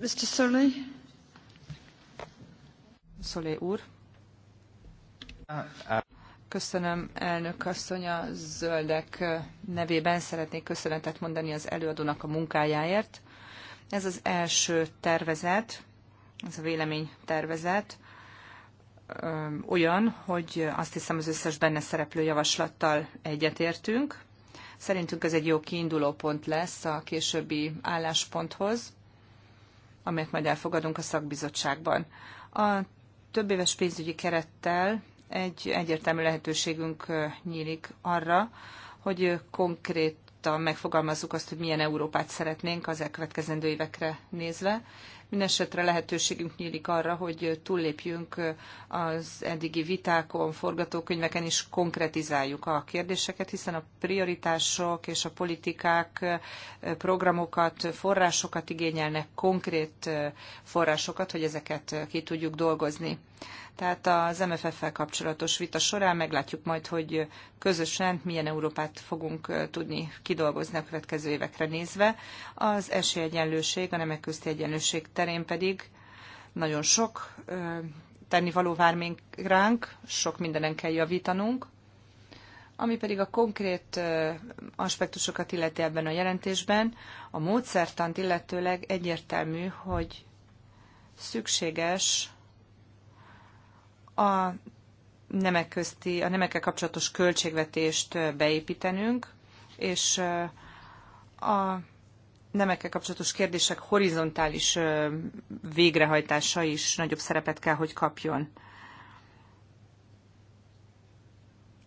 Mr. Szolé? Szolé úr. Uh, uh, Köszönöm, elnök asszony. A zöldek nevében szeretnék köszönetet mondani az előadónak a munkájáért. Ez az első tervezet, ez a vélemény tervezet olyan, hogy azt hiszem az összes benne szereplő javaslattal egyetértünk. Szerintünk ez egy jó kiinduló pont lesz a későbbi állásponthoz, amelyet majd elfogadunk a szakbizottságban. A több éves pénzügyi kerettel egy egyértelmű lehetőségünk nyílik arra, hogy konkrét megfogalmazzuk azt, hogy milyen Európát szeretnénk az elkövetkezendő évekre nézve. Mindenesetre lehetőségünk nyílik arra, hogy túllépjünk az eddigi vitákon, forgatókönyveken is konkretizáljuk a kérdéseket, hiszen a prioritások és a politikák programokat, forrásokat igényelnek, konkrét forrásokat, hogy ezeket ki tudjuk dolgozni. Tehát az MFF-fel kapcsolatos vita során meglátjuk majd, hogy közösen milyen Európát fogunk tudni kidolgozni a következő évekre nézve. Az esélyegyenlőség, a nemek közti egyenlőség terén pedig nagyon sok tennivaló vár még ránk, sok mindenen kell javítanunk. Ami pedig a konkrét aspektusokat illeti ebben a jelentésben, a módszertant illetőleg egyértelmű, hogy szükséges a nemek közti, a nemekkel kapcsolatos költségvetést beépítenünk, és a nemekkel kapcsolatos kérdések horizontális végrehajtása is nagyobb szerepet kell, hogy kapjon.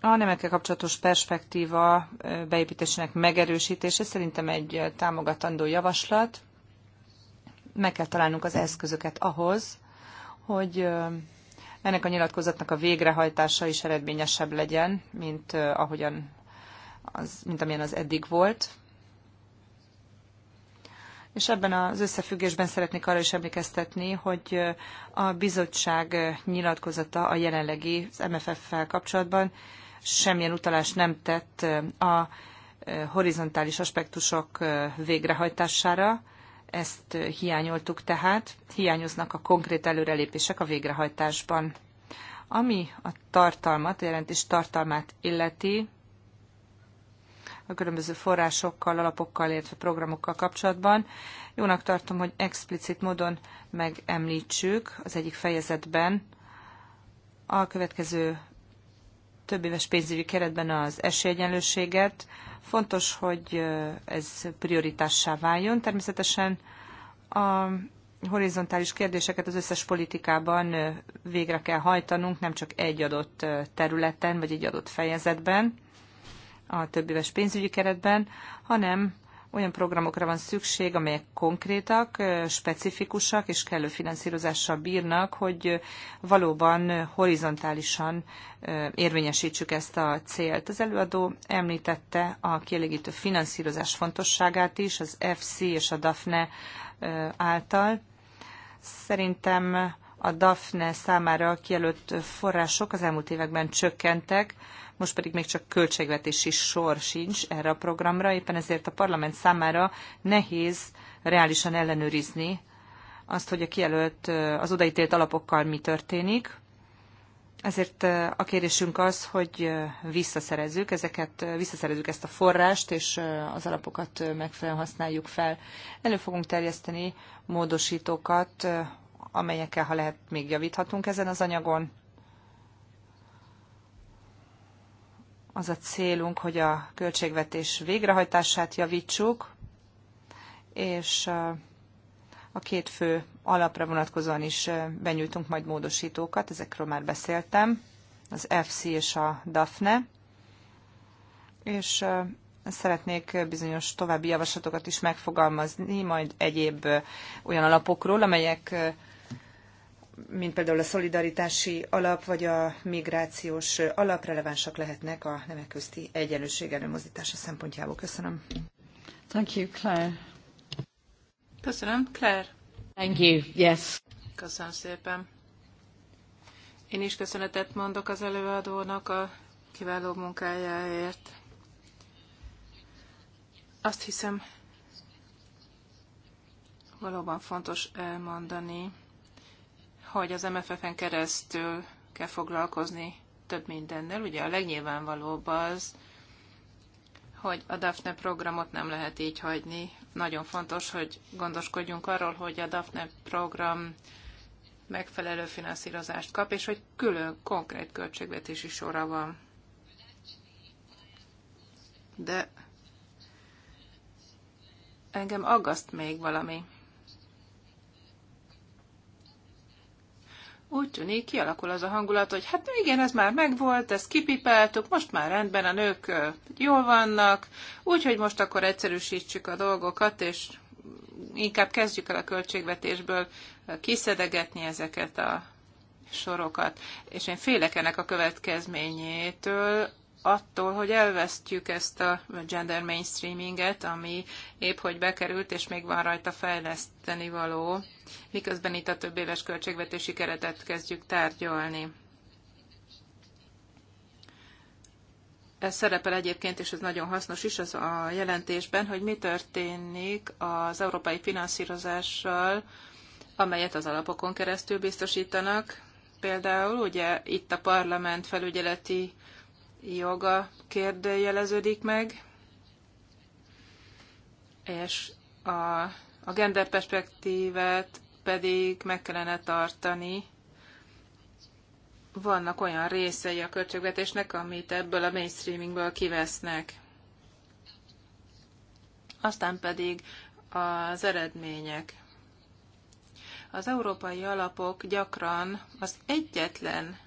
A nemekkel kapcsolatos perspektíva beépítésének megerősítése szerintem egy támogatandó javaslat. Meg kell találnunk az eszközöket ahhoz, hogy ennek a nyilatkozatnak a végrehajtása is eredményesebb legyen, mint ahogyan az, mint amilyen az eddig volt. És ebben az összefüggésben szeretnék arra is emlékeztetni, hogy a bizottság nyilatkozata a jelenlegi az MFF-fel kapcsolatban semmilyen utalást nem tett a horizontális aspektusok végrehajtására, ezt hiányoltuk tehát, hiányoznak a konkrét előrelépések a végrehajtásban. Ami a tartalmat, a jelentés tartalmát illeti, a különböző forrásokkal, alapokkal, illetve programokkal kapcsolatban. Jónak tartom, hogy explicit módon megemlítsük az egyik fejezetben a következő több éves pénzügyi keretben az esélyegyenlőséget. Fontos, hogy ez prioritássá váljon. Természetesen a horizontális kérdéseket az összes politikában végre kell hajtanunk, nem csak egy adott területen, vagy egy adott fejezetben, a több éves pénzügyi keretben, hanem olyan programokra van szükség, amelyek konkrétak, specifikusak és kellő finanszírozással bírnak, hogy valóban horizontálisan érvényesítsük ezt a célt. Az előadó említette a kielégítő finanszírozás fontosságát is, az FC és a DAFNE által. Szerintem a DAFNE számára kijelölt források az elmúlt években csökkentek, most pedig még csak költségvetési sor sincs erre a programra, éppen ezért a parlament számára nehéz reálisan ellenőrizni azt, hogy a kijelölt, az odaítélt alapokkal mi történik. Ezért eh, a kérésünk az, hogy eh, visszaszerezzük, ezeket, eh, visszaszerezzük ezt a forrást, és az alapokat megfelelően használjuk fel. Elő fogunk terjeszteni módosítókat, amelyekkel, ha lehet, még javíthatunk ezen az anyagon. az a célunk, hogy a költségvetés végrehajtását javítsuk, és a két fő alapra vonatkozóan is benyújtunk majd módosítókat, ezekről már beszéltem, az FC és a DAFNE, és szeretnék bizonyos további javaslatokat is megfogalmazni, majd egyéb olyan alapokról, amelyek mint például a szolidaritási alap vagy a migrációs alap relevánsak lehetnek a nemek közti egyenlőség előmozdítása szempontjából. Köszönöm. Thank you, Claire. Köszönöm, Claire. Thank you, yes. Köszönöm szépen. Én is köszönetet mondok az előadónak a kiváló munkájáért. Azt hiszem, valóban fontos elmondani, hogy az MFF-en keresztül kell foglalkozni több mindennel. Ugye a legnyilvánvalóbb az, hogy a DAFNE programot nem lehet így hagyni. Nagyon fontos, hogy gondoskodjunk arról, hogy a DAFNE program megfelelő finanszírozást kap, és hogy külön konkrét költségvetési sora van. De engem aggaszt még valami. úgy tűnik, kialakul az a hangulat, hogy hát igen, ez már megvolt, ezt kipipáltuk, most már rendben, a nők jól vannak, úgyhogy most akkor egyszerűsítsük a dolgokat, és inkább kezdjük el a költségvetésből kiszedegetni ezeket a sorokat. És én félek ennek a következményétől, attól, hogy elvesztjük ezt a gender mainstreaminget, ami épp hogy bekerült, és még van rajta fejleszteni való, miközben itt a több éves költségvetési keretet kezdjük tárgyalni. Ez szerepel egyébként, és ez nagyon hasznos is az a jelentésben, hogy mi történik az európai finanszírozással, amelyet az alapokon keresztül biztosítanak. Például ugye itt a parlament felügyeleti joga kérdőjeleződik meg, és a, a gender perspektívet pedig meg kellene tartani. Vannak olyan részei a költségvetésnek, amit ebből a mainstreamingből kivesznek. Aztán pedig az eredmények. Az európai alapok gyakran az egyetlen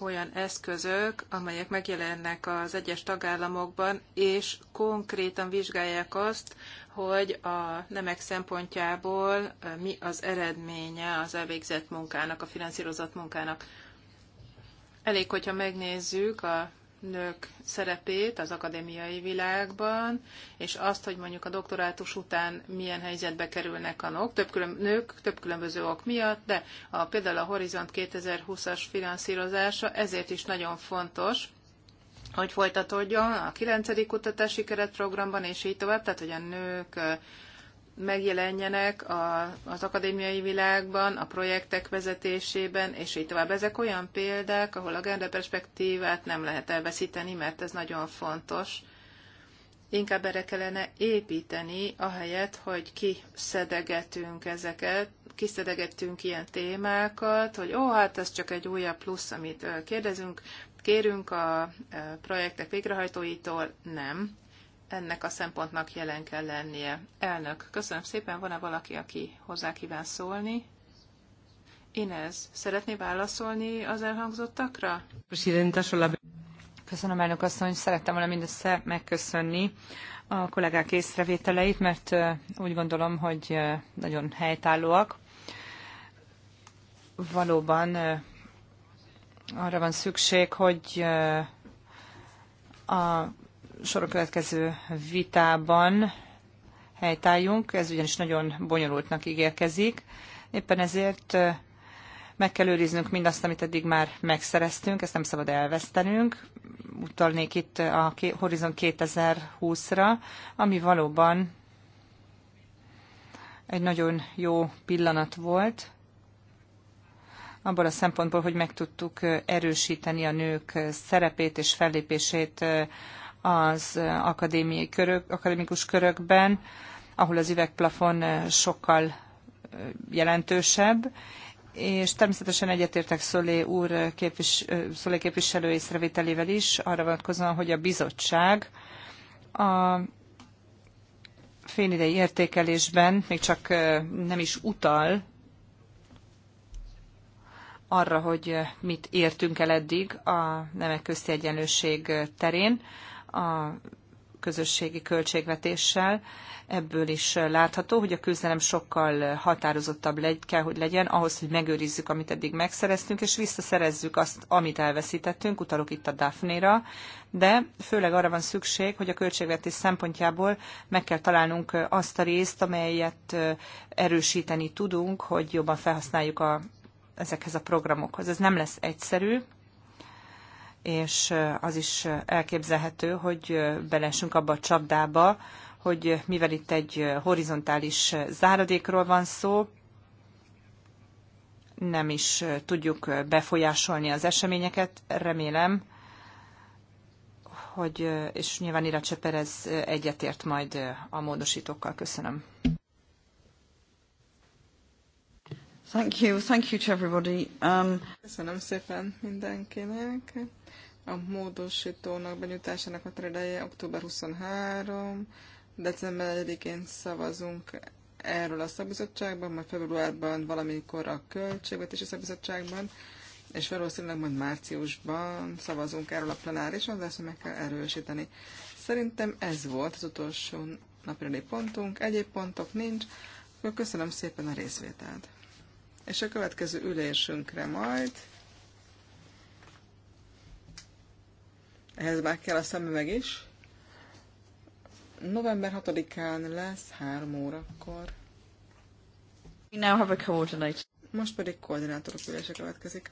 olyan eszközök, amelyek megjelennek az egyes tagállamokban, és konkrétan vizsgálják azt, hogy a nemek szempontjából mi az eredménye az elvégzett munkának, a finanszírozott munkának. Elég, hogyha megnézzük a nők szerepét az akadémiai világban, és azt, hogy mondjuk a doktorátus után milyen helyzetbe kerülnek a nők, több, külön, nők, több különböző ok miatt, de a, például a Horizont 2020-as finanszírozása ezért is nagyon fontos, hogy folytatódjon a 9. kutatási keretprogramban, és így tovább, tehát hogy a nők megjelenjenek a, az akadémiai világban, a projektek vezetésében, és így tovább. Ezek olyan példák, ahol a gender perspektívát nem lehet elveszíteni, mert ez nagyon fontos. Inkább erre kellene építeni, ahelyett, hogy kiszedegetünk ezeket, kiszedegettünk ilyen témákat, hogy ó, hát ez csak egy újabb plusz, amit kérdezünk, kérünk a projektek végrehajtóitól, nem ennek a szempontnak jelen kell lennie. Elnök, köszönöm szépen, van-e valaki, aki hozzá kíván szólni? Inez, szeretné válaszolni az elhangzottakra? Köszönöm, elnök asszony, szerettem volna mindössze megköszönni a kollégák észrevételeit, mert úgy gondolom, hogy nagyon helytállóak. Valóban arra van szükség, hogy a Sorok következő vitában helytálljunk, ez ugyanis nagyon bonyolultnak ígérkezik. Éppen ezért meg kell őriznünk mindazt, amit eddig már megszereztünk, ezt nem szabad elvesztenünk. Utalnék itt a Horizon 2020-ra, ami valóban egy nagyon jó pillanat volt, abból a szempontból, hogy meg tudtuk erősíteni a nők szerepét és fellépését az akadémiai körök, akadémikus körökben, ahol az üvegplafon sokkal jelentősebb, és természetesen egyetértek Szolé úr képvis, Szolé képviselő észrevételével is, arra vonatkozóan, hogy a bizottság a félidei értékelésben még csak nem is utal arra, hogy mit értünk el eddig a nemek közti egyenlőség terén a közösségi költségvetéssel. Ebből is látható, hogy a küzdelem sokkal határozottabb legy, kell, hogy legyen, ahhoz, hogy megőrizzük, amit eddig megszereztünk, és visszaszerezzük azt, amit elveszítettünk, utalok itt a Daphne-ra, de főleg arra van szükség, hogy a költségvetés szempontjából meg kell találnunk azt a részt, amelyet erősíteni tudunk, hogy jobban felhasználjuk a, ezekhez a programokhoz. Ez nem lesz egyszerű, és az is elképzelhető, hogy belesünk abba a csapdába, hogy mivel itt egy horizontális záradékról van szó, nem is tudjuk befolyásolni az eseményeket. Remélem, hogy, és nyilván Ira cseperez egyetért majd a módosítókkal. Köszönöm. Thank you, thank you to everybody. Um... Köszönöm szépen mindenkinek. A módosítónak benyújtásának a tredeje október 23, december 1-én szavazunk erről a szakbizottságban, majd februárban valamikor a költségvetési szakbizottságban, és valószínűleg majd márciusban szavazunk erről a plenárison, de ezt meg kell erősíteni. Szerintem ez volt az utolsó napirendi pontunk, egyéb pontok nincs, akkor köszönöm szépen a részvételt. És a következő ülésünkre majd ehhez már kell a szemüveg is. November 6-án lesz, 3 órakor. We now have a coordinator. Most pedig koordinátorok ülése következik.